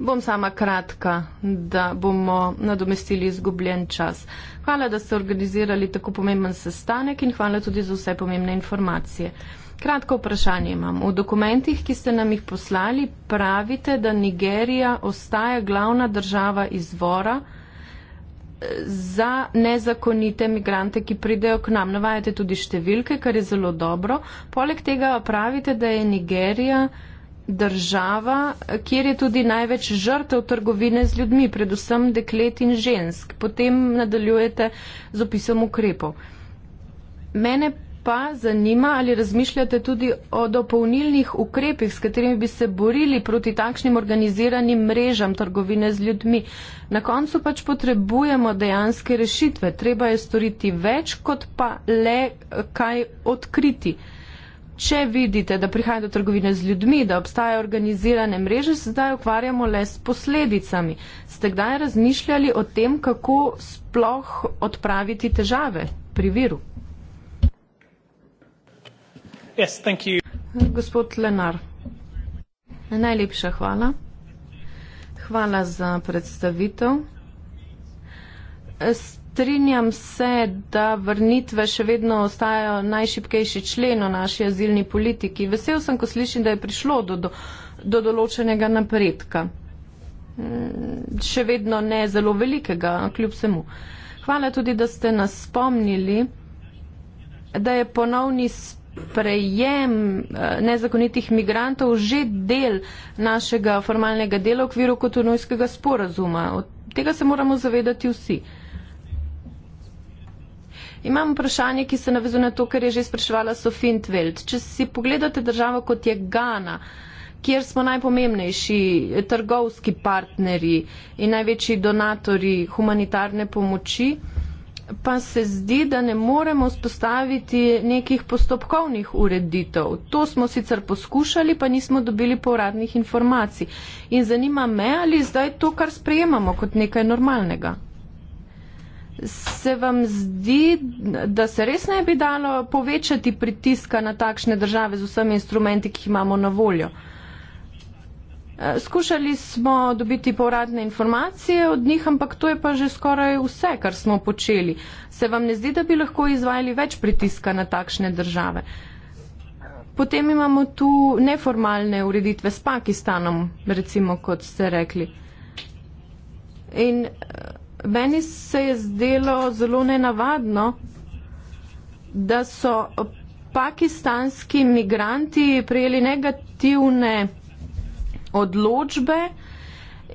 Speaker 2: Bom sama kratka, da bomo nadomestili izgubljen čas. Hvala, da ste organizirali tako pomemben sestanek in hvala tudi za vse pomembne informacije. Kratko vprašanje imam. V dokumentih, ki ste nam jih poslali, pravite, da Nigerija ostaja glavna država izvora eh, za nezakonite migrante, ki pridejo k nam. Navajate tudi številke, kar je zelo dobro. Poleg tega pravite, da je Nigerija država, kjer je tudi največ žrtev trgovine z ljudmi, predvsem deklet in žensk. Potem nadaljujete z opisom ukrepov. Mene pa zanima, ali razmišljate tudi o dopolnilnih ukrepih, s katerimi bi se borili proti takšnim organiziranim mrežam trgovine z ljudmi. Na koncu pač potrebujemo dejanske rešitve. Treba je storiti več, kot pa le kaj odkriti. Če vidite, da prihaja do trgovine z ljudmi, da obstajajo organizirane mreže, se zdaj ukvarjamo le s posledicami. Ste kdaj razmišljali o tem, kako sploh odpraviti težave pri viru? Yes, Gospod Lenar. Najlepša hvala. Hvala za predstavitev. S Strinjam se, da vrnitve še vedno ostajajo najšipkejši člen v naši azilni politiki. Vesel sem, ko slišim, da je prišlo do, do, do določenega napredka. Mm, še vedno ne zelo velikega, kljub vsemu. Hvala tudi, da ste nas spomnili, da je ponovni sprejem eh, nezakonitih migrantov že del našega formalnega dela v okviru kotonujskega sporazuma. Od tega se moramo zavedati vsi. Imam vprašanje, ki se navezuje na to, kar je že spraševala Sofin Tveld. Če si pogledate državo kot je Gana, kjer smo najpomembnejši trgovski partnerji in največji donatori humanitarne pomoči, pa se zdi, da ne moremo spostaviti nekih postopkovnih ureditev. To smo sicer poskušali, pa nismo dobili povratnih informacij. In zanima me, ali zdaj to, kar sprejemamo kot nekaj normalnega se vam zdi, da se res ne bi dalo povečati pritiska na takšne države z vsemi instrumenti, ki jih imamo na voljo? Eh, skušali smo dobiti povratne informacije od njih, ampak to je pa že skoraj vse, kar smo počeli. Se vam ne zdi, da bi lahko izvajali več pritiska na takšne države? Potem imamo tu neformalne ureditve s Pakistanom, recimo, kot ste rekli. In eh, meni se je zdelo zelo nenavadno, da so pakistanski migranti prijeli negativne odločbe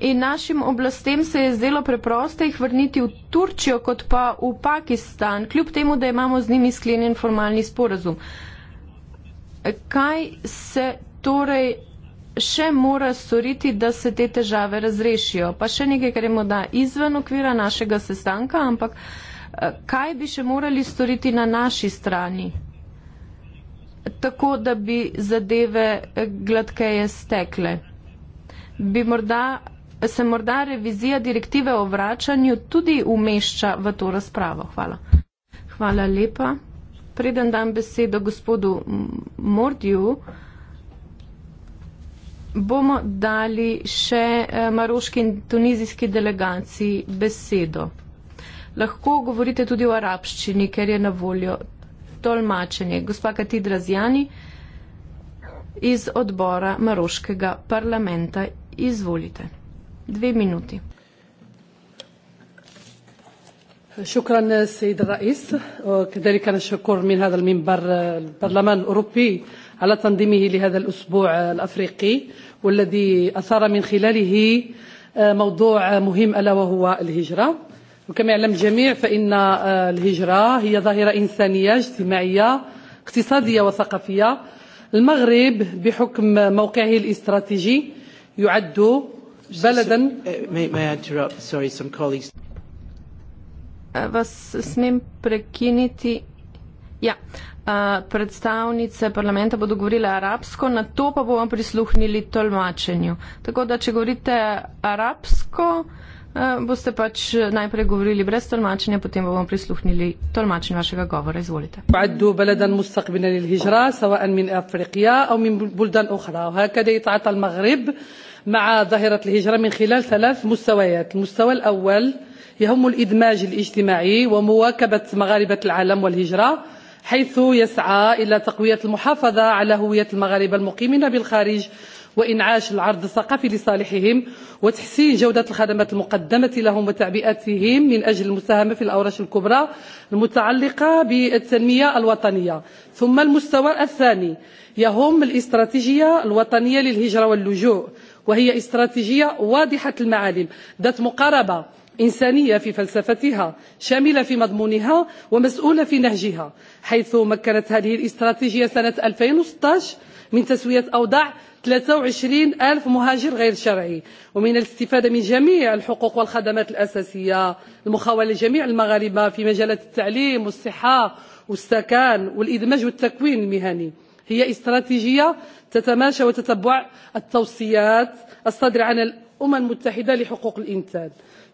Speaker 2: in našim oblastem se je zdelo preprosto jih vrniti v Turčijo kot pa v Pakistan, kljub temu, da imamo z njimi sklenjen formalni sporazum. Kaj se torej še mora storiti, da se te težave razrešijo? Pa še nekaj, kar je morda izven okvira našega sestanka, ampak eh, kaj bi še morali storiti na naši strani, tako da bi zadeve eh, gladkeje stekle? Bi morda, se morda revizija direktive o vračanju tudi umešča v to razpravo? Hvala. Hvala lepa. Preden dam besedo gospodu Mordiju, uh, bomo dali še eh, maroški in tunizijski delegaciji besedo. Lahko govorite tudi o arabščini, ker je na voljo tolmačenje. Gospa Katidra Zjani iz odbora maroškega parlamenta,
Speaker 1: izvolite. Dve minuti. شكراً سيد الرئيس كذلك نشكر من هذا المنبر البرلمان الأوروبي على تنظيمه لهذا الأسبوع الأفريقي والذي أثار من خلاله موضوع مهم ألا وهو الهجرة وكما يعلم الجميع فإن الهجرة هي ظاهرة إنسانية اجتماعية اقتصادية وثقافية المغرب بحكم موقعه الاستراتيجي يعد بلدا بس اسمين
Speaker 2: بريكينيتي يا predstavnice parlamenta bodo govorile arabsko, na to pa bomo prisluhnili tolmačenju. Tako da, če govorite arabsko, boste pač najprej govorili brez tolmačenja, potem bomo prisluhnili tolmačenju vašega govora. Izvolite.
Speaker 1: مع ظاهرة الهجرة من خلال ثلاث مستويات المستوى الأول يهم الإدماج الاجتماعي ومواكبة مغاربة العالم والهجرة حيث يسعى إلى تقوية المحافظة على هوية المغاربة المقيمين بالخارج وإنعاش العرض الثقافي لصالحهم وتحسين جودة الخدمات المقدمة لهم وتعبئتهم من أجل المساهمة في الأورش الكبرى المتعلقة بالتنمية الوطنية ثم المستوى الثاني يهم الاستراتيجية الوطنية للهجرة واللجوء وهي استراتيجية واضحة المعالم ذات مقاربة إنسانية في فلسفتها شاملة في مضمونها ومسؤولة في نهجها حيث مكنت هذه الاستراتيجية سنة 2016 من تسوية أوضاع 23 ألف مهاجر غير شرعي ومن الاستفادة من جميع الحقوق والخدمات الأساسية المخاولة لجميع المغاربة في مجالات التعليم والصحة والسكن والإدماج والتكوين المهني هي استراتيجية تتماشى وتتبع التوصيات الصادرة عن الأمم المتحدة لحقوق الإنسان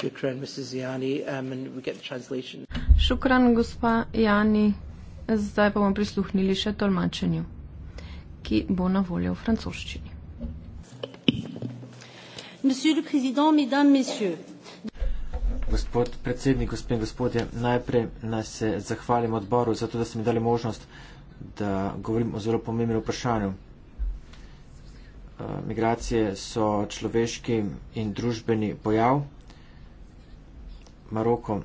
Speaker 1: Shukran, Mrs. Yani, um, and we get the translation.
Speaker 2: Shukran, gospa Yani. Zdaj pa bomo prisluhnili še tolmačenju, ki bo na voljo v francoščini.
Speaker 5: Gospod predsednik, gospe in gospodje, najprej naj se zahvalim odboru za to, da ste mi dali možnost, da govorim o zelo pomembnem vprašanju. Uh, migracije so človeški in družbeni pojav. Maroko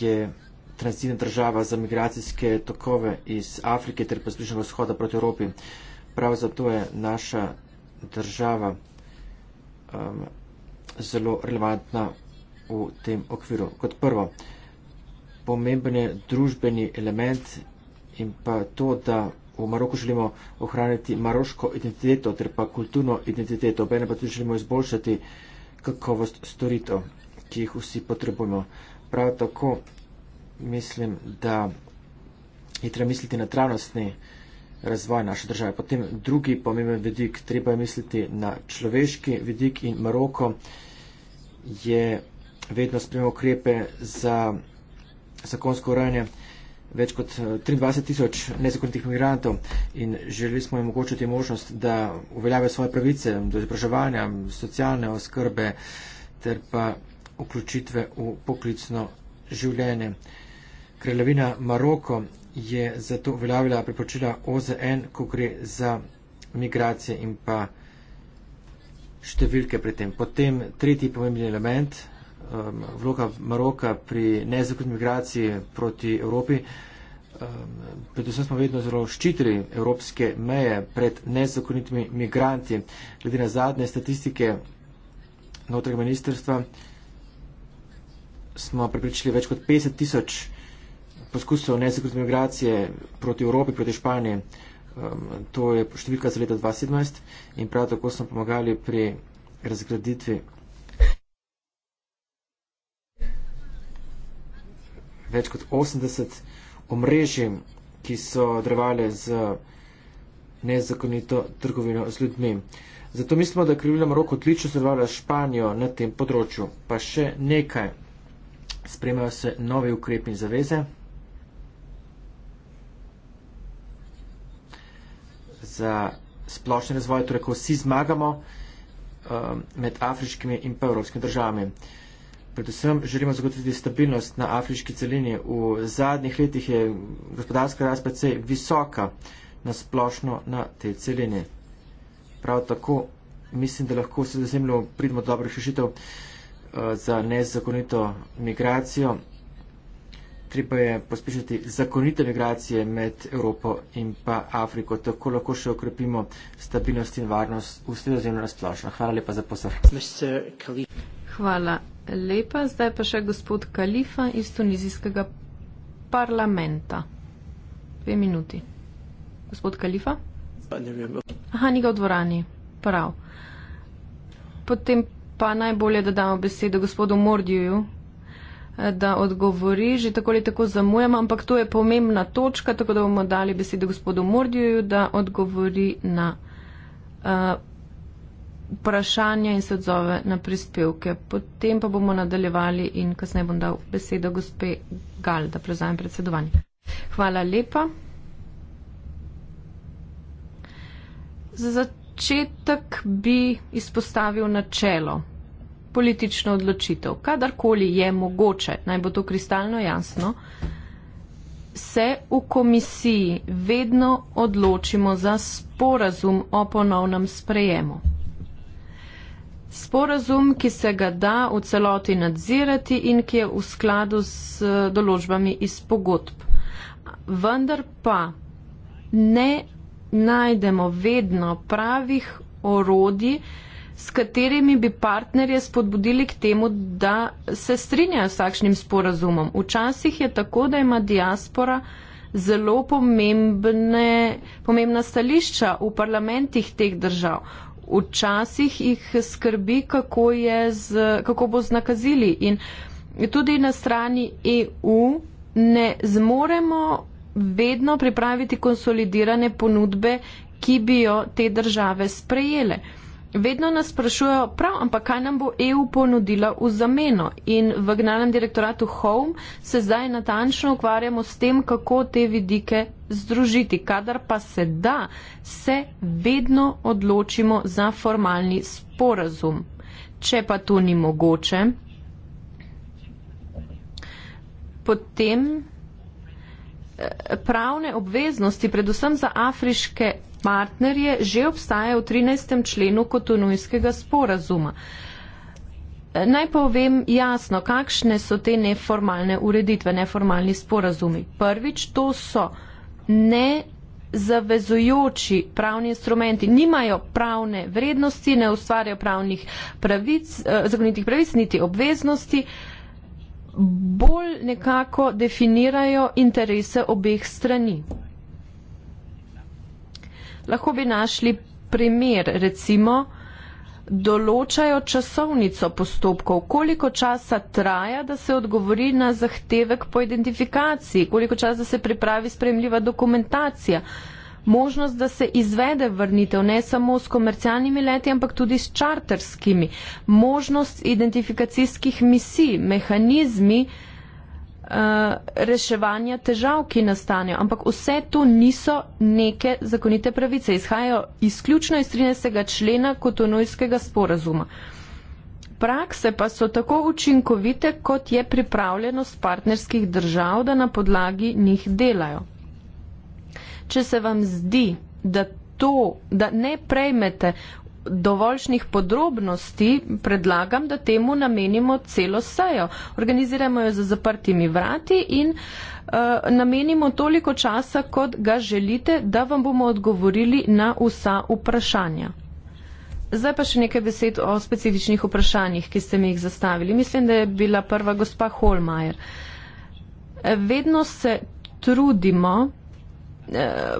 Speaker 5: je transitna država za migracijske tokove iz Afrike ter pa zbližnjega vzhoda proti Evropi. Prav zato je naša država um, zelo relevantna v tem okviru. Kot prvo, pomemben je družbeni element in pa to, da v Maroku želimo ohraniti maroško identiteto ter pa kulturno identiteto, obene pa tudi želimo izboljšati kakovost storitev ki jih vsi potrebujemo. Prav tako mislim, da je treba misliti na trajnostni razvoj naše države. Potem drugi pomemben vidik, treba je misliti na človeški vidik in Maroko je vedno spremljal ukrepe za zakonsko urejanje več kot 23 eh, tisoč nezakonitih migrantov in želeli smo jim omogočiti možnost, da uveljavijo svoje pravice do izobraževanja, socialne oskrbe ter pa vključitve v poklicno življenje. Kraljevina Maroko je zato uveljavila priporočila OZN, ko gre za migracije in pa številke pri tem. Potem tretji pomembni element, um, vloga Maroka pri nezakonitih migraciji proti Evropi. Um, predvsem smo vedno zelo ščitili evropske meje pred nezakonitimi migranti. Glede na zadnje statistike notranjega ministrstva, smo preprečili več kot 50 tisoč poskusov nezakonite migracije proti Evropi, proti Španiji. Um, to je številka za leta 2017 in prav tako smo pomagali pri razgraditvi več kot 80 omrežij, ki so drevale z nezakonito trgovino z ljudmi. Zato mislimo, da je krivilna Maroko odlično sodelovala s Španijo na tem področju. Pa še nekaj spremajo se nove ukrepi in zaveze. Za splošni razvoj, torej ko vsi zmagamo um, med afriškimi in pa evropskimi državami. Predvsem želimo zagotoviti stabilnost na afriški celini. V zadnjih letih je gospodarska rast precej visoka na splošno na tej celini. Prav tako mislim, da lahko se za zemljo pridemo do dobrih rešitev. Uh, Eh, za nezakonito migracijo. Treba je pospešiti zakonite migracije med Evropo in pa Afriko. Tako lahko še okrepimo stabilnost in varnost v sredozemlju na splošno. Hvala lepa za posel.
Speaker 2: Hvala lepa. Zdaj pa še gospod Kalifa iz tunizijskega parlamenta. Dve minuti. Gospod Kalifa? Aha, ni ga v dvorani. Prav. Potem pa najbolje, da damo besedo gospodu Mordiju, eh, da odgovori, že tako ali tako zamujam, ampak to je pomembna točka, tako da bomo dali besedo gospodu Mordiju, da odgovori na uh, eh, vprašanje in se odzove na prispevke. Potem pa bomo nadaljevali in kasneje bom dal besedo gospe Gal, da prevzamem predsedovanje. Hvala lepa. Za začetek bi izpostavil načelo. Politično odločitev, kadarkoli je mogoče, naj bo to kristalno jasno, se v komisiji vedno odločimo za sporazum o ponovnem sprejemu. Sporazum, ki se ga da v celoti nadzirati in ki je v skladu z določbami iz pogodb. Vendar pa ne najdemo vedno pravih orodij, s katerimi bi partnerje spodbudili k temu, da se strinjajo s takšnim sporazumom. Včasih je tako, da ima diaspora zelo pomembne, pomembna stališča v parlamentih teh držav. Včasih jih skrbi, kako, z, kako bo z nakazili. In tudi na strani EU ne zmoremo vedno pripraviti konsolidirane ponudbe, ki bi jo te države sprejele. Vedno nas sprašujejo, prav, ampak kaj nam bo EU ponudila v zameno? In v Gnalnem direktoratu Home se zdaj natančno ukvarjamo s tem, kako te vidike združiti. Kadar pa se da, se vedno odločimo za formalni sporazum. Če pa to ni mogoče, potem pravne obveznosti, predvsem za afriške partnerje, že obstajajo v 13. členu kotonujskega sporazuma. Naj povem jasno, kakšne so te neformalne ureditve, neformalni sporazumi. Prvič, to so ne zavezujoči pravni instrumenti nimajo pravne vrednosti, ne ustvarjajo pravnih pravic, eh, zakonitih pravic, niti obveznosti. Uh, bolj nekako definirajo interese obeh strani. Lahko bi našli primer, recimo, določajo časovnico postopkov, koliko časa traja, da se odgovori na zahtevek po identifikaciji, koliko časa se pripravi spremljiva dokumentacija, možnost, da se izvede vrnitev, ne samo s komercialnimi leti, ampak tudi s čarterskimi, možnost identifikacijskih misij, mehanizmi eh, reševanja težav, ki nastanejo. Ampak vse to niso neke zakonite pravice. Izhajajo izključno iz 13. člena kotonojskega sporazuma. Prakse pa so tako učinkovite, kot je pripravljenost partnerskih držav, da na podlagi njih delajo če se vam zdi, da, to, da ne prejmete dovoljšnih podrobnosti, predlagam, da temu namenimo celo sejo. Organiziramo jo za zaprtimi vrati in uh, namenimo toliko časa, kot ga želite, da vam bomo odgovorili na vsa vprašanja. Zdaj pa še nekaj besed o specifičnih vprašanjih, ki ste mi jih zastavili. Mislim, da je bila prva gospa Holmajer. Vedno se trudimo, Eh,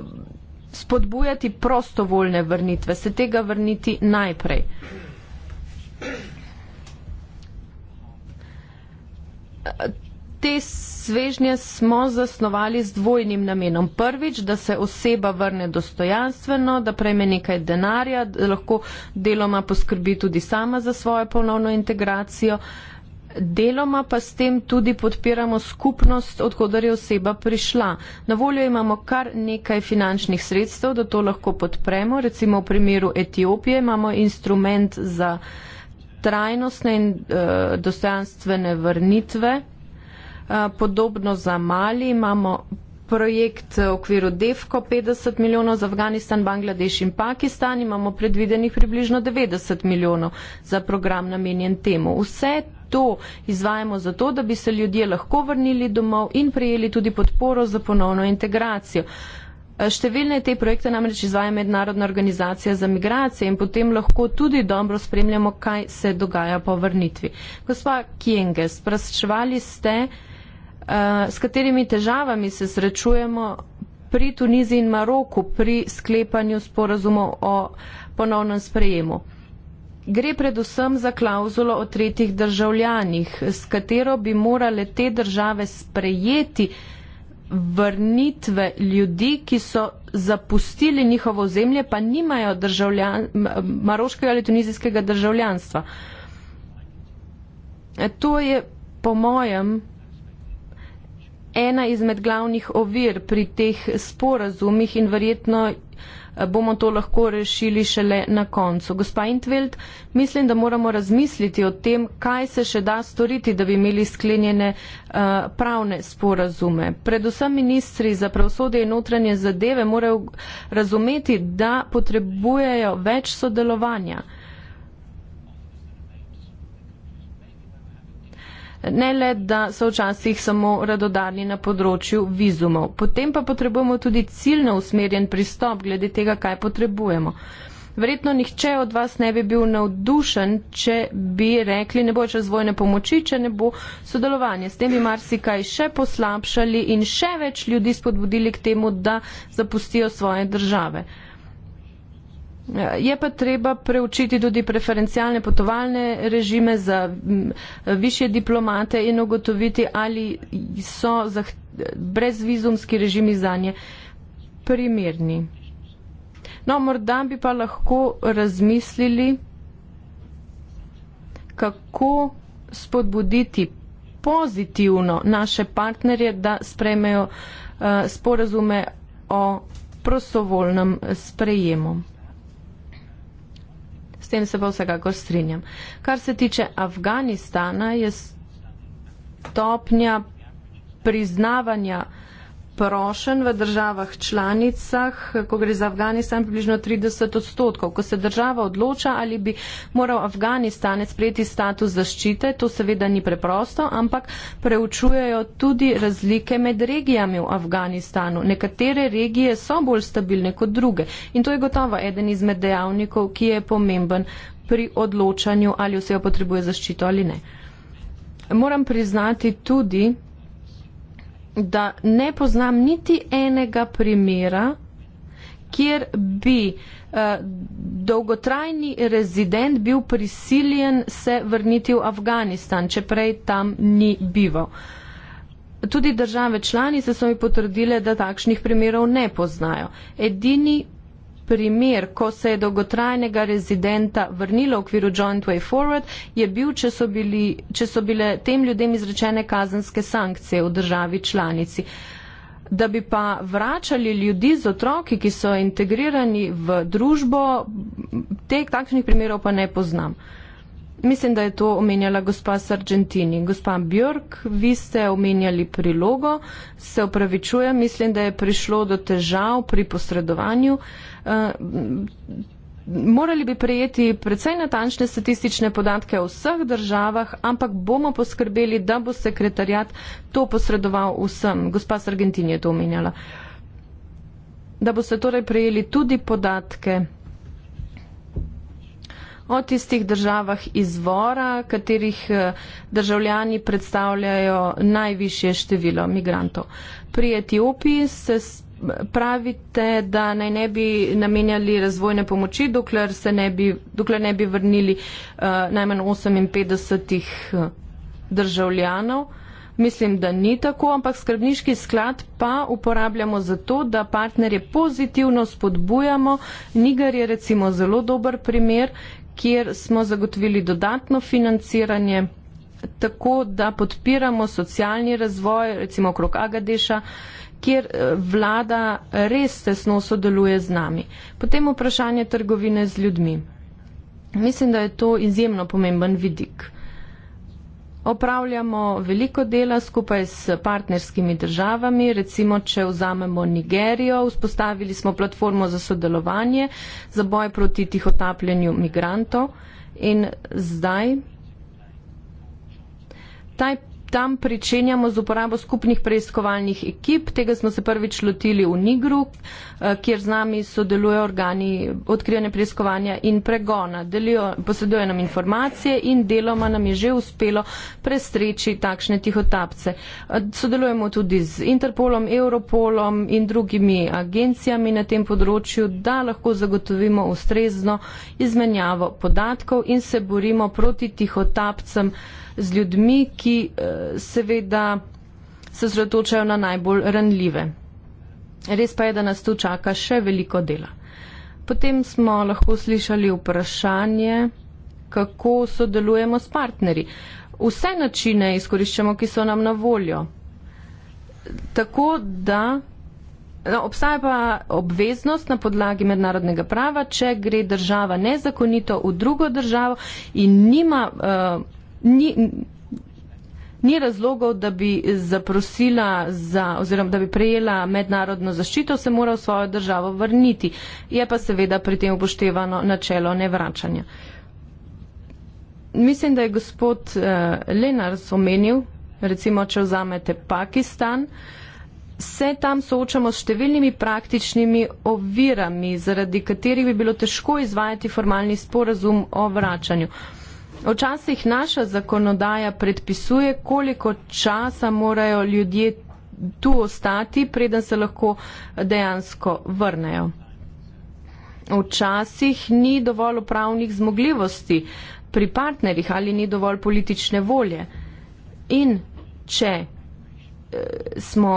Speaker 2: spodbujati prostovoljne vrnitve, se tega vrniti najprej. Te svežnje smo zasnovali z dvojnim namenom. Prvič, da se oseba vrne dostojanstveno, da prejme nekaj denarja, da lahko deloma poskrbi tudi sama za svojo ponovno integracijo. Uh, deloma pa s tem tudi podpiramo skupnost, odkudar je oseba prišla. Na voljo imamo kar nekaj finančnih sredstev, da to lahko podpremo. Recimo v primeru Etiopije imamo instrument za trajnostne in uh, dostojanstvene vrnitve. Uh, podobno za Mali imamo projekt v okviru DEFKO 50 milijonov, za Afganistan, Bangladeš in Pakistan imamo predvidenih približno 90 milijonov za program namenjen temu. Vse to izvajamo zato, da bi se ljudje lahko vrnili domov in prijeli tudi podporo za ponovno integracijo. E, številne te projekte namreč izvaja mednarodna organizacija za migracije in potem lahko tudi dobro spremljamo, kaj se dogaja po vrnitvi. Gospa Kienges, prasčevali ste, e, s katerimi težavami se srečujemo pri Tuniziji in Maroku pri sklepanju sporazumov o ponovnem sprejemu. Gre predvsem za klauzulo o tretjih državljanih, s katero bi morale te države sprejeti vrnitve ljudi, ki so zapustili njihovo zemlje, pa nimajo državljan, maroškega ali tunizijskega državljanstva. To je po mojem ena izmed glavnih ovir pri teh sporazumih in verjetno bomo to lahko rešili šele na koncu. Gospa Intveld, mislim, da moramo razmisliti o tem, kaj se še da storiti, da bi imeli sklenjene uh, pravne sporazume. Predvsem ministri za pravosodje in notranje zadeve morajo razumeti, da potrebujejo več sodelovanja. ne le, da so včasih samo radodarni na področju vizumov. Potem pa potrebujemo tudi ciljno usmerjen pristop glede tega, kaj potrebujemo. Verjetno nihče od vas ne bi bil navdušen, če bi rekli, ne bo več razvojne pomoči, če ne bo sodelovanje. S tem bi marsikaj še poslabšali in še več ljudi spodbudili k temu, da zapustijo svoje države. Je pa treba preučiti tudi preferencialne potovalne režime za više diplomate in ugotoviti, ali so brezvizumski režimi za nje primirni. No, morda bi pa lahko razmislili, kako spodbuditi pozitivno naše partnerje, da sprejmejo uh, sporazume o prostovoljnem sprejemu. S tem se pa vsekakor strinjam. Kar se tiče Afganistana, je stopnja priznavanja prošen v državah članicah, ko gre za Afganistan, približno 30 odstotkov. Ko se država odloča, ali bi moral Afganistanec prijeti status zaščite, to seveda ni preprosto, ampak preučujejo tudi razlike med regijami v Afganistanu. Nekatere regije so bolj stabilne kot druge in to je gotovo eden izmed dejavnikov, ki je pomemben pri odločanju, ali oseba potrebuje zaščito ali ne. Moram priznati tudi, da ne poznam niti enega primera, kjer bi uh, dolgotrajni rezident bil prisiljen se vrniti v Afganistan, čeprej tam ni bival. Tudi države članice so mi potrdile, da takšnih primerov ne poznajo. Edini primer, ko se je dolgotrajnega rezidenta vrnilo v okviru Joint Way Forward, je bil, če so, bili, če so bile tem ljudem izrečene kazanske sankcije v državi članici. Da bi pa vračali ljudi z otroki, ki so integrirani v družbo, teh takšnih primerov pa ne poznam. Uh, mislim, da je to omenjala gospa Sargentini. Gospa Björk, vi ste omenjali prilogo, se upravičujem, mislim, da je prišlo do težav pri posredovanju. Eh, morali bi prejeti precej natančne statistične podatke o vseh državah, ampak bomo poskrbeli, da bo sekretarjat to posredoval vsem. Gospa Sargentini je to omenjala. Da boste torej prejeli tudi podatke o tistih državah izvora, katerih eh, državljani predstavljajo najvišje število migrantov. Pri Etiopiji se pravite, da naj ne bi namenjali razvojne pomoči, dokler, ne bi, dokler ne bi vrnili uh, najmanj 58 eh, državljanov. Mislim, da ni tako, ampak skrbniški sklad pa uporabljamo zato, da partnerje pozitivno spodbujamo. Niger je recimo zelo dober primer, kjer smo zagotovili dodatno financiranje, tako da podpiramo socialni razvoj, recimo okrog Agadeša, kjer eh, vlada res tesno sodeluje z nami. Potem vprašanje trgovine z ljudmi. Mislim, da je to izjemno pomemben vidik opravljamo veliko dela skupaj s partnerskimi državami, recimo, če vzamemo Nigerijo, vzpostavili smo platformo za sodelovanje za boj proti tihotapljenju migrantov in zdaj taj tam pričenjamo z uporabo skupnih preiskovalnih ekip. Tega smo se prvič lotili v Nigru, eh, kjer z nami sodelujejo organi odkrivanja preiskovanja in pregona. Delijo, posedujejo nam informacije in deloma nam je že uspelo prestreči takšne tihotapce. Eh, sodelujemo tudi z Interpolom, Europolom in drugimi agencijami na tem področju, da lahko zagotovimo ustrezno izmenjavo podatkov in se borimo proti tihotapcem z ljudmi, ki eh, seveda se zredočajo na najbolj ranljive. Res pa je, da nas tu čaka še veliko dela. Potem smo lahko slišali vprašanje, kako sodelujemo s partnerji. Vse načine izkoriščamo, ki so nam na voljo. Tako da no, obstaja pa obveznost na podlagi mednarodnega prava, če gre država nezakonito v drugo državo in nima. Uh, ni, ni razlogov, da bi zaprosila za, oziroma da bi prejela mednarodno zaščito, se mora v svojo državo vrniti. Je pa seveda pri tem upoštevano načelo nevračanja. Mislim, da je gospod uh, Lenars omenil, recimo, če vzamete Pakistan, se tam soočamo s številnimi praktičnimi ovirami, zaradi katerih bi bilo težko izvajati formalni sporazum o vračanju. Uh, Včasih naša zakonodaja predpisuje, koliko časa morajo ljudje tu ostati, preden se lahko dejansko vrnejo. Včasih ni dovolj upravnih zmogljivosti pri partnerjih ali ni dovolj politične volje. In če e, smo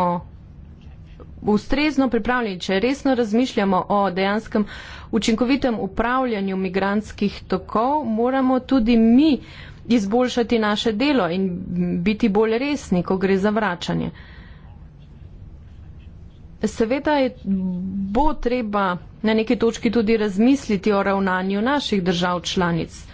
Speaker 2: ustrezno pripravljeni, če resno razmišljamo o dejanskem učinkovitem upravljanju migranskih tokov, moramo tudi mi izboljšati naše delo in biti bolj resni, ko gre za vračanje. Seveda je, bo treba na neki točki tudi razmisliti o ravnanju naših držav članic.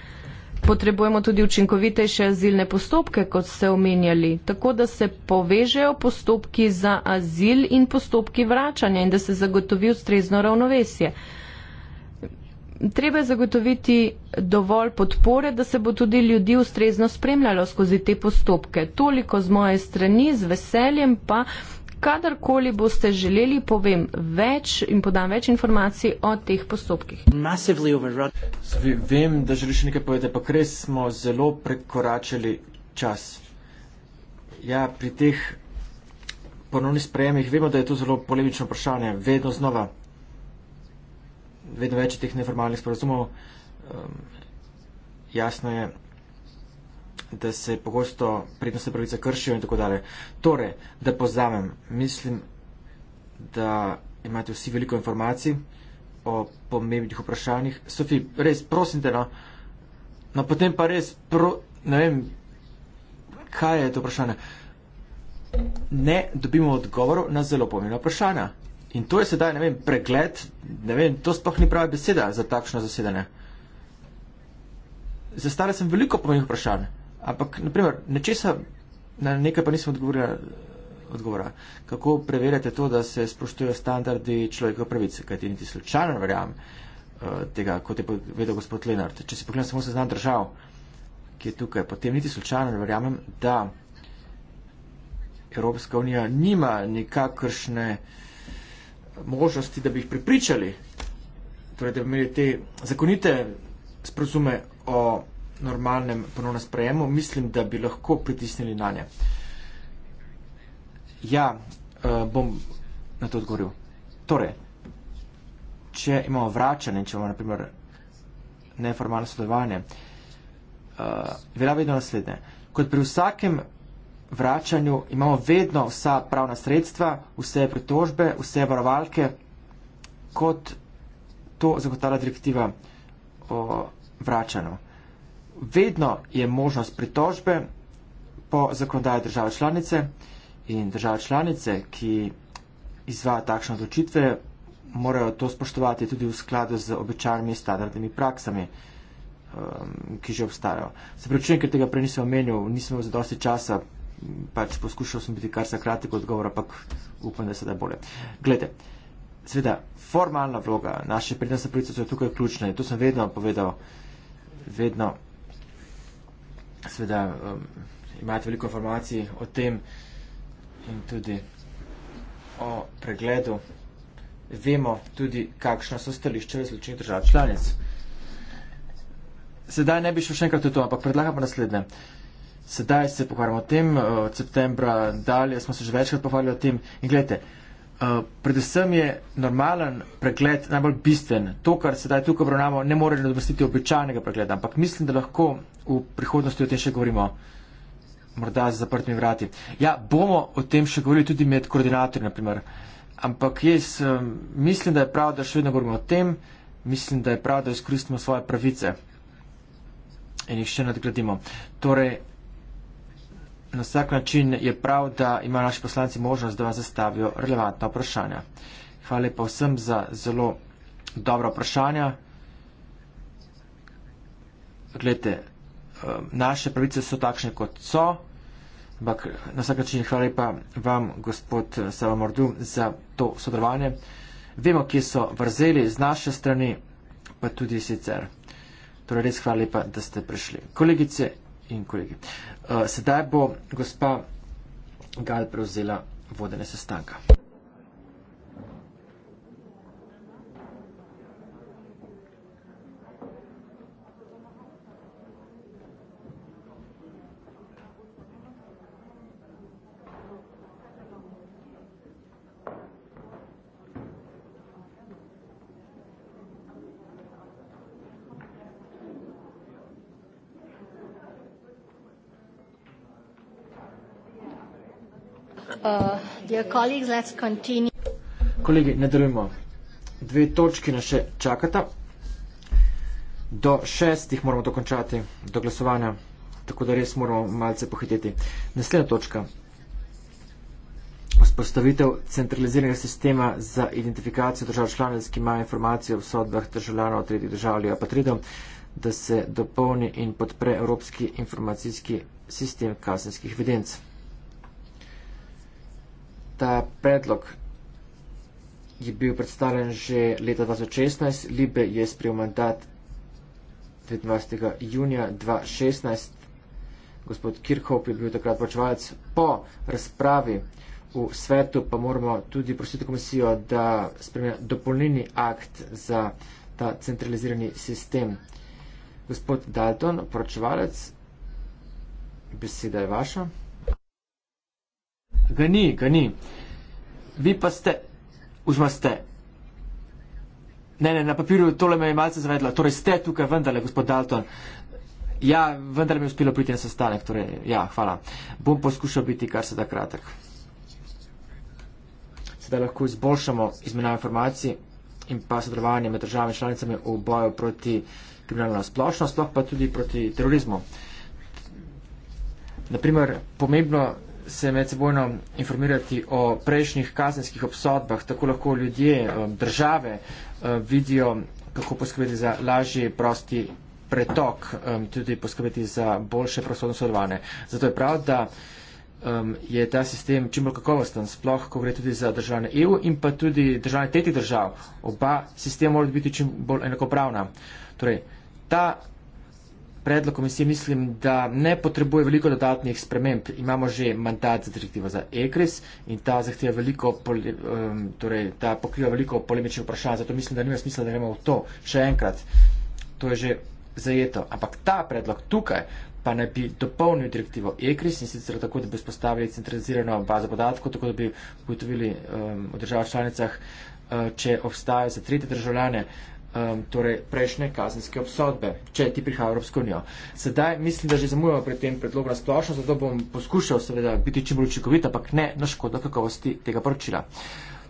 Speaker 2: Potrebujemo tudi učinkovitejše azilne postopke, kot ste omenjali, tako da se povežejo postopki za azil in postopki vračanja in da se zagotovi ustrezno ravnovesje. Treba je zagotoviti dovolj podpore, da se bo tudi ljudi ustrezno spremljalo skozi te postopke. Toliko z moje strani, z veseljem pa kadarkoli boste želeli, povem več in podam več informacij o teh postopkih.
Speaker 5: Vem, da želiš nekaj povedati, pa res smo zelo prekoračili čas. Ja, pri teh ponovnih sprejemih vemo, da je to zelo polemično vprašanje, vedno znova, vedno več teh neformalnih sporozumov. Um, jasno je, da se pogosto prednostne pravice kršijo in tako dalje. Torej, da pozamem, mislim, da imate vsi veliko informacij o pomembnih vprašanjih. Sofi, res prosim te, no, no potem pa res, pro, ne vem, kaj je to vprašanje. Ne dobimo odgovorov na zelo pomembna vprašanja. In to je sedaj, ne vem, pregled, ne vem, to sploh ni prava beseda za takšno zasedanje. Zastala sem veliko pomembnih vprašanj. Ampak, naprimer, nečesa, na nekaj pa nismo odgovorili odgovora. Kako preverjate to, da se spoštujejo standardi človekove pravice? Kaj ti niti slučajno verjam eh, tega, kot je povedal gospod Lenard. Če se pogledam samo seznam držav, ki je tukaj, potem niti slučajno ne verjamem, da Evropska unija nima nikakršne eh, možnosti, da bi jih pripričali, torej, da bi imeli te zakonite sprozume o normalnem ponovnem sprejemu, mislim, da bi lahko pritisnili na nje. Ja, uh, bom na to odgovoril. Torej, če imamo vračanje, če imamo naprimer neformalno sodelovanje, uh, velja vedno naslednje. Kot pri vsakem vračanju imamo vedno vsa pravna sredstva, vse pritožbe, vse varovalke, kot to zagotavlja direktiva o vračanju. Uh, Vedno je možnost pritožbe po zakonodaji države članice in države članice, ki izvaja takšne odločitve, morajo to spoštovati tudi v skladu z običajnimi standardnimi praksami, um, ki že obstajajo. Se pravičujem, ker tega prej nisem omenil, nisem imel zadosti časa, pač poskušal sem biti kar sakratik odgovor, ampak upam, da se da bolje. Glede, sveda, formalna vloga naše prednostne pravice so tukaj ključne. To sem vedno povedal, vedno seveda um, imate veliko informacij o tem in tudi o pregledu. Vemo tudi, kakšna so stališča različnih držav članic. Sedaj ne bi šel še enkrat v to, ampak predlagam naslednje. Sedaj se pogovarjamo o tem, od septembra dalje smo se že večkrat pohvalili o tem in gledajte, Eh, predvsem je normalen pregled najbolj bistven. To, kar se daj tukaj obravnavamo, ne more nadomestiti običajnega pregleda, ampak mislim, da lahko v prihodnosti o tem še govorimo. Morda z zaprtimi vrati. Ja, bomo o tem še govorili tudi med koordinatorji, naprimer. Ampak jaz ehm, mislim, da je prav, da še vedno govorimo o tem. Mislim, da je prav, da izkoristimo svoje pravice in jih še nadgradimo. Torej, Na vsak način je prav, da ima naši poslanci možnost, da vas zastavijo relevantna vprašanja. Hvala pa vsem za zelo dobro vprašanja. Glede, eh, naše pravice so takšne, kot so. Ampak na vsak način hvala pa vam, gospod eh, Savamordu, za to sodelovanje. Vemo, kje so vrzeli z naše strani, pa tudi sicer. Torej res hvala lepa, da ste prišli. Kolegice in kolegi. Eh, sedaj bo gospa Gal prevzela vodene sestanka. Kolegi, nadaljujemo. Dve točki nas še čakata. Do šestih moramo dokončati, do glasovanja, tako da res moramo malce pohiteti. Naslednja točka. Vzpostavitev centraliziranega sistema za identifikacijo držav članic, ki ima informacijo o sodbah državljanov tretjih držav ali apatridov, da se dopolni in podpre Evropski informacijski sistem kazenskih evidenc ta predlog je bil predstavljen že leta 2016, Libe je sprejel mandat 29. junija 2016. Gospod Kirchhoff je bil takrat počevalec po razpravi v svetu, pa moramo tudi prositi komisijo, da spremlja dopolnjeni akt za ta centralizirani sistem. Gospod Dalton, poročevalec, beseda je vaša. Ga ni, ga ni. Vi pa ste, oziroma ste. Ne, ne, na papirju tole me je malce zavedlo. Torej ste tukaj vendarle, gospod Dalton. Ja, vendar mi je uspelo priti na sestanek. Torej, ja, hvala. Bom poskušal biti kar se da kratek. Sedaj lahko izboljšamo izmenjavo informacij in pa sodelovanje med državami članicami v boju proti kriminalno splošno, sploh pa tudi proti terorizmu. Naprimer, pomembno se medsebojno informirati o prejšnjih kazenskih obsodbah, tako lahko ljudje, um, države um, vidijo, kako poskrbeti za lažji prosti pretok, um, tudi poskrbeti za boljše prosodno sodelovanje. Zato je prav, da je ta sistem čim bolj kakovosten, sploh, ko gre tudi za državne EU in pa tudi državne tretjih držav. Oba sistema morajo biti čim bolj enakopravna. Torej, ta predlog komisije mislim, da ne potrebuje veliko dodatnih sprememb. Imamo že mandat za direktivo za EGRIS in ta zahteva veliko, poli, um, torej ta pokriva veliko polemičnih vprašanj, zato mislim, da nima smisla, da gremo v to. Še enkrat, to je že zajeto. Ampak ta predlog tukaj pa naj bi dopolnil direktivo EGRIS in sicer tako, da bi spostavili centralizirano bazo podatkov, tako da bi ugotovili um, v državah članicah, uh, če obstajajo za tretje državljane. Uh, um, torej prejšnje kazenske obsodbe, če ti prihaja Evropska unija. Sedaj mislim, da že zamujamo pri tem predlogu na splošno, zato bom poskušal seveda biti čim bolj učinkovit, ampak ne na škodo kakovosti tega poročila.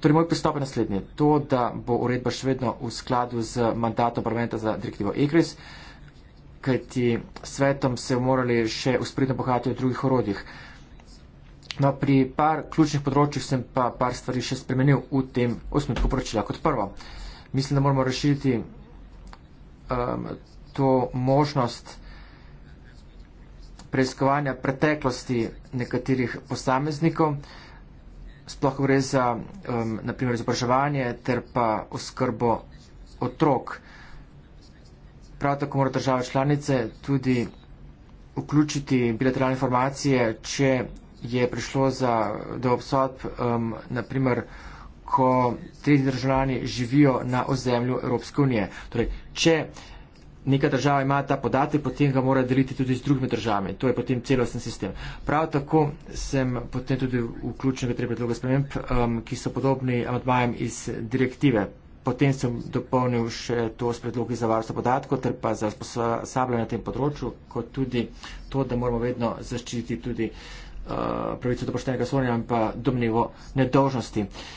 Speaker 5: Torej, moj pristop je naslednji. To, da bo uredba še vedno v skladu z mandatom parlamenta za direktivo EGRIS, kajti svetom se morali še uspredno bohati v drugih orodjih. No, pri par ključnih področjih sem pa par stvari še spremenil v tem osnutku poročila. Kot prvo, mislim, da moramo rešiti um, to možnost preiskovanja preteklosti nekaterih posameznikov, sploh gre za um, naprimer izobraževanje ter pa oskrbo otrok. Prav tako mora država članice tudi vključiti bilateralne informacije, če je prišlo za, do obsodb, um, naprimer ko tretji državljani živijo na ozemlju Evropske unije. Torej, če neka država ima ta podatek, potem ga mora deliti tudi z drugimi državami. To je potem celosten sistem. Prav tako sem potem tudi vključen v tri predloge sprememb, um, ki so podobni amadmajem iz direktive. Potem sem dopolnil še to s predlogi za varstvo podatkov ter pa za usposabljanje na tem področju, kot tudi to, da moramo vedno zaščititi tudi uh, pravico do poštenega sonja in pa domnevo nedožnosti. Uh,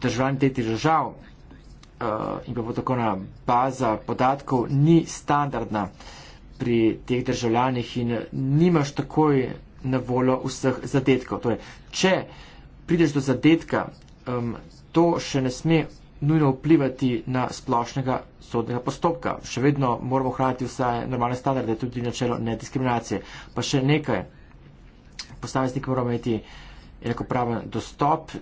Speaker 5: državljani tretjih držav uh, in pa bo tako na baza podatkov ni standardna pri teh državljanih in nimaš takoj na voljo vseh zadetkov. Torej, če prideš do zadetka, um, to še ne sme nujno vplivati na splošnega sodnega postopka. Še vedno moramo hraniti vse normalne standarde, tudi načelo nediskriminacije. Pa še nekaj, posameznik mora imeti enakopraven dostop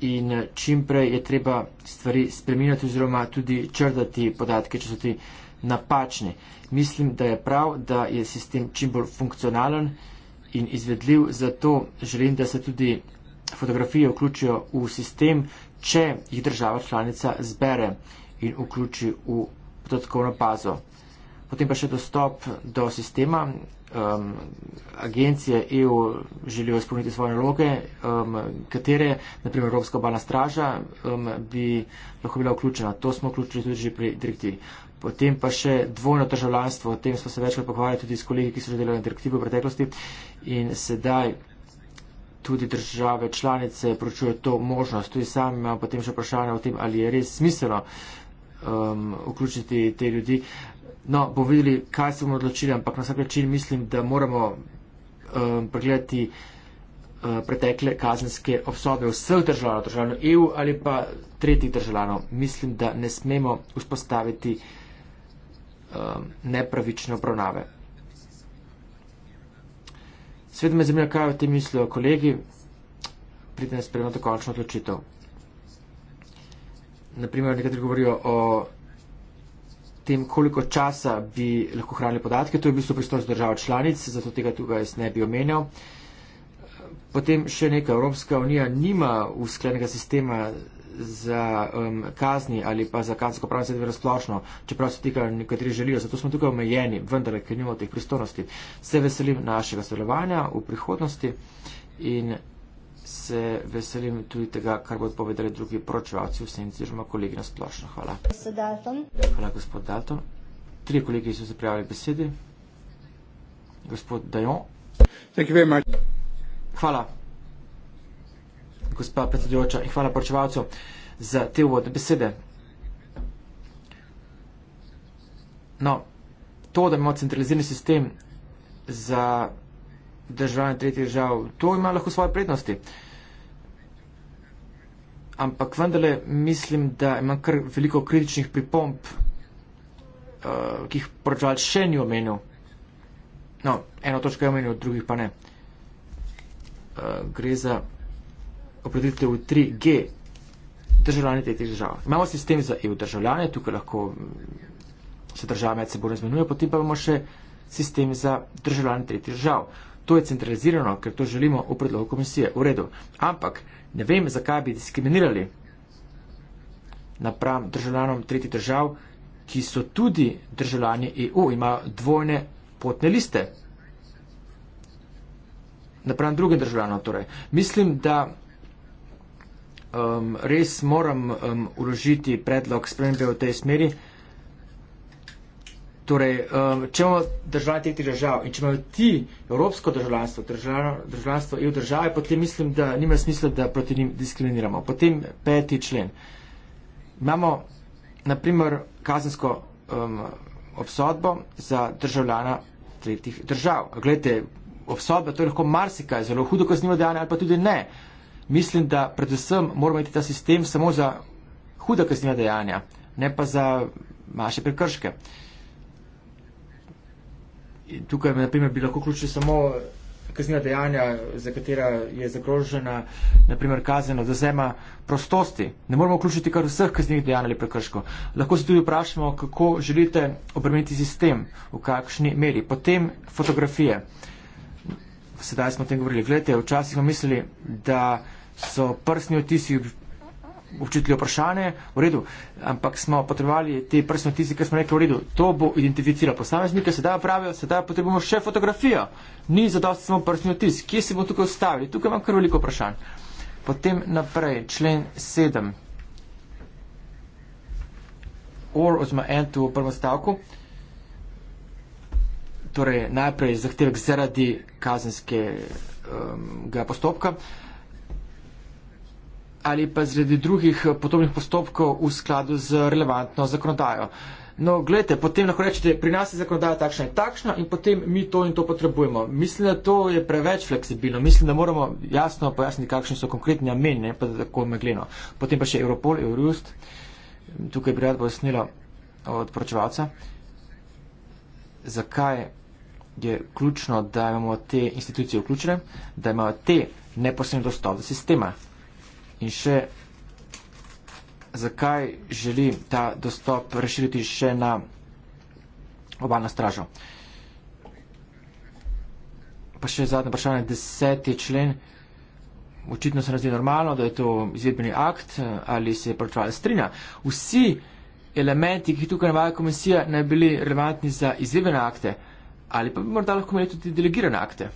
Speaker 5: in eh, čim prej je treba stvari spreminjati oziroma tudi črdati podatke, če so ti napačni. Mislim, da je prav, da je sistem čim bolj funkcionalen in izvedljiv, zato želim, da se tudi fotografije vključijo v sistem, če jih država članica zbere in vključi v podatkovno bazo. Potem pa še dostop do sistema, um, agencije EU želijo izpolniti svoje naloge, um, katere, naprimer Evropska obalna straža, um, bi lahko bila vključena. To smo vključili tudi že pri direktivi. Potem pa še dvojno državljanstvo, o tem smo se večkrat pogovarjali tudi s kolegi, ki so že delali na direktivi v preteklosti in sedaj tudi države članice pročujo to možnost. Tudi sam imam potem še vprašanje o tem, ali je res smiselno um, vključiti te ljudi. No, bo videli, kaj se bomo odločili, ampak na vsak način mislim, da moramo um, pregledati um, pretekle kazenske obsobe vseh državljanov, državljanov EU ali pa tretjih državljanov. Mislim, da ne smemo vzpostaviti um, nepravične obravnave. Svet me zanima, kaj o tem mislijo kolegi. Pridem spremljati končno odločitev. Naprimer, nekateri govorijo o tem, koliko časa bi lahko hranili podatke. To je v bistvu pristojnost držav članic, zato tega tukaj jaz ne bi omenjal. Potem še nekaj. Evropska unija nima usklenega sistema za um, kazni ali pa za kazensko pravno sedem razplošno, čeprav se tega nekateri želijo. Zato smo tukaj omejeni, vendar, ker nimamo teh pristojnosti. Se veselim našega sodelovanja v prihodnosti in se veselim tudi tega, kar bodo povedali drugi poročevalci v senci, oziroma kolegi na splošno. Hvala. Hvala, gospod Dalton. Tri kolegi so se prijavili k besedi. Gospod Dajon. Hvala, gospa predsedujoča in hvala poročevalcu za te uvodne besede. No, to, da imamo centralizirani sistem za državljane tretjih držav. To ima lahko svoje prednosti. Ampak vendarle mislim, da ima kar veliko kritičnih pripomp, uh, eh, ki jih poročal še ni omenil. No, eno točko je omenil, drugih pa ne. Uh, gre za opredelitev 3G državljane tretjih držav. Imamo sistem za EU državljane, tukaj lahko mm, se država med seboj razmenuje, potem pa imamo še sistem za državljane tretjih držav to je centralizirano, ker to želimo v predlogu komisije. V redu. Ampak ne vem, zakaj bi diskriminirali napram državljanom tretjih držav, ki so tudi državljani EU, imajo dvojne potne liste. Napram drugim državljanom torej. Mislim, da. Um, res moram um, uložiti predlog spremembe v tej smeri, Torej, um, če imamo državljane teh držav in če imajo ti evropsko državljanstvo, državljanstvo EU države, potem mislim, da nima smisla, da proti njim diskriminiramo. Potem peti člen. Imamo, naprimer, kazensko um, obsodbo za državljana tretjih držav. Glede, obsodba, to je lahko marsikaj, zelo hudo kaznivo dejanje ali pa tudi ne. Mislim, da predvsem moramo imeti ta sistem samo za huda kaznivo dejanja, ne pa za naše prekrške tukaj naprimer, bi lahko vključili samo kaznjena dejanja, za katera je zagrožena naprimer, kazen odvzema prostosti. Ne moramo vključiti kar vseh kaznjenih dejanj ali prekrškov. Lahko se tudi vprašamo, kako želite obremeniti sistem, v kakšni meri. Potem fotografije. Sedaj smo o tem govorili. Gledajte, včasih smo mislili, da so prstni odtisi občutili vprašanje, v redu, ampak smo potrebovali te prstne tisti, ki smo rekli, v redu, to bo identificiralo posameznika, sedaj pravijo, sedaj potrebujemo še fotografijo. Ni zadosti samo prstni otis, kje se bomo tukaj ustavili, tukaj imam kar veliko vprašanj. Potem naprej, člen 7. Or, oziroma end v prvem stavku. Torej, najprej zahtevek zaradi kazenskega um, postopka. Uh, ali pa zredi drugih eh, podobnih postopkov v skladu z relevantno zakonodajo. No, gledajte, potem lahko rečete, pri nas je zakonodaja takšna in takšna in potem mi to in to potrebujemo. Mislim, da to je preveč fleksibilno. Mislim, da moramo jasno pojasniti, kakšni so konkretni ameni, ne pa da tako megleno. Potem pa še Europol, Eurust, tukaj bi rad pojasnila od poročevalca, zakaj je ključno, da imamo te institucije vključene, da imajo te neposredni dostop do sistema. In še, zakaj želi ta dostop razširiti še na obalno stražo? Pa še zadnje vprašanje, deseti člen. Očitno se nam zdi normalno, da je to izvedbeni akt ali se portal strinja. Vsi elementi, ki jih tukaj navaja komisija, naj bili relevantni za izvedbene akte ali pa bi morda lahko imeli tudi delegirane akte.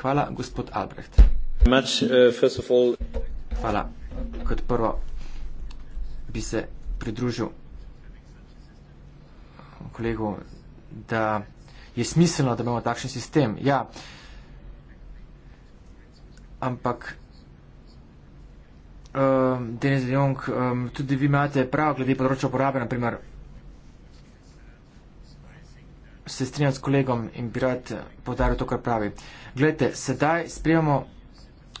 Speaker 5: Hvala, gospod Albrecht.
Speaker 2: Uh,
Speaker 5: Hvala. Kot prvo bi se pridružil kolegu, da je smiselno, da imamo takšen sistem. Ja, ampak um, Denis De Jong, um, tudi vi imate prav glede področja uporabe, naprimer, se strinjam s kolegom in bi rad podaril to, kar pravi. Glejte, sedaj sprejemamo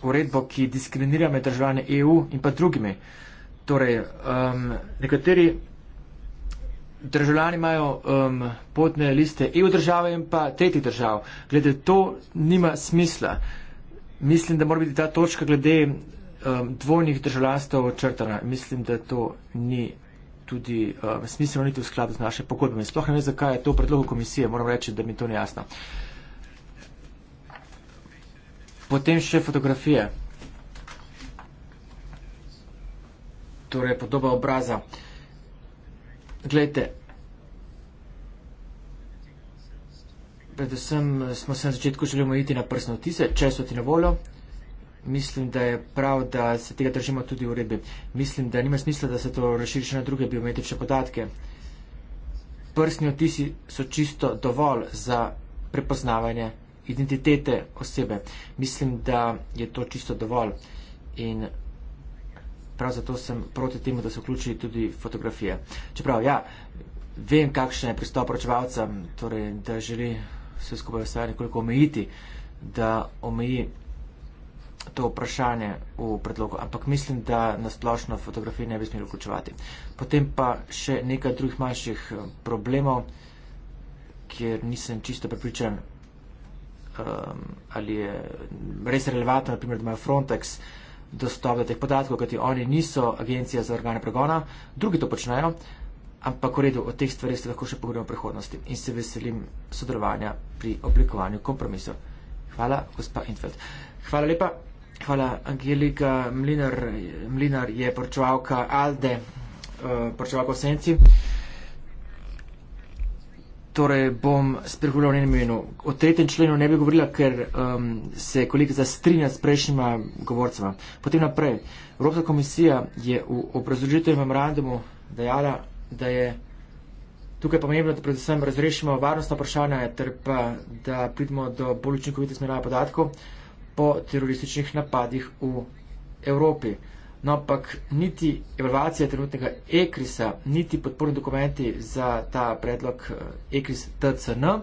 Speaker 5: uredbo, ki diskriminira med državljane EU in pa drugimi. Torej, um, nekateri državljani imajo um, potne liste EU države in pa tretjih držav. Glede to nima smisla. Mislim, da mora biti ta točka glede um, dvojnih državljanstv črtana. Mislim, da to ni tudi um, smiselno niti v skladu z našimi pogodbami. Sploh ne vem, zakaj je to predlogo komisije. Moram reči, da mi to ni jasno. Uh, Potem še fotografije. Torej, podoba obraza. Glejte, predvsem eh, smo se na začetku želeli omejiti na prsne otise, če so ti na voljo. Mislim, da je prav, da se tega držimo tudi v uredbi. Mislim, da nima smisla, da se to razširi še na druge biometrične podatke. Prsni otisi so čisto dovolj za prepoznavanje identitete osebe. Mislim, da je to čisto dovolj in prav zato sem proti temu, da se vključi tudi fotografije. Čeprav, ja, vem, kakšen je pristop poročevalca, torej, da želi vse skupaj vse nekoliko omejiti, da omeji to vprašanje v predlogu, ampak mislim, da na splošno fotografije ne bi smeli vključevati. Potem pa še nekaj drugih manjših eh, problemov, kjer nisem čisto prepričan, um, ali je res relevantno, naprimer, da ima Frontex dostop do teh podatkov, kajti oni niso agencija za organe pregona, drugi to počnejo, ampak v redu, o teh stvarih se lahko še pogovorimo v prihodnosti in se veselim sodelovanja pri oblikovanju kompromisov. Hvala, gospa Intfeld. Hvala lepa, hvala Angelika Mlinar, Mlinar je poročevalka Alde, uh, poročevalka v senci torej bom spregovorila o njenem imenu. O tretjem členu ne bi govorila, ker um, se kolegica strinja s prejšnjima govorcema. Potem naprej. Evropska komisija je v obrazložitev memorandumu dejala, da je tukaj pomembno, da predvsem razrešimo varnostna vprašanja ter pa, da pridemo do bolj učinkovite smerave podatkov po terorističnih napadih v Evropi. No, ampak niti evalvacija trenutnega ECRIS-a, niti podporni dokumenti za ta predlog ECRIS-TCN, eh,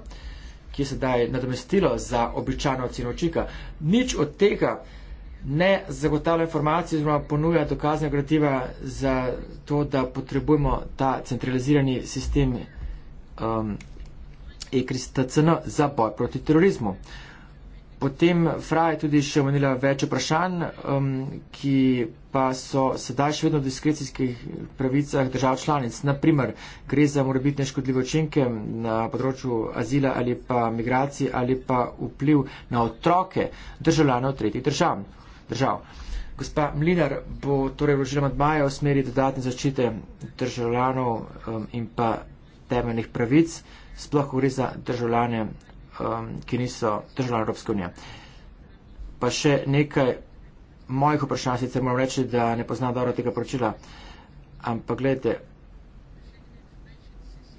Speaker 5: ki je sedaj nadomestilo za običajno oceno očika, nič od tega ne zagotavlja informacije oziroma ponuja dokazne gradiva za to, da potrebujemo ta centralizirani sistem um, ehm, ECRIS-TCN za boj proti terorizmu. Uh, Potem Fra je tudi še omenila več vprašanj, um, ki pa so sedaj še vedno v diskrecijskih pravicah držav članic. Naprimer, gre za morebitne škodljive učinke na področju azila ali pa migracij ali pa vpliv na otroke državljanov tretjih držav. držav. Gospa Mlinar bo torej vložila madmaja v smeri dodatne zaščite državljanov um, in pa temeljnih pravic, sploh gre za državljane um, ki niso državljani Evropske unije. Pa še nekaj mojih vprašanj, sicer moram reči, da ne poznam dobro tega poročila, ampak gledajte,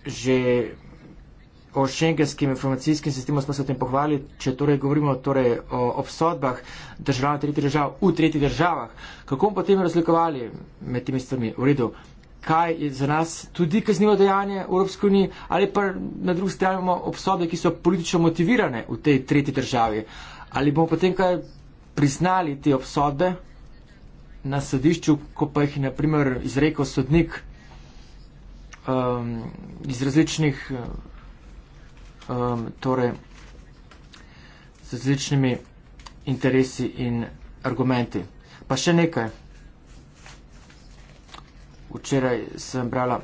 Speaker 5: že o šengenskim informacijskim sistemu smo se o tem pohvali, če torej govorimo torej o obsodbah državljanov tretjih držav v tretjih državah, kako bomo potem razlikovali med temi stvarmi? V redu, kaj je za nas tudi kaznivo dejanje v Evropski uniji, ali pa na drugi strani imamo obsodbe, ki so politično motivirane v tej tretji državi. Ali bomo potem kaj priznali te obsodbe na sodišču, ko pa jih je naprimer izrekel sodnik um, iz različnih, um, torej, z različnimi interesi in argumenti. Pa še nekaj včeraj sem brala,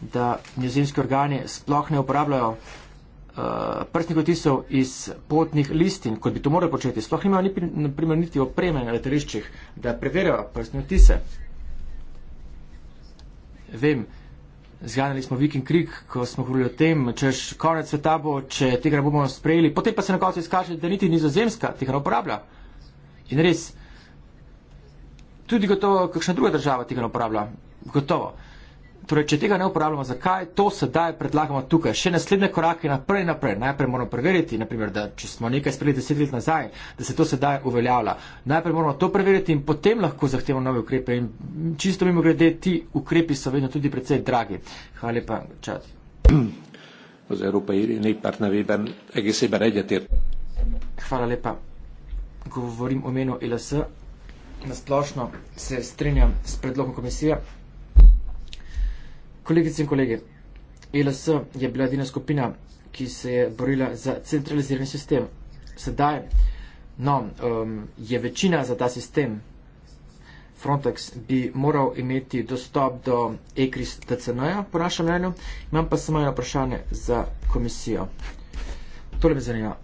Speaker 5: da njozemski organi sploh ne uporabljajo uh, prstnih otisov iz potnih listin, kot bi to morali početi. Sploh nimajo ni, naprimer, niti opreme na letališčih, da preverjajo prstne otise. Vem, zganjali smo Viking Creek, ko smo govorili o tem, češ konec sveta bo, če tega ne bomo sprejeli, potem pa se na koncu izkaže, da niti nizozemska tega ne uporablja. In res, tudi gotovo kakšna druga država tega ne uporablja gotovo. Torej, če tega ne uporabljamo, zakaj to sedaj predlagamo tukaj? Še naslednje korake naprej in naprej. Najprej moramo preveriti, naprimer, da če smo nekaj sprejeli deset let nazaj, da se to sedaj uveljavlja. Najprej moramo to preveriti in potem lahko zahtevamo nove ukrepe. In čisto mimo grede, ti ukrepi so vedno tudi precej dragi. Hvala lepa, čas.
Speaker 3: Az európai néppárt nevében egészében egyetért.
Speaker 5: Hvala lepa. Govorim o menu LSZ. Na splošno se strinjam s predlogom komisije. Kolegice in kolege, ILS je bila edina skupina, ki se je borila za centralizirani sistem. Sedaj no, um, je večina za ta sistem. Frontex bi moral imeti dostop do ECRIS TCN-ja, po našem mnenju. Imam pa samo eno vprašanje za komisijo. Tole me zanima.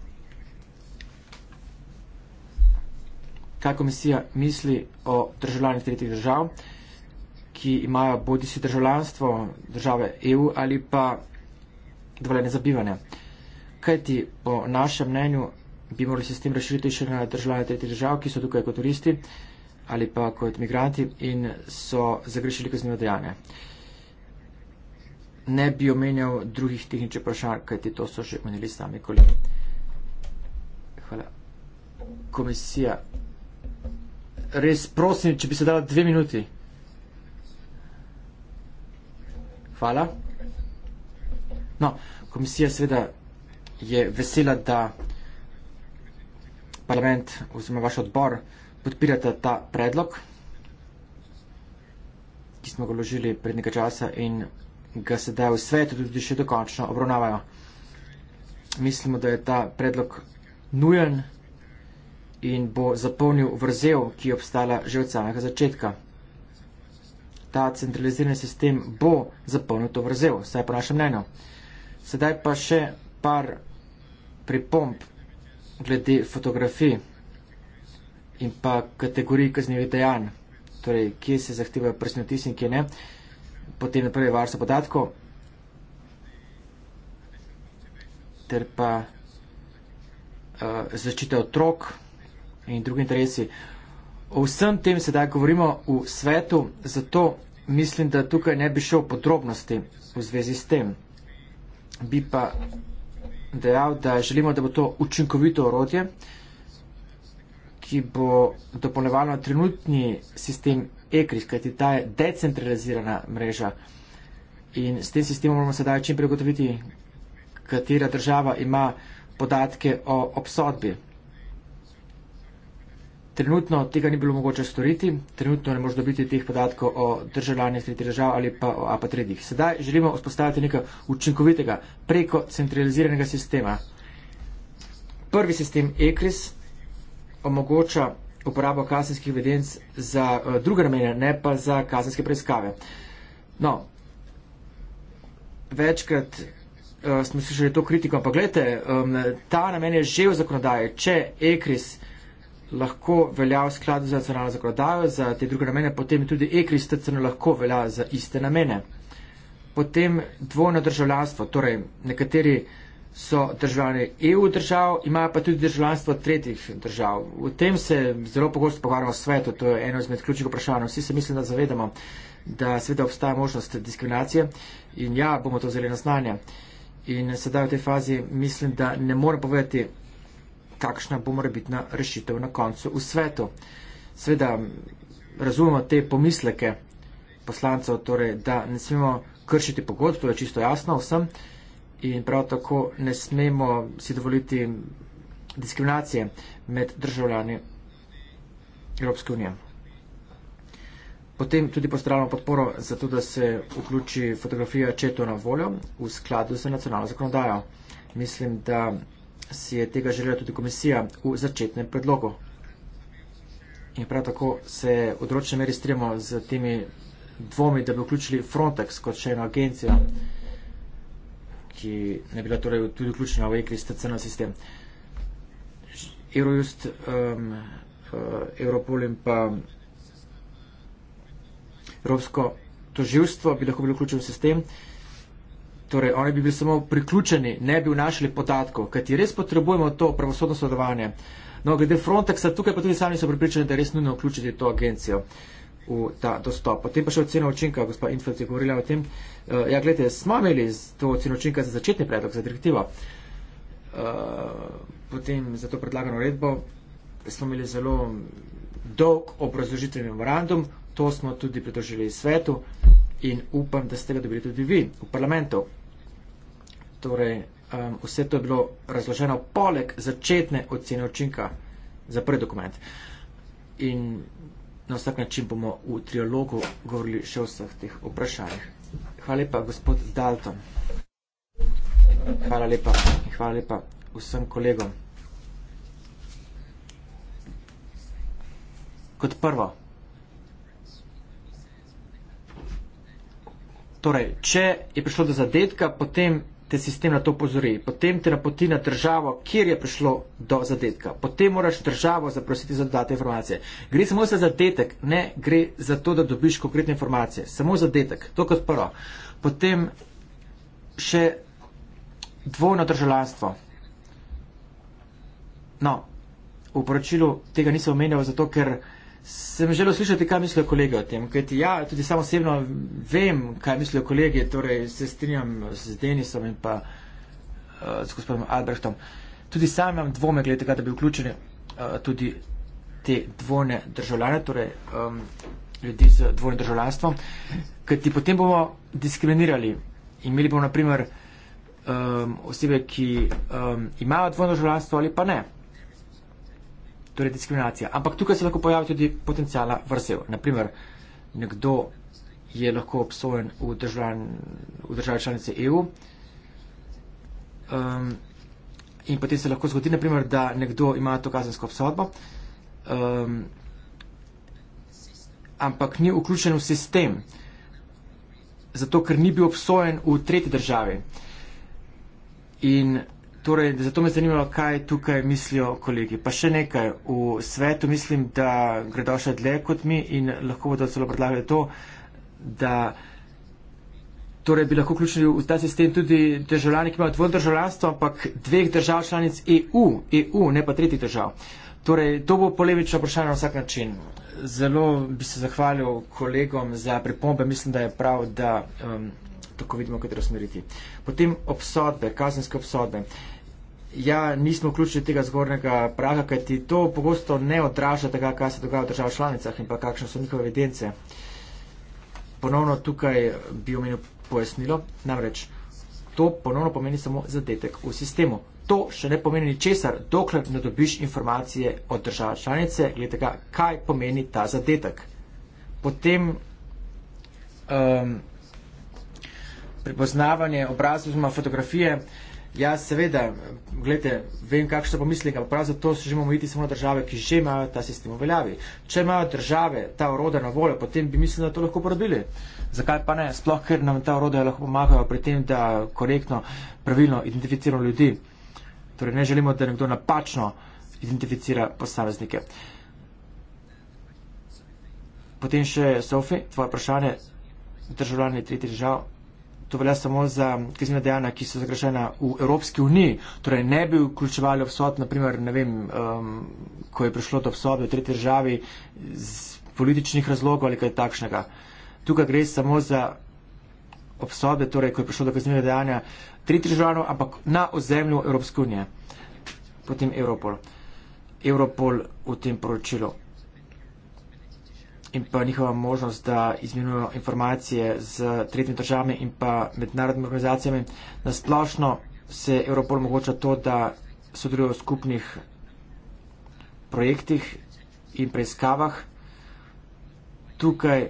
Speaker 5: Kaj komisija misli o državljanih tretjih držav? ki imajo bodi si državljanstvo države EU ali pa dovoljene za bivanje. Kaj ti po našem mnenju bi morali se s tem razširiti še na državljane tretjih držav, ki so tukaj kot turisti ali pa kot migranti in so zagrešili kaznivo dejanje. Ne bi omenjal drugih tehničnih vprašanj, kaj ti to so že omenili sami kolegi. Hvala. Komisija. Res prosim, če bi se dala dve minuti. Hvala. No, komisija seveda je vesela, da parlament oziroma vaš odbor podpirata ta predlog, ki smo ga vložili pred nekaj časa in ga sedaj v svetu tudi še dokončno obravnavajo. Mislimo, da je ta predlog nujen in bo zapolnil vrzel, ki je obstala že od samega začetka ta centralizirani sistem bo zapolnil to vrzel, saj je po našem mnenju. Sedaj pa še par pripomp glede fotografij in pa kategorij kaznjivih dejanj, torej kje se zahtevajo prsni otisi in kje ne, potem naprej varstvo podatkov ter pa uh, zaščita otrok in drugi interesi. Uh, O vsem tem sedaj govorimo v svetu, zato mislim, da tukaj ne bi šel podrobnosti v zvezi s tem. Bi pa dejal, da želimo, da bo to učinkovito orodje, ki bo dopolnevalo trenutni sistem ECRIS, kajti ta je decentralizirana mreža. In s tem sistemom moramo sedaj čim prej gotoviti, katera država ima podatke o obsodbi. Trenutno tega ni bilo mogoče storiti, trenutno ne možeš dobiti teh podatkov o državljanih tretjih držav ali pa o apatridih. Sedaj želimo vzpostaviti nekaj učinkovitega preko centraliziranega sistema. Prvi sistem ECRIS omogoča uporabo kazenskih evidenc za eh, druge namene, ne pa za kazenske preiskave. No, večkrat uh, smo slišali to kritiko, ampak gledajte, um, ta namen je že v zakonodaji. Če ECRIS uh, lahko velja v skladu za nacionalno zakonodajo, za te druge namene, potem tudi e-kristecno lahko velja za iste namene. Potem dvojno državljanstvo, torej nekateri so državljani EU držav, imajo pa tudi državljanstvo tretjih držav. V tem se zelo pogosto pogovarjamo s svetu, to je eno izmed ključnih vprašanj. Vsi se mislim, da zavedamo, da seveda obstaja možnost diskriminacije in ja, bomo to vzeli na znanje. In sedaj v tej fazi mislim, da ne morem povedati kakšna bo morebitna rešitev na koncu v svetu. Sveda razumemo te pomisleke poslancev, torej, da ne smemo kršiti pogodb, to je čisto jasno vsem in prav tako ne smemo si dovoliti diskriminacije med državljani Evropske unije. Potem tudi postavljamo podporo za to, da se vključi fotografija, če je to na voljo, v skladu z nacionalno zakonodajo. Mislim, da si je tega želela tudi komisija v začetnem predlogu. In prav tako se je v odročni meri strimo z temi dvomi, da bi vključili Frontex kot še eno agencijo, ki ne bila torej tudi vključena v ekvistacijalni sistem. Eurojust, um, uh, Europol in pa Evropsko toživstvo bi lahko bilo vključeno v sistem. Uh, Torej, oni bi bili samo priključeni, ne bi vnašali podatkov, kajti res potrebujemo to pravosodno sodelovanje. No, glede Frontexa, tukaj pa tudi sami so pripričani, da je res nujno vključiti to agencijo v ta dostop. Potem pa še ocena učinka, gospa Infeld je govorila o tem. Eh, ja, gledajte, smo imeli to oceno učinka za začetni predlog, za direktivo. Eh, potem za to predlagano redbo smo imeli zelo dolg obrazložitveni memorandum, to smo tudi pridružili svetu in upam, da ste ga dobili tudi vi v parlamentu. Torej, um, vse to je bilo razloženo poleg začetne ocene učinka za prvi dokument. In na vsak način bomo v triologu govorili še o vseh teh vprašanjih. Hvala lepa, gospod Dalton. Hvala lepa in hvala lepa vsem kolegom. Kot prvo. Torej, če je prišlo do zadetka, potem te sistem na to pozori, potem te napoti na državo, kjer je prišlo do zadetka. Potem moraš državo zaprositi za dodatne informacije. Gre samo za zadetek, ne gre za to, da dobiš konkretne informacije. Samo zadetek, to kot prvo. Potem še dvojno državljanstvo. No, v poročilu tega nisem omenjal, zato ker sem želel slišati, kaj mislijo kolege o tem. Kajti ja, tudi samo osebno vem, kaj mislijo kolege, torej se strinjam z Denisom in pa uh, z gospodom Albrechtom. Tudi sam imam dvome glede tega, da bi vključili uh, eh, tudi te dvojne državljane, torej um, ljudi z dvojnim državljanstvom, kajti potem bomo diskriminirali. Imeli bomo naprimer um, osebe, ki um, imajo dvojno državljanstvo ali pa ne torej diskriminacija. Ampak tukaj se lahko pojavi tudi potencijala vrsev. Naprimer, nekdo je lahko obsojen v, državan, v državi članice EU um, in potem se lahko zgodi, naprimer, da nekdo ima to kazensko obsodbo, um, ampak ni vključen v sistem, zato ker ni bil obsojen v tretji državi. In Torej, zato me zanima, kaj tukaj mislijo kolegi. Pa še nekaj, v svetu mislim, da gredo še dlje kot mi in lahko bodo celo predlagali to, da torej bi lahko vključili v ta sistem tudi državljani, ki imajo dvoje državljanstvo, ampak dveh držav članic EU, EU, ne pa tretjih držav. Torej, to bo polemično vprašanje na vsak način. Zelo bi se zahvalil kolegom za pripombe, mislim, da je prav, da. Um, Tako vidimo, katero smeriti. Potem obsodbe, kazenske obsodbe. Uh, ja, nismo vključili tega zgornjega praga, ker ti to pogosto ne odraža tega, kaj se dogaja v državah članicah in pa kakšne so njihove evidence. Ponovno tukaj bi omenil pojasnilo, namreč to ponovno pomeni samo zadetek v sistemu. To še ne pomeni ničesar, dokler ne dobiš informacije od države članice, glede tega, kaj pomeni ta zadetek. Potem um, prepoznavanje obrazov oziroma fotografije. Ja, seveda, gledajte, vem, kakšno so pomisleke, ampak prav zato se že moramo iti samo na države, ki že imajo ta sistem v veljavi. Če imajo države ta orodja na voljo, potem bi mislili, da to lahko porabili. Zakaj pa ne? Sploh, ker nam ta orodja lahko pomagajo pri tem, da korektno, pravilno identificiramo ljudi. Torej, ne želimo, da nekdo napačno identificira posameznike. Potem še, Sofi, tvoje vprašanje, državljani tretjih držav to velja samo za kaznjena dejanja, ki so zagrešena v Evropski uniji, torej ne bi vključevali obsod, naprimer, ne vem, um, ko je prišlo do obsodbe v tretji državi z političnih razlogov ali kaj takšnega. Tukaj gre samo za obsodbe, torej, ko je prišlo do kaznjena dejanja tretji državi, ampak na ozemlju Evropske unije, potem Evropol. Evropol v tem poročilu in pa njihova možnost, da izmenjujo informacije z tretjimi državami in pa mednarodnimi organizacijami. Nasplošno se Evropol omogoča to, da sodelujo v skupnih projektih in preiskavah. Tukaj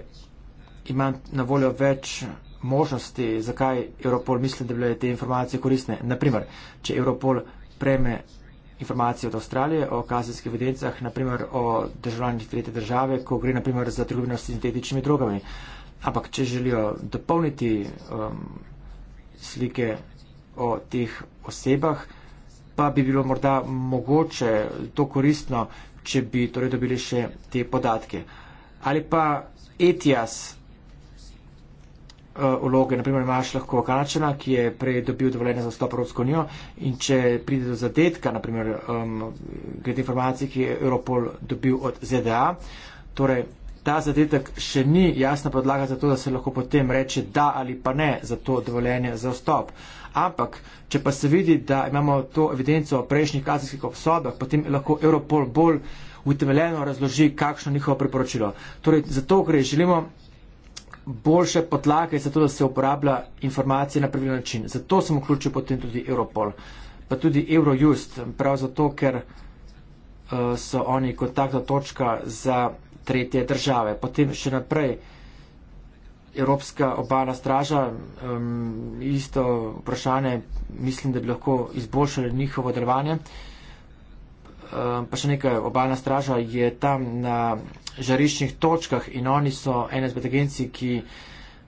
Speaker 5: imam na voljo več možnosti, zakaj Evropol misli, da bi bile te informacije koristne. Naprimer, če Evropol preme informacije od Avstralije o kazenskih evidencah, naprimer o državljanih tretje države, ko gre naprimer za trgovino s sintetičnimi drogami. Ampak če želijo dopolniti um, slike o teh osebah, pa bi bilo morda mogoče to koristno, če bi torej dobili še te podatke. Ali pa ETIAS Eh, vloge, naprimer imaš lahko Kanačana, ki je prej dobil dovoljenje za vstop v Evropsko unijo in če pride do zadetka, naprimer um, glede informacij, ki je Europol dobil od ZDA, torej ta zadetek še ni jasna podlaga za to, da se lahko potem reče da ali pa ne za to dovoljenje za vstop. Ampak, če pa se vidi, da imamo to evidenco o prejšnjih kazenskih obsodbah, potem lahko Europol bolj utemeljeno razloži, kakšno njihovo priporočilo. Torej, zato gre, želimo boljše podlage za to, da se uporablja informacije na pravilen način. Zato sem vključil potem tudi Europol, pa tudi Eurojust, prav zato, ker uh, so oni kontaktna točka za tretje države. Potem še naprej Evropska obala straža, um, isto vprašanje, mislim, da bi lahko izboljšali njihovo delovanje. Uh, Ehm, pa še nekaj obalna straža je tam na žariščnih točkah in oni so ene izmed agencij, ki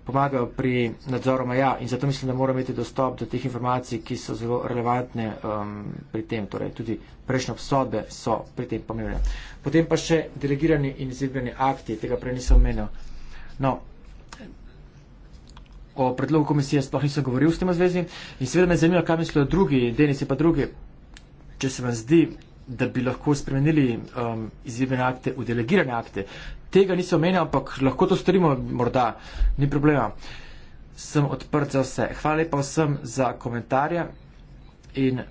Speaker 5: pomagajo pri nadzoru meja in zato mislim, da moramo imeti dostop do teh informacij, ki so zelo relevantne um, pri tem. Torej, tudi prejšnje obsodbe so pri tem pomembne. Potem pa še delegirani in izvedbeni akti, tega prej nisem omenil. No, o predlogu komisije sploh nisem govoril s tem v zvezi in seveda me zanima, kaj mislijo drugi, Denis je pa drugi, če se vam zdi da bi lahko spremenili um, izvedene akte v delegirane akte. Tega niso omenjali, ampak lahko to storimo, morda ni problema. Sem odprt za vse. Hvala lepa vsem za komentarje in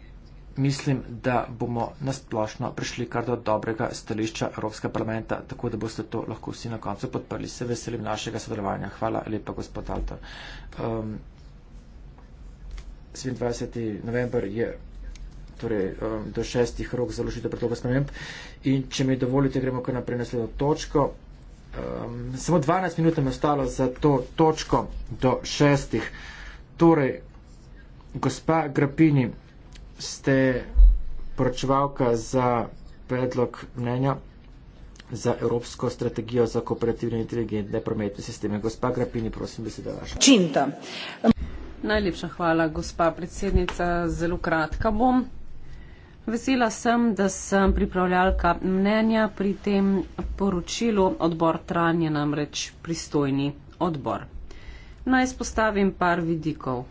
Speaker 5: mislim, da bomo nasplošno prišli kar do dobrega stališča Evropskega parlamenta, tako da boste to lahko vsi na koncu podprli. Se veselim našega sodelovanja. Hvala lepa, gospod Alta. Um, 27. november je. Yeah torej, um, do šestih rok za ložitev predloga sprememb. In če mi dovolite, gremo kar naprej na sledo točko. Um, samo 12 minut je ostalo za to točko do šestih. Torej, gospa Grapini, ste poročevalka za predlog mnenja za Evropsko strategijo za kooperativne inteligentne prometne sisteme. Gospa Grapini, prosim, beseda vaša. Činta.
Speaker 4: Najlepša hvala, gospa predsednica. Zelo kratka bom. Vesela sem, da sem pripravljalka mnenja pri tem poročilu. Odbor Tran je namreč pristojni odbor. Naj spostavim par vidikov.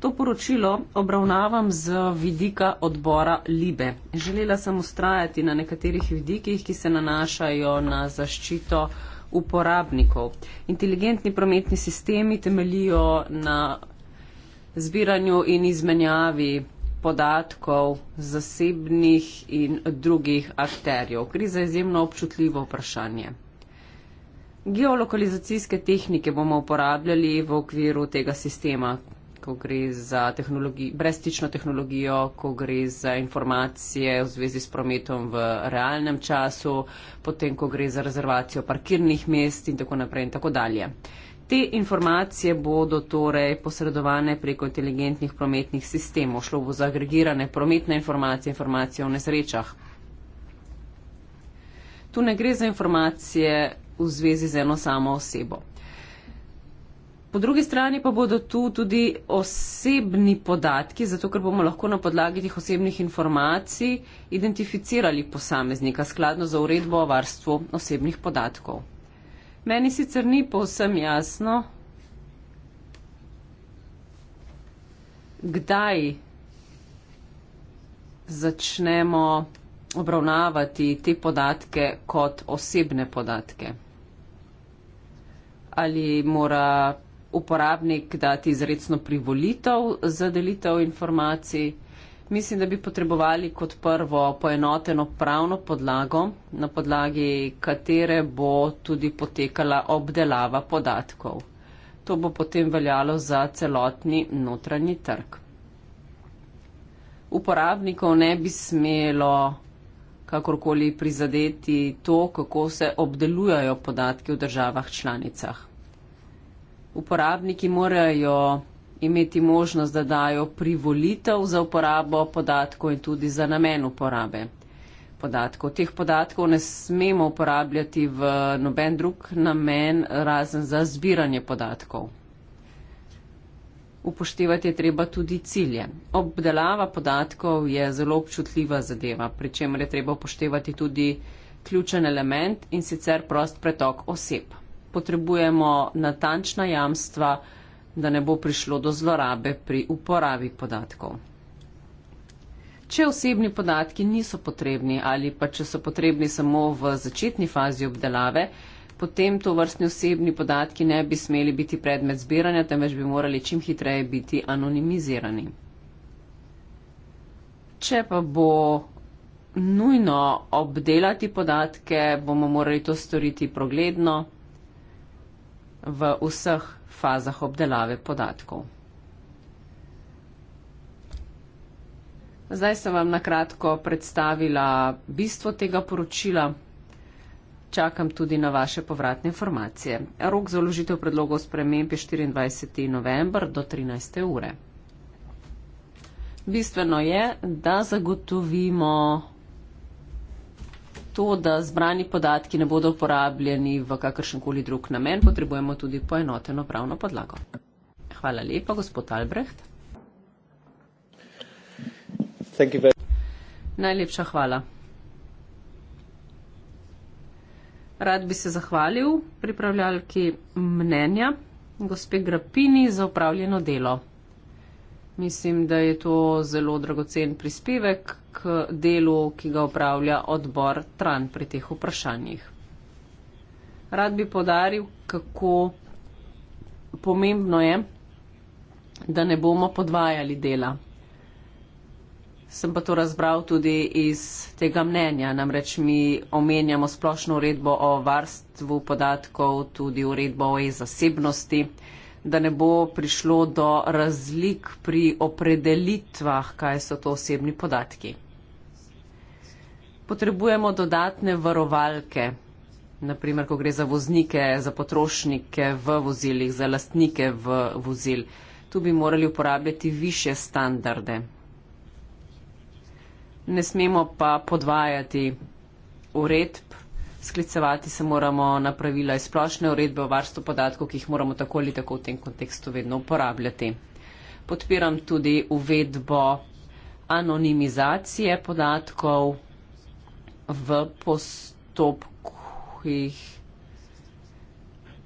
Speaker 4: To poročilo obravnavam z vidika odbora Libe. Želela sem ustrajati na nekaterih vidikih, ki se nanašajo na zaščito uporabnikov. Inteligentni prometni sistemi temelijo na zbiranju in izmenjavi podatkov zasebnih in drugih akterjev. Gre za izjemno občutljivo vprašanje. Geolokalizacijske tehnike bomo uporabljali v okviru tega sistema ko gre za tehnologi breztično tehnologijo, ko gre za informacije v zvezi s prometom v realnem času, potem, ko gre za rezervacijo parkirnih mest in tako naprej in tako dalje. Te informacije bodo torej posredovane preko inteligentnih prometnih sistemov. Šlo bo za agregirane prometne informacije, informacije o nesrečah. Tu ne gre za informacije v zvezi z eno samo osebo. Po drugi strani pa bodo tu tudi osebni podatki, zato ker bomo lahko na podlagi teh osebnih informacij identificirali posameznika skladno za uredbo o varstvu osebnih podatkov. Meni sicer ni povsem jasno, kdaj začnemo obravnavati te podatke kot osebne podatke. Ali mora uporabnik dati izredno privolitev za delitev informacij. Mislim, da bi potrebovali kot prvo poenoteno pravno podlago, na podlagi katere bo tudi potekala obdelava podatkov. To bo potem veljalo za celotni notranji trg. Uporabnikov ne bi smelo kakorkoli prizadeti to, kako se obdelujajo podatki v državah članicah uporabniki morajo imeti možnost, da dajo privolitev za uporabo podatkov in tudi za namen uporabe podatkov. Teh podatkov ne smemo uporabljati v noben drug namen, razen za zbiranje podatkov. Upoštevati je treba tudi cilje. Obdelava podatkov je zelo občutljiva zadeva, pri čemer je treba upoštevati tudi ključen element in sicer prost pretok oseb potrebujemo natančna jamstva, da ne bo prišlo do zlorabe pri uporabi podatkov. Če osebni podatki niso potrebni ali pa če so potrebni samo v začetni fazi obdelave, potem to vrstni osebni podatki ne bi smeli biti predmet zbiranja, temveč bi morali čim hitreje biti anonimizirani. Če pa bo nujno obdelati podatke, bomo morali to storiti progledno, v vseh fazah obdelave podatkov. Zdaj sem vam nakratko predstavila bistvo tega poročila. Čakam tudi na vaše povratne informacije. Rok za vložitev predlogov sprememb je 24. november do 13. ure. Bistveno je, da zagotovimo to, da zbrani podatki ne bodo uporabljeni v kakršen koli drug namen, potrebujemo tudi poenoteno pravno podlago. Hvala lepa, gospod Albrecht. Najlepša hvala. Rad bi se zahvalil pripravljalki mnenja, gospe Grapini, za upravljeno delo. Mislim, da je to zelo dragocen prispevek k delu, ki ga upravlja odbor Tran pri teh vprašanjih. Rad bi podaril, kako pomembno je, da ne bomo podvajali dela. Sem pa to razbral tudi iz tega mnenja, namreč mi omenjamo splošno uredbo o varstvu podatkov, tudi uredbo o e-zasebnosti, da ne bo prišlo do razlik pri opredelitvah, kaj so to osebni podatki potrebujemo dodatne varovalke, naprimer, ko gre za voznike, za potrošnike v vozilih, za lastnike v vozil. Tu bi morali uporabljati više standarde. Ne smemo pa podvajati uredb, sklicevati se moramo na pravila iz splošne uredbe o varstvu podatkov, ki jih moramo tako ali tako v tem kontekstu vedno uporabljati. Podpiram tudi uvedbo anonimizacije podatkov v postopkih,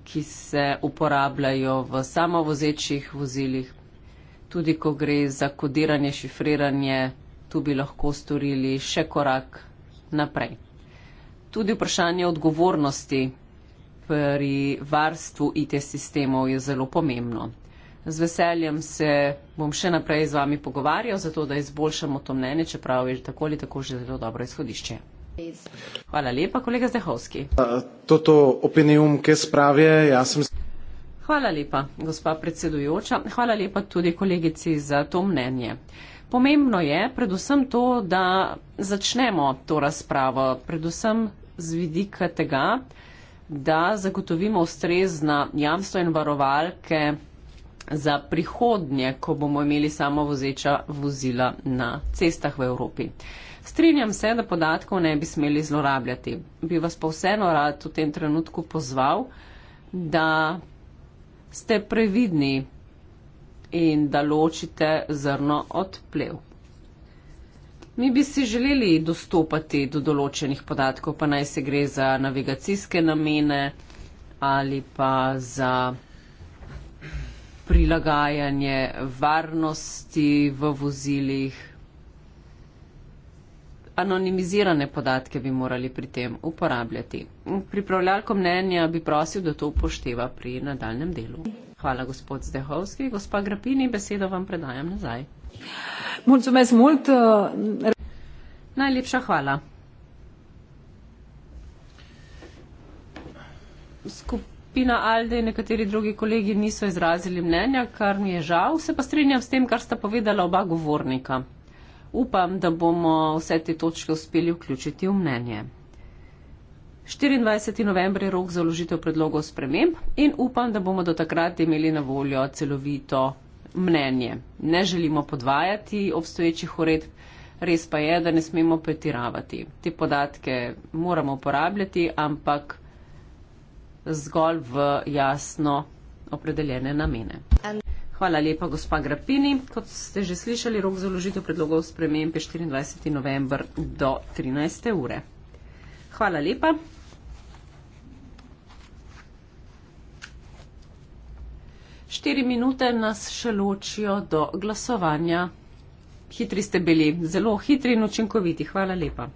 Speaker 4: ki se uporabljajo v samovozečih vozilih. Tudi, ko gre za kodiranje, šifriranje, tu bi lahko storili še korak naprej. Tudi vprašanje odgovornosti pri varstvu IT sistemov je zelo pomembno. Z veseljem se bom še naprej z vami pogovarjal, zato da izboljšamo to mnenje, čeprav je tako ali tako že zelo dobro izhodišče. Hvala lepa, kolega Zdehovski.
Speaker 3: Toto opinijum, kje spravje, jaz sem.
Speaker 4: Hvala lepa, gospa predsedujoča. Hvala lepa tudi kolegici za to mnenje. Pomembno je predvsem to, da začnemo to razpravo, predvsem z vidika tega, da zagotovimo ustrezna jamstva in varovalke za prihodnje, ko bomo imeli samovozeča vozila na cestah v Evropi. Strinjam se, da podatkov ne bi smeli zlorabljati. Bi vas pa vseeno rad v tem trenutku pozval, da ste previdni in da ločite zrno od plev. Mi bi si želeli dostopati do določenih podatkov, pa naj se gre za navigacijske namene ali pa za prilagajanje varnosti v vozilih anonimizirane podatke bi morali pri tem uporabljati. Pripravljalko mnenja bi prosil, da to upošteva pri nadaljem delu. Hvala, gospod Zdehovski. Gospa Grapini, besedo vam predajam nazaj. Mulcumest, mult. Najlepša hvala. Skupina Alde in nekateri drugi kolegi niso izrazili mnenja, kar mi je žal. Se pa strinjam s tem, kar sta povedala oba govornika. Upam, da bomo vse te točke uspeli vključiti v mnenje. 24. novembra je rok za vložitev predlogov sprememb in upam, da bomo do takrat imeli na voljo celovito mnenje. Ne želimo podvajati obstoječih uredb, res pa je, da ne smemo pretiravati. Te podatke moramo uporabljati, ampak zgolj v jasno opredeljene namene. And Hvala lepa, gospa Grapini. Kot ste že slišali, rok za vložitev predlogov spremembe 24. november do 13. ure. Hvala lepa. Štiri minute nas še ločijo do glasovanja. Hitri ste bili, zelo hitri in učinkoviti. Hvala lepa.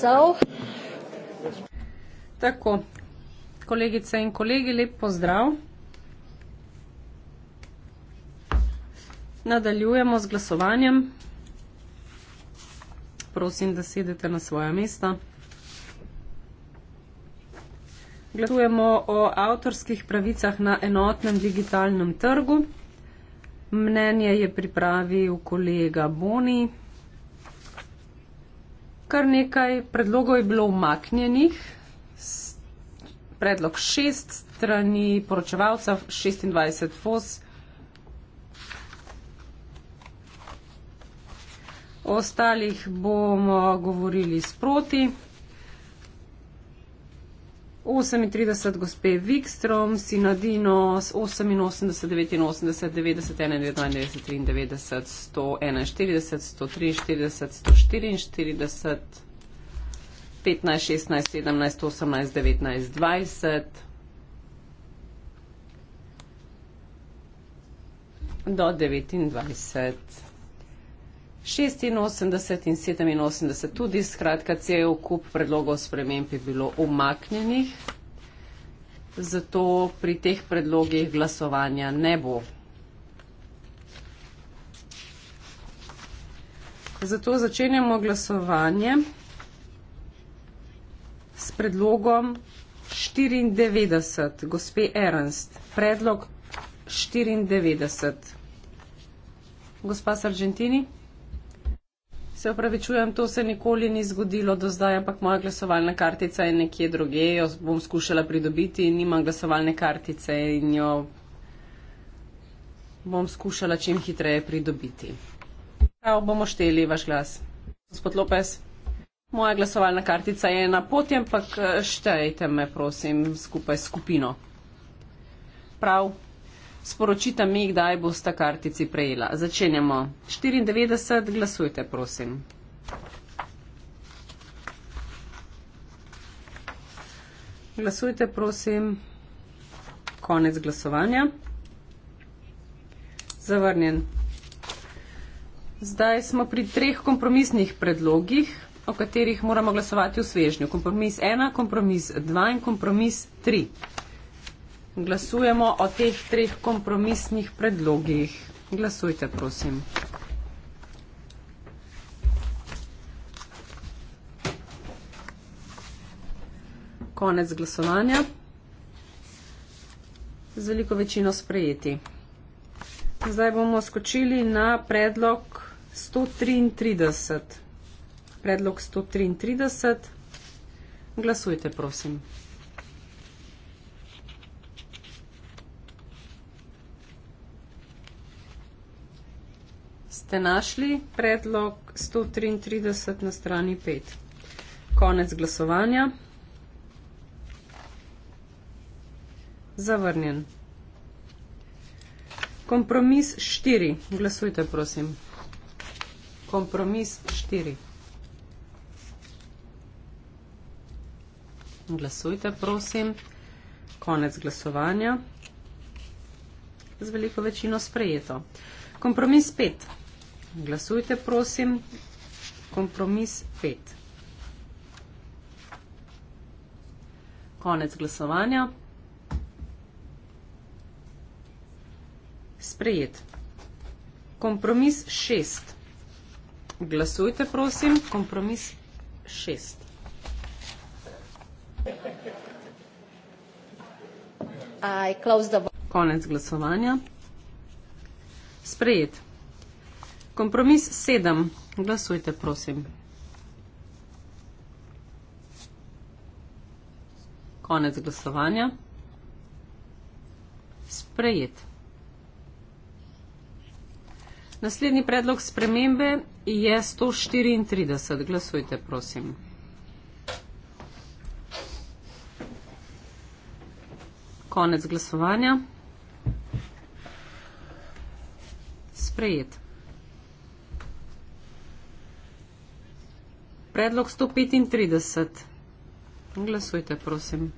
Speaker 4: glasov. Tako, kolegice in kolegi, lep pozdrav. Nadaljujemo z glasovanjem. Prosim, da sedete na svoja mesta. Glasujemo o avtorskih pravicah na enotnem digitalnem trgu. Mnenje je pripravil kolega Boni. Kar nekaj predlogov je bilo umaknjenih, predlog šest strani poročevalca 26 FOS. O ostalih bomo govorili sproti. 38 gospe Wikstrom, Sinadino s 88, 89, 90, 91, 92, 93, 141, 143, 144, 15, 16, 17, 18, 19, 20. Do 29. 86 in 87 tudi, skratka, cel kup predlogov sprememb je bilo umaknjenih, zato pri teh predlogih glasovanja ne bo. Zato začenjamo glasovanje s predlogom 94, gospe Ernst, predlog 94. Gospa Sargentini. Se upravičujem, to se nikoli ni zgodilo do zdaj, ampak moja glasovalna kartica je nekje druge, jo bom skušala pridobiti in nimam glasovalne kartice in jo bom skušala čim hitreje pridobiti. Prav bomo šteli vaš glas. Gospod Lopes, moja glasovalna kartica je na poti, ampak eh, štejte me, prosim, skupaj s skupino. Prav sporočita mi, kdaj boste kartici prejela. Začenjamo. 94, glasujte, prosim. Glasujte, prosim. Konec glasovanja. Zavrnjen. Zdaj smo pri treh kompromisnih predlogih, o katerih moramo glasovati v svežnju. Kompromis 1, kompromis 2 in kompromis 3. Glasujemo o teh treh kompromisnih predlogih. Glasujte, prosim. Konec glasovanja. Z veliko večino sprejeti. Zdaj bomo skočili na predlog 133. Predlog 133. Glasujte, prosim. ste našli predlog 133 na strani 5. Konec glasovanja. Zavrnjen. Kompromis 4. Glasujte, prosim. Kompromis 4. Glasujte, prosim. Konec glasovanja. Z veliko večino sprejeto. Kompromis 5. Glasujte, prosim. Kompromis 5. Konec glasovanja. Sprejet. Kompromis 6. Glasujte, prosim. Kompromis 6. Konec glasovanja. Sprejet. Kompromis sedem. Glasujte, prosim. Konec glasovanja. Sprejet. Naslednji predlog spremembe je 134. Glasujte, prosim. Konec glasovanja. Sprejet. Predlog 135. Glasujte, prosim.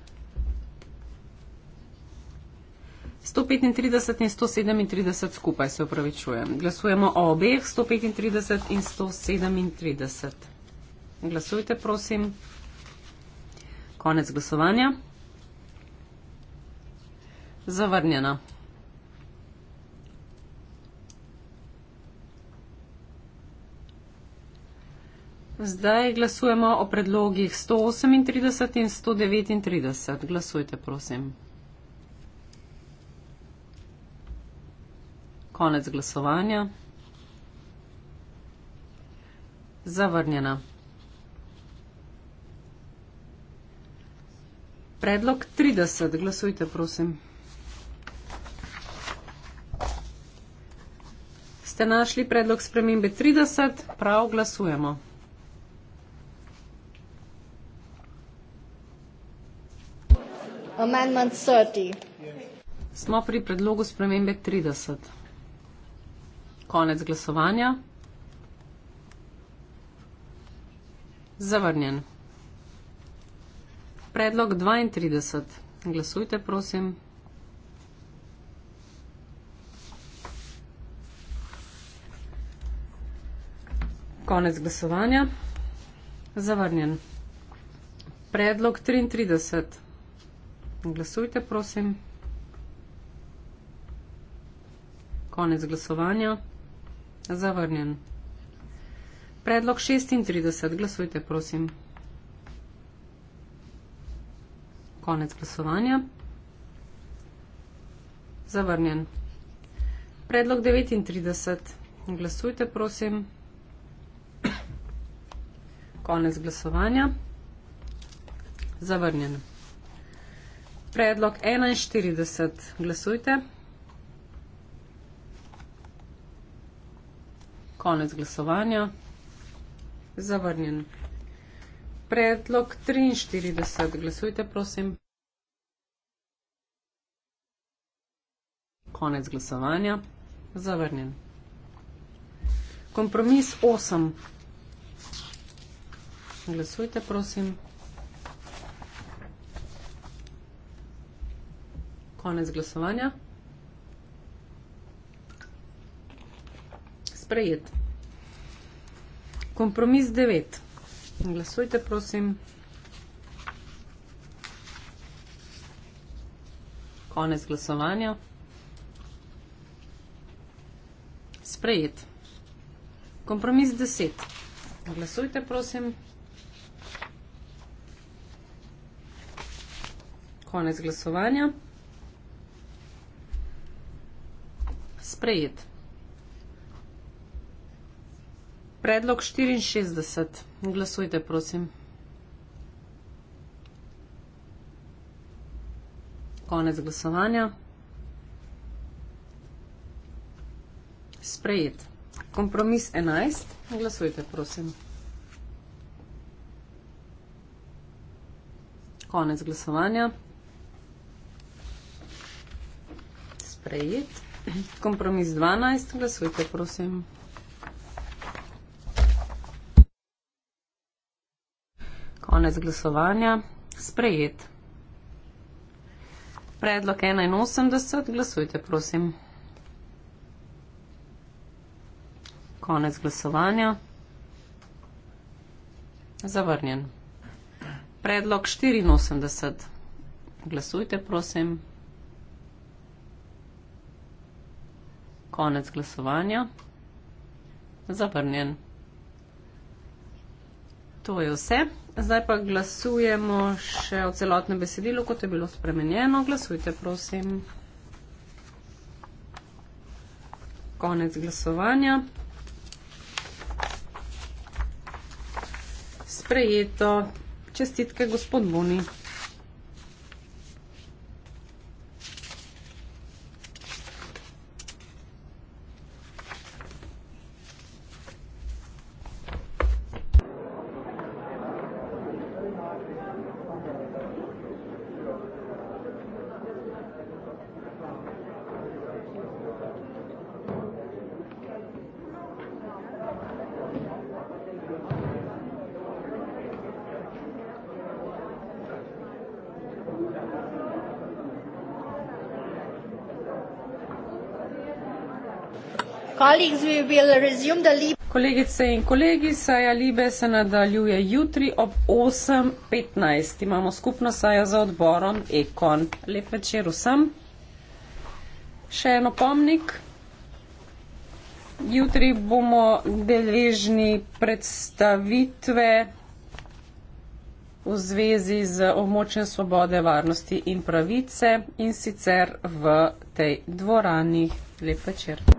Speaker 4: 135 in 137 skupaj se upravičujem. Glasujemo o obeh 135 in 137. Glasujte, prosim. Konec glasovanja. Zavrnjena. Zdaj glasujemo o predlogih 138 in 139. Glasujte, prosim. Konec glasovanja. Zavrnjena. Predlog 30. Glasujte, prosim. Ste našli predlog spremembe 30? Prav glasujemo. amendment 30. Smo pri predlogu spremembe 30. Konec glasovanja. Zavrnjen. Predlog 32. Glasujte, prosim. Konec glasovanja. Zavrnjen. Predlog 33. Glasujte, prosim. Konec glasovanja. Zavrnjen. Predlog 36. Glasujte, prosim. Konec glasovanja. Zavrnjen. Predlog 39. Glasujte, prosim. Konec glasovanja. Zavrnjen. Predlog 41. Glasujte. Konec glasovanja. Zavrnjen. Predlog 43. Glasujte, prosim. Konec glasovanja. Zavrnjen. Kompromis 8. Glasujte, prosim. Konec glasovanja. Sprejet. Kompromis 9. Glasujte, prosim. Konec glasovanja. Sprejet. Kompromis 10. Glasujte, prosim. Konec glasovanja. sprejet. Predlog 64. Glasujte, prosim. Konec glasovanja. Sprejet. Kompromis 11. Glasujte, prosim. Konec glasovanja. Sprejet. Kompromis 12, glasujte, prosim. Konec glasovanja. Sprejet. Predlog 81, glasujte, prosim. Konec glasovanja. Zavrnjen. Predlog 84, glasujte, prosim. Konec glasovanja. Zavrnjen. To je vse. Zdaj pa glasujemo še o celotnem besedilu, kot je bilo spremenjeno. Glasujte, prosim. Konec glasovanja. Sprejeto. Čestitke, gospod Boni. Kolegice in kolegi, saja Libe se nadaljuje jutri ob 8.15. Imamo skupno sajo za odborom Ekon. Lep večer vsem. Še eno pomnik. Jutri bomo deležni predstavitve v zvezi z območjem svobode, varnosti in pravice in sicer v tej dvorani. Lep večer.